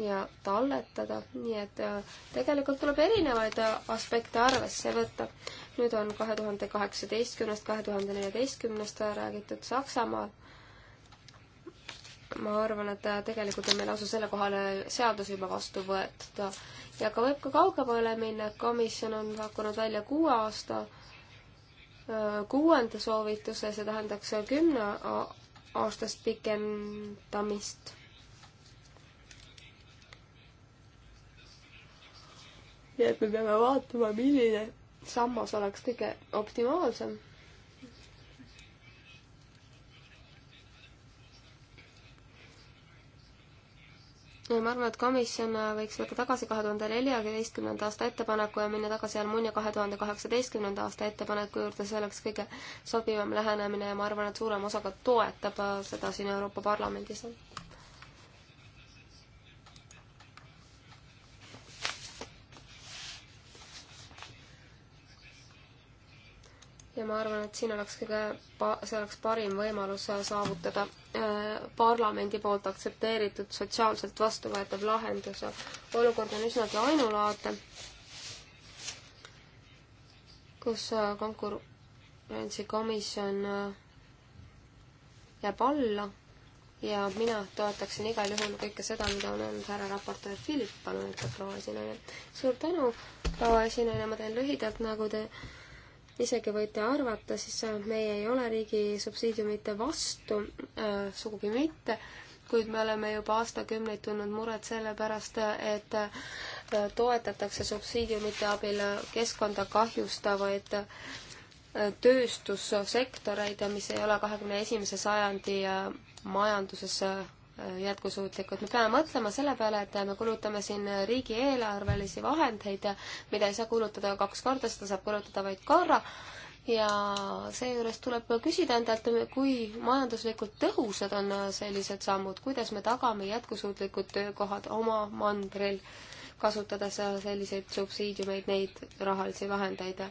ja talletada, nii et äh, tegelikult tuleb erinevaid äh, aspekte arvesse võtta. nüüd on kahe tuhande kaheksateistkümnest, kahe tuhande neljateistkümnest äh, räägitud Saksamaal. ma arvan, et tegelikult on meil lausa sellekohane seadus juba vastu võetud ja ka võib ka kaugemale minna, et komisjon on pakkunud välja kuue aasta kuuenda soovituse, see tähendaks kümne aastast pikendamist. nii et me peame vaatama, milline sammas oleks kõige optimaalsem ma arvan, et komisjon äh, võiks võtta tagasi kahe tuhande neljateistkümnenda aasta ettepaneku ja minna tagasi Almunia kahe tuhande kaheksateistkümnenda aasta ettepaneku juurde, see oleks kõige sobivam lähenemine ja ma arvan, et suurem osa ka toetab äh, seda siin Euroopa Parlamendis. ja ma arvan, et siin oleks kõige, see oleks parim võimalus saavutada äh, parlamendi poolt aktsepteeritud sotsiaalselt vastuvõetav lahendus. olukord on üsnagi ainulaadne, kus äh, konkurentsikomisjon äh, jääb alla ja mina toetaksin igal juhul kõike seda, mida on öelnud härra raportöör Philip, palun ütle proua esinaine. suur tänu, proua esinaine, ma teen lühidalt, nagu te isegi võite arvata, siis meie ei ole riigi subsiidiumite vastu äh,, sugugi mitte, kuid me oleme juba aastakümneid tundnud muret selle pärast, et äh, toetatakse subsiidiumite abil keskkonda kahjustavaid äh, tööstussektoreid, mis ei ole kahekümne esimese sajandi äh, majanduses äh, jätkusuutlikud. me peame mõtlema selle peale, et me kulutame siin riigieelarvelisi vahendeid, mida ei saa kulutada kaks korda, seda saab kulutada vaid korra, ja seejuures tuleb küsida endalt, kui majanduslikult tõhusad on sellised sammud, kuidas me tagame jätkusuutlikud töökohad oma mandril kasutades selliseid subsiidiumeid, neid rahalisi vahendeid.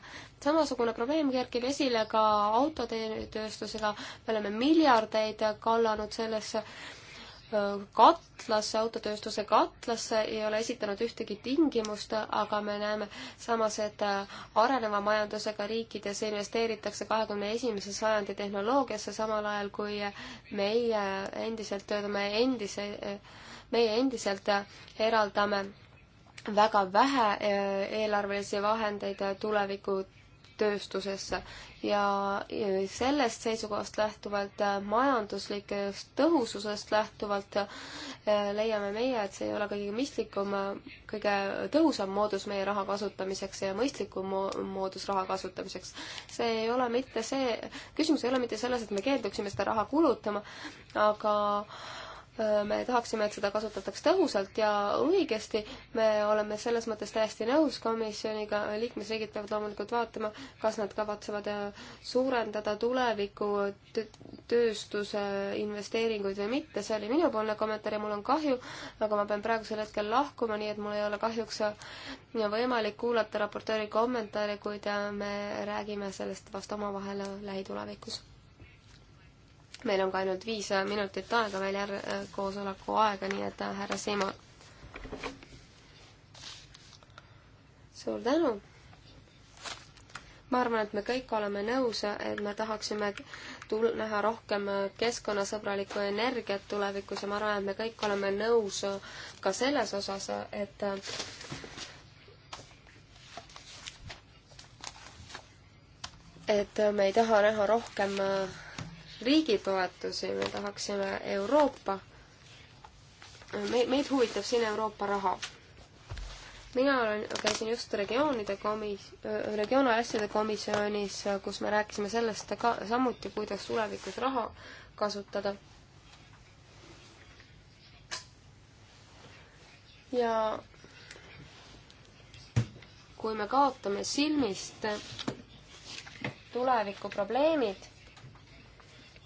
samasugune probleem kerkib esile ka autotööstusega, me oleme miljardeid kallanud sellesse katlasse, autotööstuse katlasse, ei ole esitanud ühtegi tingimust, aga me näeme samas, et äh, areneva majandusega riikides investeeritakse kahekümne esimese sajandi tehnoloogiasse, samal ajal kui meie endiselt töötame endise, meie endiselt eraldame väga vähe äh, eelarvelisi vahendeid tuleviku tööstusesse ja sellest seisukohast lähtuvalt, äh, majanduslikest tõhususest lähtuvalt äh, leiame meie, et see ei ole kõige mõistlikum, äh, kõige tõhusam moodus meie raha kasutamiseks ja mõistlikum moodus raha kasutamiseks. see ei ole mitte see, küsimus ei ole mitte selles, et me keelduksime seda raha kulutama, aga me tahaksime, et seda kasutataks tõhusalt ja õigesti. me oleme selles mõttes täiesti nõus komisjoniga, liikmesriigid peavad loomulikult vaatama, kas nad kavatsevad äh, suurendada tuleviku tööstuse investeeringuid või mitte, see oli minupoolne kommentaar ja mul on kahju, aga ma pean praegusel hetkel lahkuma, nii et mul ei ole kahjuks äh, võimalik kuulata raportööri kommentaare, kuid äh, me räägime sellest vast omavahel lähitulevikus meil on ka ainult viis minutit aega veel jär-, äh, koosoleku aega, nii et äh, härra Seema. suur tänu! ma arvan, et me kõik oleme nõus, et me tahaksime tul-, näha rohkem äh, keskkonnasõbralikku energiat tulevikus ja ma arvan, et me kõik oleme nõus ka selles osas, et et me ei taha näha rohkem riigi toetusi, me tahaksime Euroopa, meid, meid huvitab siin Euroopa raha. mina olen, käisin just regioonide komis-, regionaalasjade komisjonis, kus me rääkisime sellest ka samuti, kuidas tulevikus raha kasutada. ja kui me kaotame silmist tulevikuprobleemid,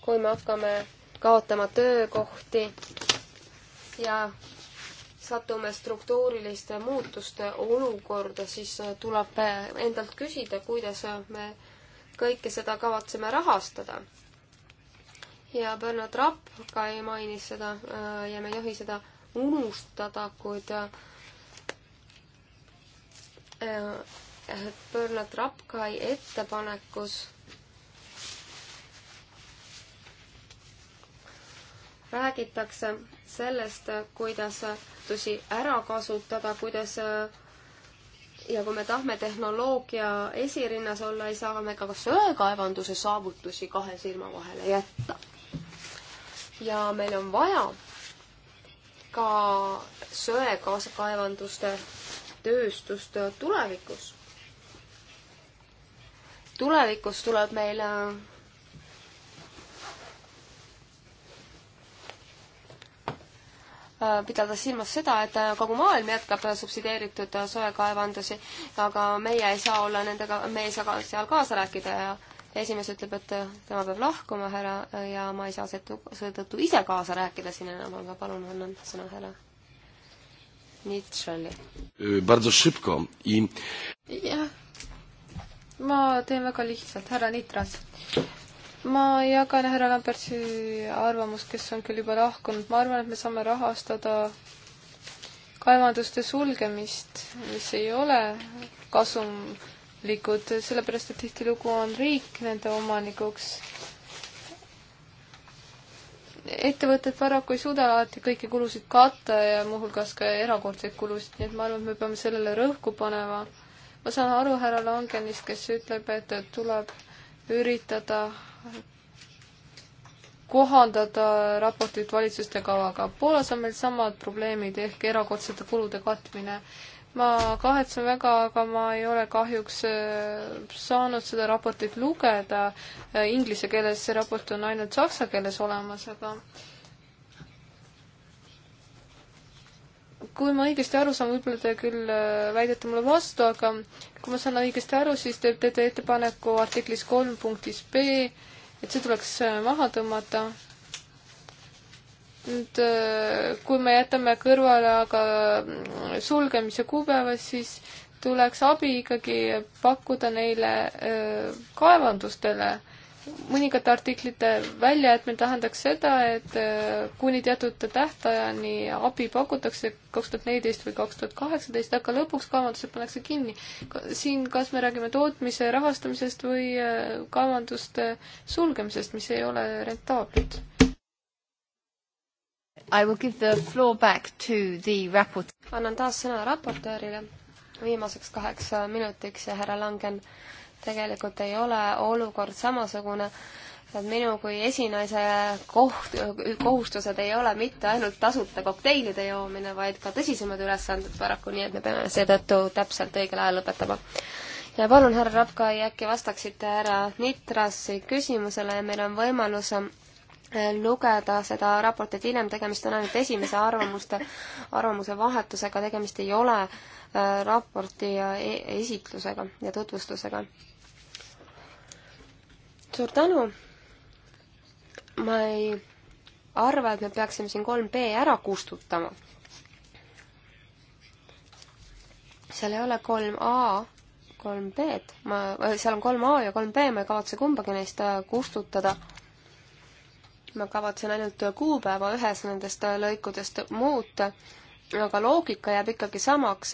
kui me hakkame kaotama töökohti ja satume struktuuriliste muutuste olukorda, siis äh, tuleb äh, endalt küsida, kuidas äh, me kõike seda kavatseme rahastada. ja Bernard Rapp ka ei mainis seda ja me ei tohi seda unustada, kuid Bernard Rapkai ettepanekus räägitakse sellest, kuidas tõsi ära kasutada, kuidas ja kui me tahame tehnoloogia esirinnas olla, ei saa me ka söekaevanduse saavutusi kahe silma vahele jätta. ja meil on vaja ka söekaevanduste tööstust tulevikus. tulevikus tuleb meil äh, Äh, pidada silmas seda, et äh, kogu maailm jätkab äh, subsideeritud soekaevandusi, aga meie ei saa olla nendega, me ei saa ka seal kaasa rääkida ja esimees ütleb, et tema peab lahkuma, härra, ja ma ei saa seetõttu ise kaasa rääkida siin enam, aga palun annan sõna härra Nietzschele. Bardzo szybko i... jah, ma teen väga lihtsalt, härra Nitras ma jagan härra Lambertsi arvamust, kes on küll juba lahkunud, ma arvan, et me saame rahastada kaevanduste sulgemist, mis ei ole kasumlikud, sellepärast et tihtilugu on riik nende omanikuks. ettevõtted paraku ei suuda alati kõiki kulusid katta ja muuhulgas ka erakordseid kulusid, nii et ma arvan, et me peame sellele rõhku panema. ma saan aru härra Langenist, kes ütleb, et tuleb üritada kohandada raportit valitsuste kavaga. Poolas on meil samad probleemid ehk erakordsete kulude katmine. ma kahetsen väga, aga ma ei ole kahjuks äh, saanud seda raportit lugeda. Äh, inglise keeles see raport on ainult saksa keeles olemas, aga kui ma õigesti aru saan, võib-olla te küll äh, väidate mulle vastu, aga kui ma saan õigesti aru, siis te teete ettepaneku artiklis kolm punktis B et see tuleks äh, maha tõmmata. nüüd, äh, kui me jätame kõrvale aga mm, sulgemise kuupäeva, siis tuleks abi ikkagi pakkuda neile äh, kaevandustele mõningate artiklite väljajätmine tähendaks seda, et äh, kuni teatud tähtajani abi pakutakse kaks tuhat neliteist või kaks tuhat kaheksateist, aga lõpuks kaevandused pannakse kinni. siin kas me räägime tootmise rahastamisest või äh, kaevanduste sulgemisest, mis ei ole rentaablid? I will give the floor back to the raport-. annan taas sõna raportöörile viimaseks kaheks minutiks ja härra Langen tegelikult ei ole olukord samasugune, et minu kui esinaise koht, kohustused ei ole mitte ainult tasuta kokteilide joomine, vaid ka tõsisemad ülesanded paraku, nii et me peame seetõttu täpselt õigel ajal lõpetama. ja palun, härra Rapkai, äkki vastaksite härra Nitrasi küsimusele ja meil on võimalus äh, lugeda seda raportit hiljem, tegemist on ainult esimese arvamuste, arvamuse vahetusega, tegemist ei ole äh, raporti e-, esitlusega ja tutvustusega suur tänu. ma ei arva, et me peaksime siin kolm B ära kustutama. seal ei ole kolm A, kolm B-d, ma, seal on kolm A ja kolm B, ma ei kavatse kumbagi neist äh, kustutada. ma kavatsen ainult kuupäeva ühes nendest äh, lõikudest muuta, aga loogika jääb ikkagi samaks.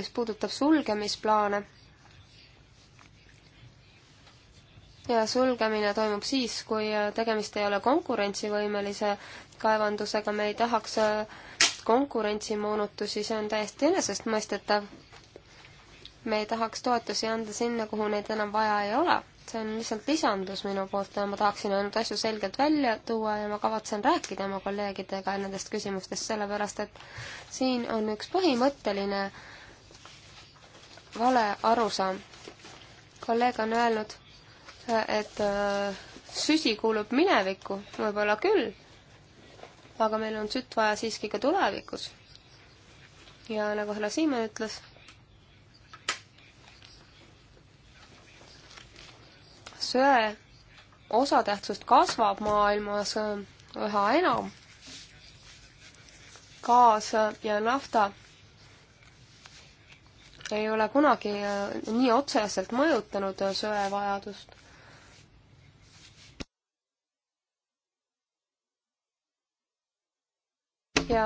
mis puudutab sulgemisplaane ja sulgemine toimub siis, kui äh, tegemist ei ole konkurentsivõimelise kaevandusega, me ei tahaks äh, konkurentsimoonutusi, see on täiesti enesestmõistetav. me ei tahaks toetusi anda sinna, kuhu neid enam vaja ei ole. see on lihtsalt lisandus minu poolt ja ma tahaksin ainult asju selgelt välja tuua ja ma kavatsen rääkida oma kolleegidega nendest küsimustest, sellepärast et siin on üks põhimõtteline vale arusaam. kolleeg on öelnud, et äh, süsi kuulub minevikku, võib-olla küll, aga meil on sütt vaja siiski ka tulevikus. ja nagu härra Siimann ütles, söe osatähtsust kasvab maailmas äh, üha enam. gaas ja nafta ei ole kunagi äh, nii otseselt mõjutanud söevajadust ja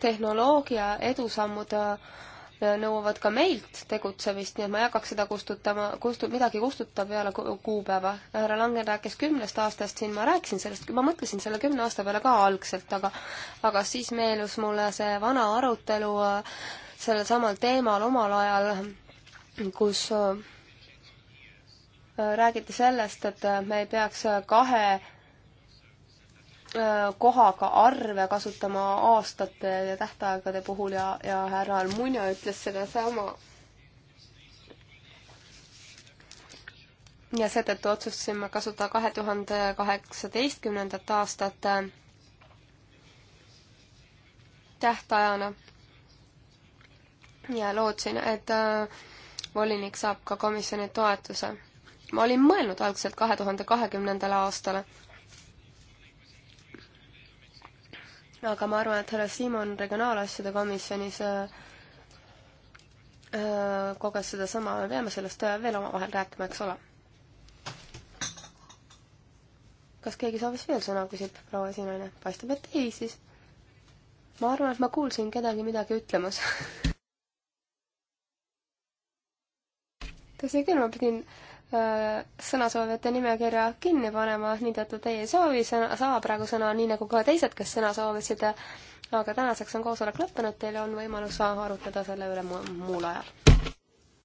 tehnoloogia edusammud äh, nõuavad ka meilt tegutsemist, nii et ma ei hakkaks seda kustutama, kustu-, midagi kustutada peale kuupäeva. härra Langen rääkis kümnest aastast, siin ma rääkisin sellest, ma mõtlesin selle kümne aasta peale ka algselt, aga aga siis meenus mulle see vana arutelu äh, sellel samal teemal omal ajal, kus äh, räägiti sellest, et me ei peaks kahe Äh, kohaga arve kasutama aastate ja tähtaegade puhul ja, ja härra Almunia ütles sedasama ja seetõttu otsustasime kasutada kahe tuhande kaheksateistkümnendat aastat äh, tähtajana ja lootsin, et äh, volinik saab ka komisjoni toetuse. ma olin mõelnud algselt kahe tuhande kahekümnendale aastale aga ma arvan, et härra Siimon Regionaalasjade komisjonis äh, äh, koges sedasama, me peame sellest äh, veel omavahel rääkima, eks ole. kas keegi soovis veel sõna, küsib proua esinaine. paistab, et ei siis. ma arvan, et ma kuulsin kedagi midagi ütlemas tõsi küll, ma pidin äh, Äh, sõnasoovijate nimekirja kinni panema, nii tõttu teie ei soovi sõna, saa praegu sõna, nii nagu ka teised, kes sõna soovisid, aga tänaseks on koosolek lõppenud, teil on võimalus arutleda selle üle muul ajal.